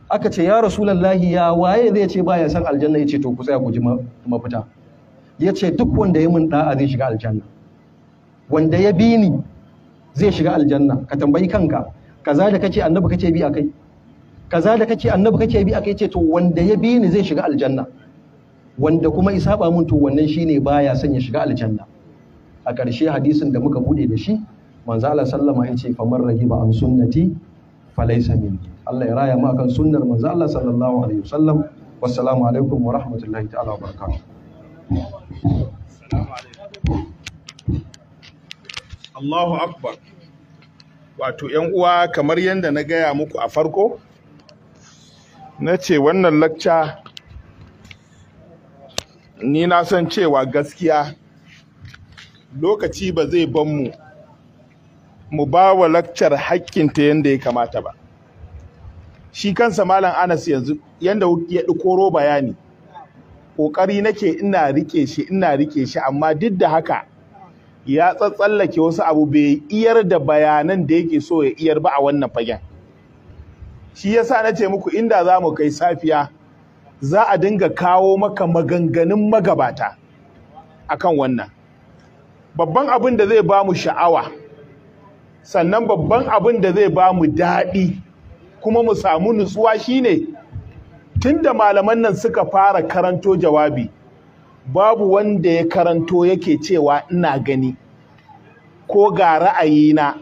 aka ce ya rasulallahi ya waye zai ce baya san aljanna ya ce to ku tsaya ku ji mafita ya ce duk wanda ya mun da'a zai shiga aljanna wanda ya bi ni zai shiga aljanna ka tambayi kanka kaza da kace annabi kace bi akai kaza da kace annabi kace bi akai ce to wanda ya bi ni zai shiga aljanna wanda kuma isaba mun to wannan shine baya son ya shiga aljanna a ƙarshe hadisin da muka bude da shi manzo Allah sallama yace man ragiba an sunnati laysa min Allah ya raya mu akan sunnar manzo Allah sallallahu alaihi wasallam wassalamu alaikum wa rahmatullahi ta'ala wa barakatuh Allahu akbar wato yan uwa kamar yadda na gaya muku a farko na ce wannan lecture ni na san cewa gaskiya lokaci ba zai ban mu mu ba wa lakcar ta yadda ya kamata ba shi kansa malam anas yanzu yadda ya koro bayani ƙoƙari nake ina rike shi ina rike shi amma duk da haka ya tsatsallake wasu abu bai iyar da bayanan da yake so ya iyar ba a wannan fagen shi yasa na ce muku inda za mu kai safiya za a dinga kawo maka maganganun magabata akan wannan babban abin da zai ba mu sha'awa sannan babban abin da zai ba mu daɗi kuma mu samu nutsuwa shine tunda malaman nan suka fara karanto jawabi babu wanda ya karanto yake cewa ina gani ko ga ra'ayina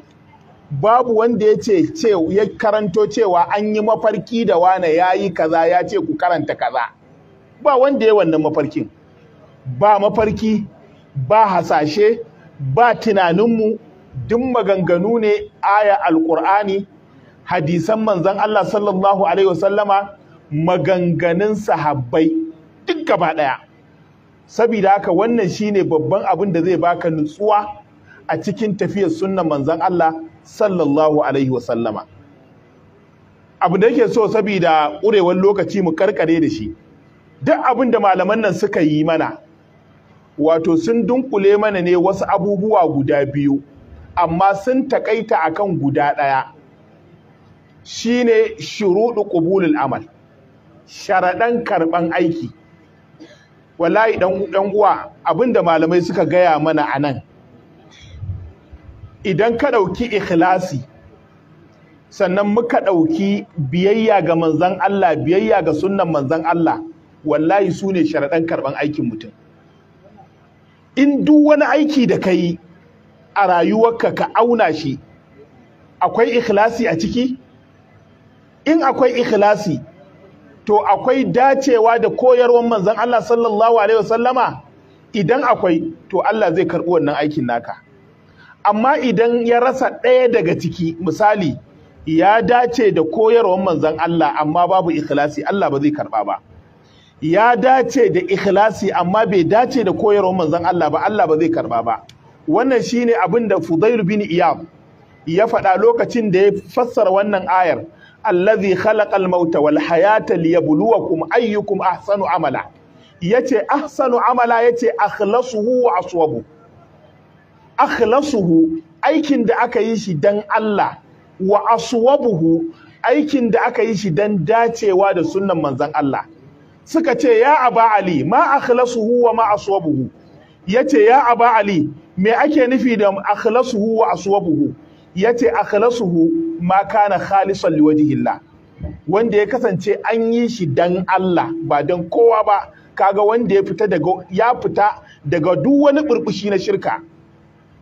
babu wanda ya ce ya karanto cewa an yi mafarki da wane ya yi kaza ya ce ku karanta kaza ba wanda ya wannan mafarkin ba mafarki ba hasashe ba tunaninmu duk maganganu ne aya alkur'ani hadisan manzan Allah sallallahu alaihi wasallama maganganun sahabbai duk gaba ɗaya. sabida haka wannan shine babban abin da zai baka nutsuwa a cikin tafiyar sunnan manzon Allah sallallahu alaihi wasallama. abu da yake so saboda ƙurewar lokaci mu karkare da shi duk abin da malaman nan suka yi mana wato sun dunkule mana ne wasu abubuwa guda biyu amma sun takaita akan guda ɗaya shine shuruɗu ƙubulul amal sharaɗan karɓan aiki wallahi ɗan uwa abin da malamai suka gaya mana a nan idan ka ɗauki ikhlasi sannan muka ɗauki biyayya ga manzan Allah biyayya ga sunan manzan Allah wallahi su ne sharaɗan karɓan aikin mutum in duk wani aiki da ka yi a rayuwarka ka auna shi akwai ikhlasi a ciki in akwai ikhlasi to akwai dacewa da koyarwar manzan Allah sallallahu alaihi wasallama idan akwai to Allah zai karɓi wannan aikin naka amma idan ya rasa ɗaya daga ciki misali ya dace da koyarwar manzan Allah amma babu ikhlasi Allah ba zai karɓa ba ya dace da ikhlasi amma bai dace da koyarwar manzon Allah ba Allah ba zai karba ba wannan shine abin da Fudail bin Iyab ya faɗa lokacin da ya fassara wannan ayar allazi khalaqal mauta wal hayata liyabluwakum ayyukum ahsanu amala yace ahsanu amala yace akhlasuhu wa aswabu akhlasuhu aikin da aka yi shi dan Allah wa aswabuhu aikin da aka yi shi dan dacewa da sunnan manzon Allah suka ce ya aba ali ma akhlasuhu wa ma aswabuhu yace ya aba ali me ake nufi da akhlasuhu wa aswabuhu yace akhlasuhu ma kana khalisan liwajhillah wanda ya kasance an yi shi dan Allah ba dan kowa ba kaga wanda ya fita daga ya fita daga duk wani burbushi na shirka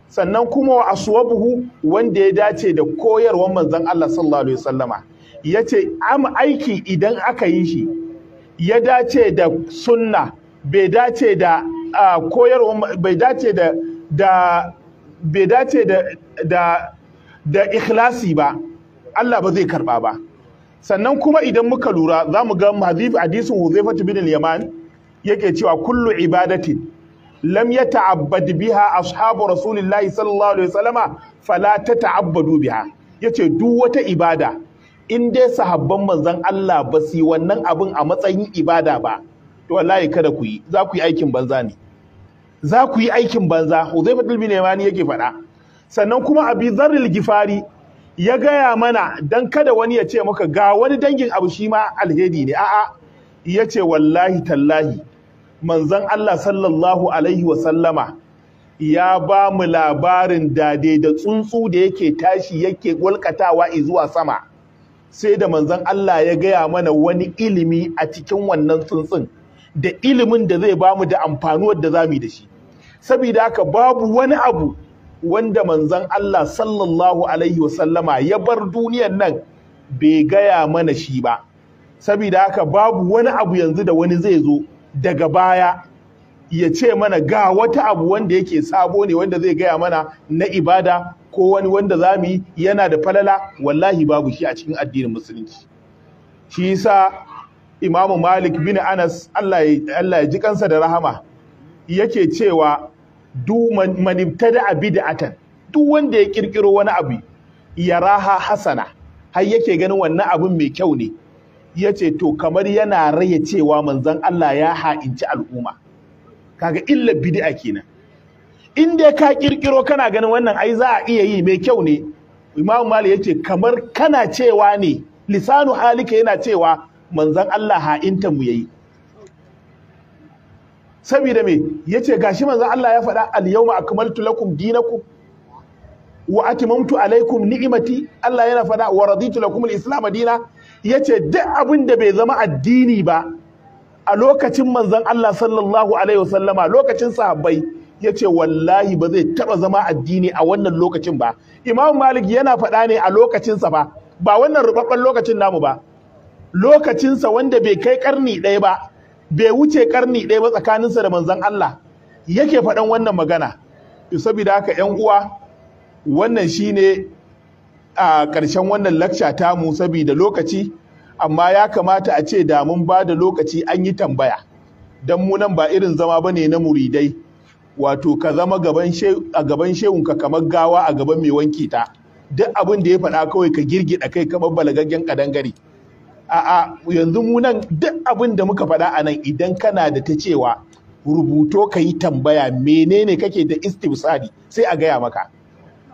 sannan kuma wa buhu wanda ya dace da koyarwar manzon Allah sallallahu alaihi wasallama yace am aiki idan aka yi shi ya dace da sunna bai dace da koyarwar bai dace da da bai dace da da da ikhlasi ba Allah ba zai karba ba sannan kuma idan muka lura za mu ga hadisin Huzaifatu bin al-Yaman yake cewa kullu ibadatin lam ya ta'abbad biha ashabu rasulillahi sallallahu alaihi wasallama fala ta ta'abbadu biha yace duk wata ibada in dai sahabban manzon Allah ba wannan abin a matsayin ibada ba to wallahi kada ku yi za ku yi aikin banza ne za ku yi aikin banza Huzaifa bin Yamani yake faɗa sannan kuma Abi Dharril Gifari ya gaya mana dan kada wani ya ce maka ga wani dangin abu shi ma alheri ne a'a yace wallahi tallahi Manzan Allah sallallahu alaihi wa sallama ya ba mu labarin dade da tsuntsu da yake tashi yake walkatawa zuwa sama sai da manzan Allah ya gaya mana wani ilimi a cikin wannan tsuntsun da ilimin da zai ba mu da amfanuwar da za mu yi da shi saboda haka babu wani abu wanda manzan Allah sallallahu alaihi wasallama ya bar duniyar nan bai gaya mana shi ba saboda haka babu wani abu yanzu da wani zai zo daga baya ya ce mana ga wata abu wanda yake sabo ne wanda zai gaya mana na ibada ko wani wanda za mu yi yana da falala wallahi babu shi a cikin addinin musulunci shi yasa imamu malik bin anas allah ya ji kansa da rahama yake cewa du man ibtada bid'atan duk wanda ya kirkiro wani abu ya raha hasana har yake ganin wannan abun mai kyau ne ya ce to kamar yana raya cewa manzan Allah ya ha'inci al'umma kaga illa bid'a kenan in dai ka kirkiro kana ganin wannan ai za a iya yi mai kyau ne Imam Malik yace kamar kana cewa ne lisanu halika yana cewa manzan Allah ha'inta mu yayi saboda me yace gashi manzan Allah ya faɗa al-yawma akmaltu lakum dinakum wa atmamtu alaykum ni'imati Allah yana faɗa wa raditu lakum al-islam yace duk abin da bai zama addini ba a lokacin manzan Allah sallallahu alaihi wasallama lokacin sahabbai ce wallahi ba zai taba zama addini a wannan lokacin ba Imam Malik yana faɗa ne a lokacinsa ba ba wannan rubabban lokacin namu ba lokacinsa wanda bai kai karni ɗaya ba bai wuce karni ɗaya ba tsakaninsa da manzan Allah yake faɗan wannan magana saboda haka yan uwa wannan shine a ƙarshen wannan lakca ta mu saboda lokaci amma ya kamata a ce da mun ba da lokaci an yi tambaya don mu nan ba irin zama ba ne na muridai wato ka zama a gaban shehunka kamar gawa a gaban mai wanki ta duk abin da ya faɗa kawai ka girgida kai kamar balagaggen kadangare a'a yanzu mu nan duk abin da muka faɗa a nan idan kana da ta cewa rubuto ka yi tambaya menene kake da istifsari sai a gaya maka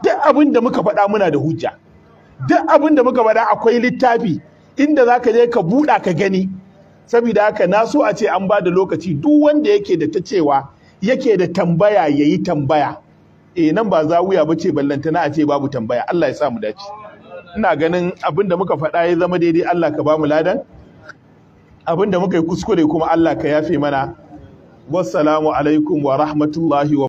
duk abin da muka faɗa muna da hujja duk abin da muka bada akwai littafi inda za ka je ka buɗa ka gani saboda haka na so a ce an ba da lokaci duk wanda yake da ta cewa yake da tambaya ya yi tambaya E nan ba wuya ba ce ballantana a ce babu tambaya Allah ya sa mu dace ina ganin abin da muka faɗa ya zama daidai Allah ka ba mu ladan abin da muka yi kuskure kuma Allah ka yafe mana wassalamu alaikum wa rahmatullahi wa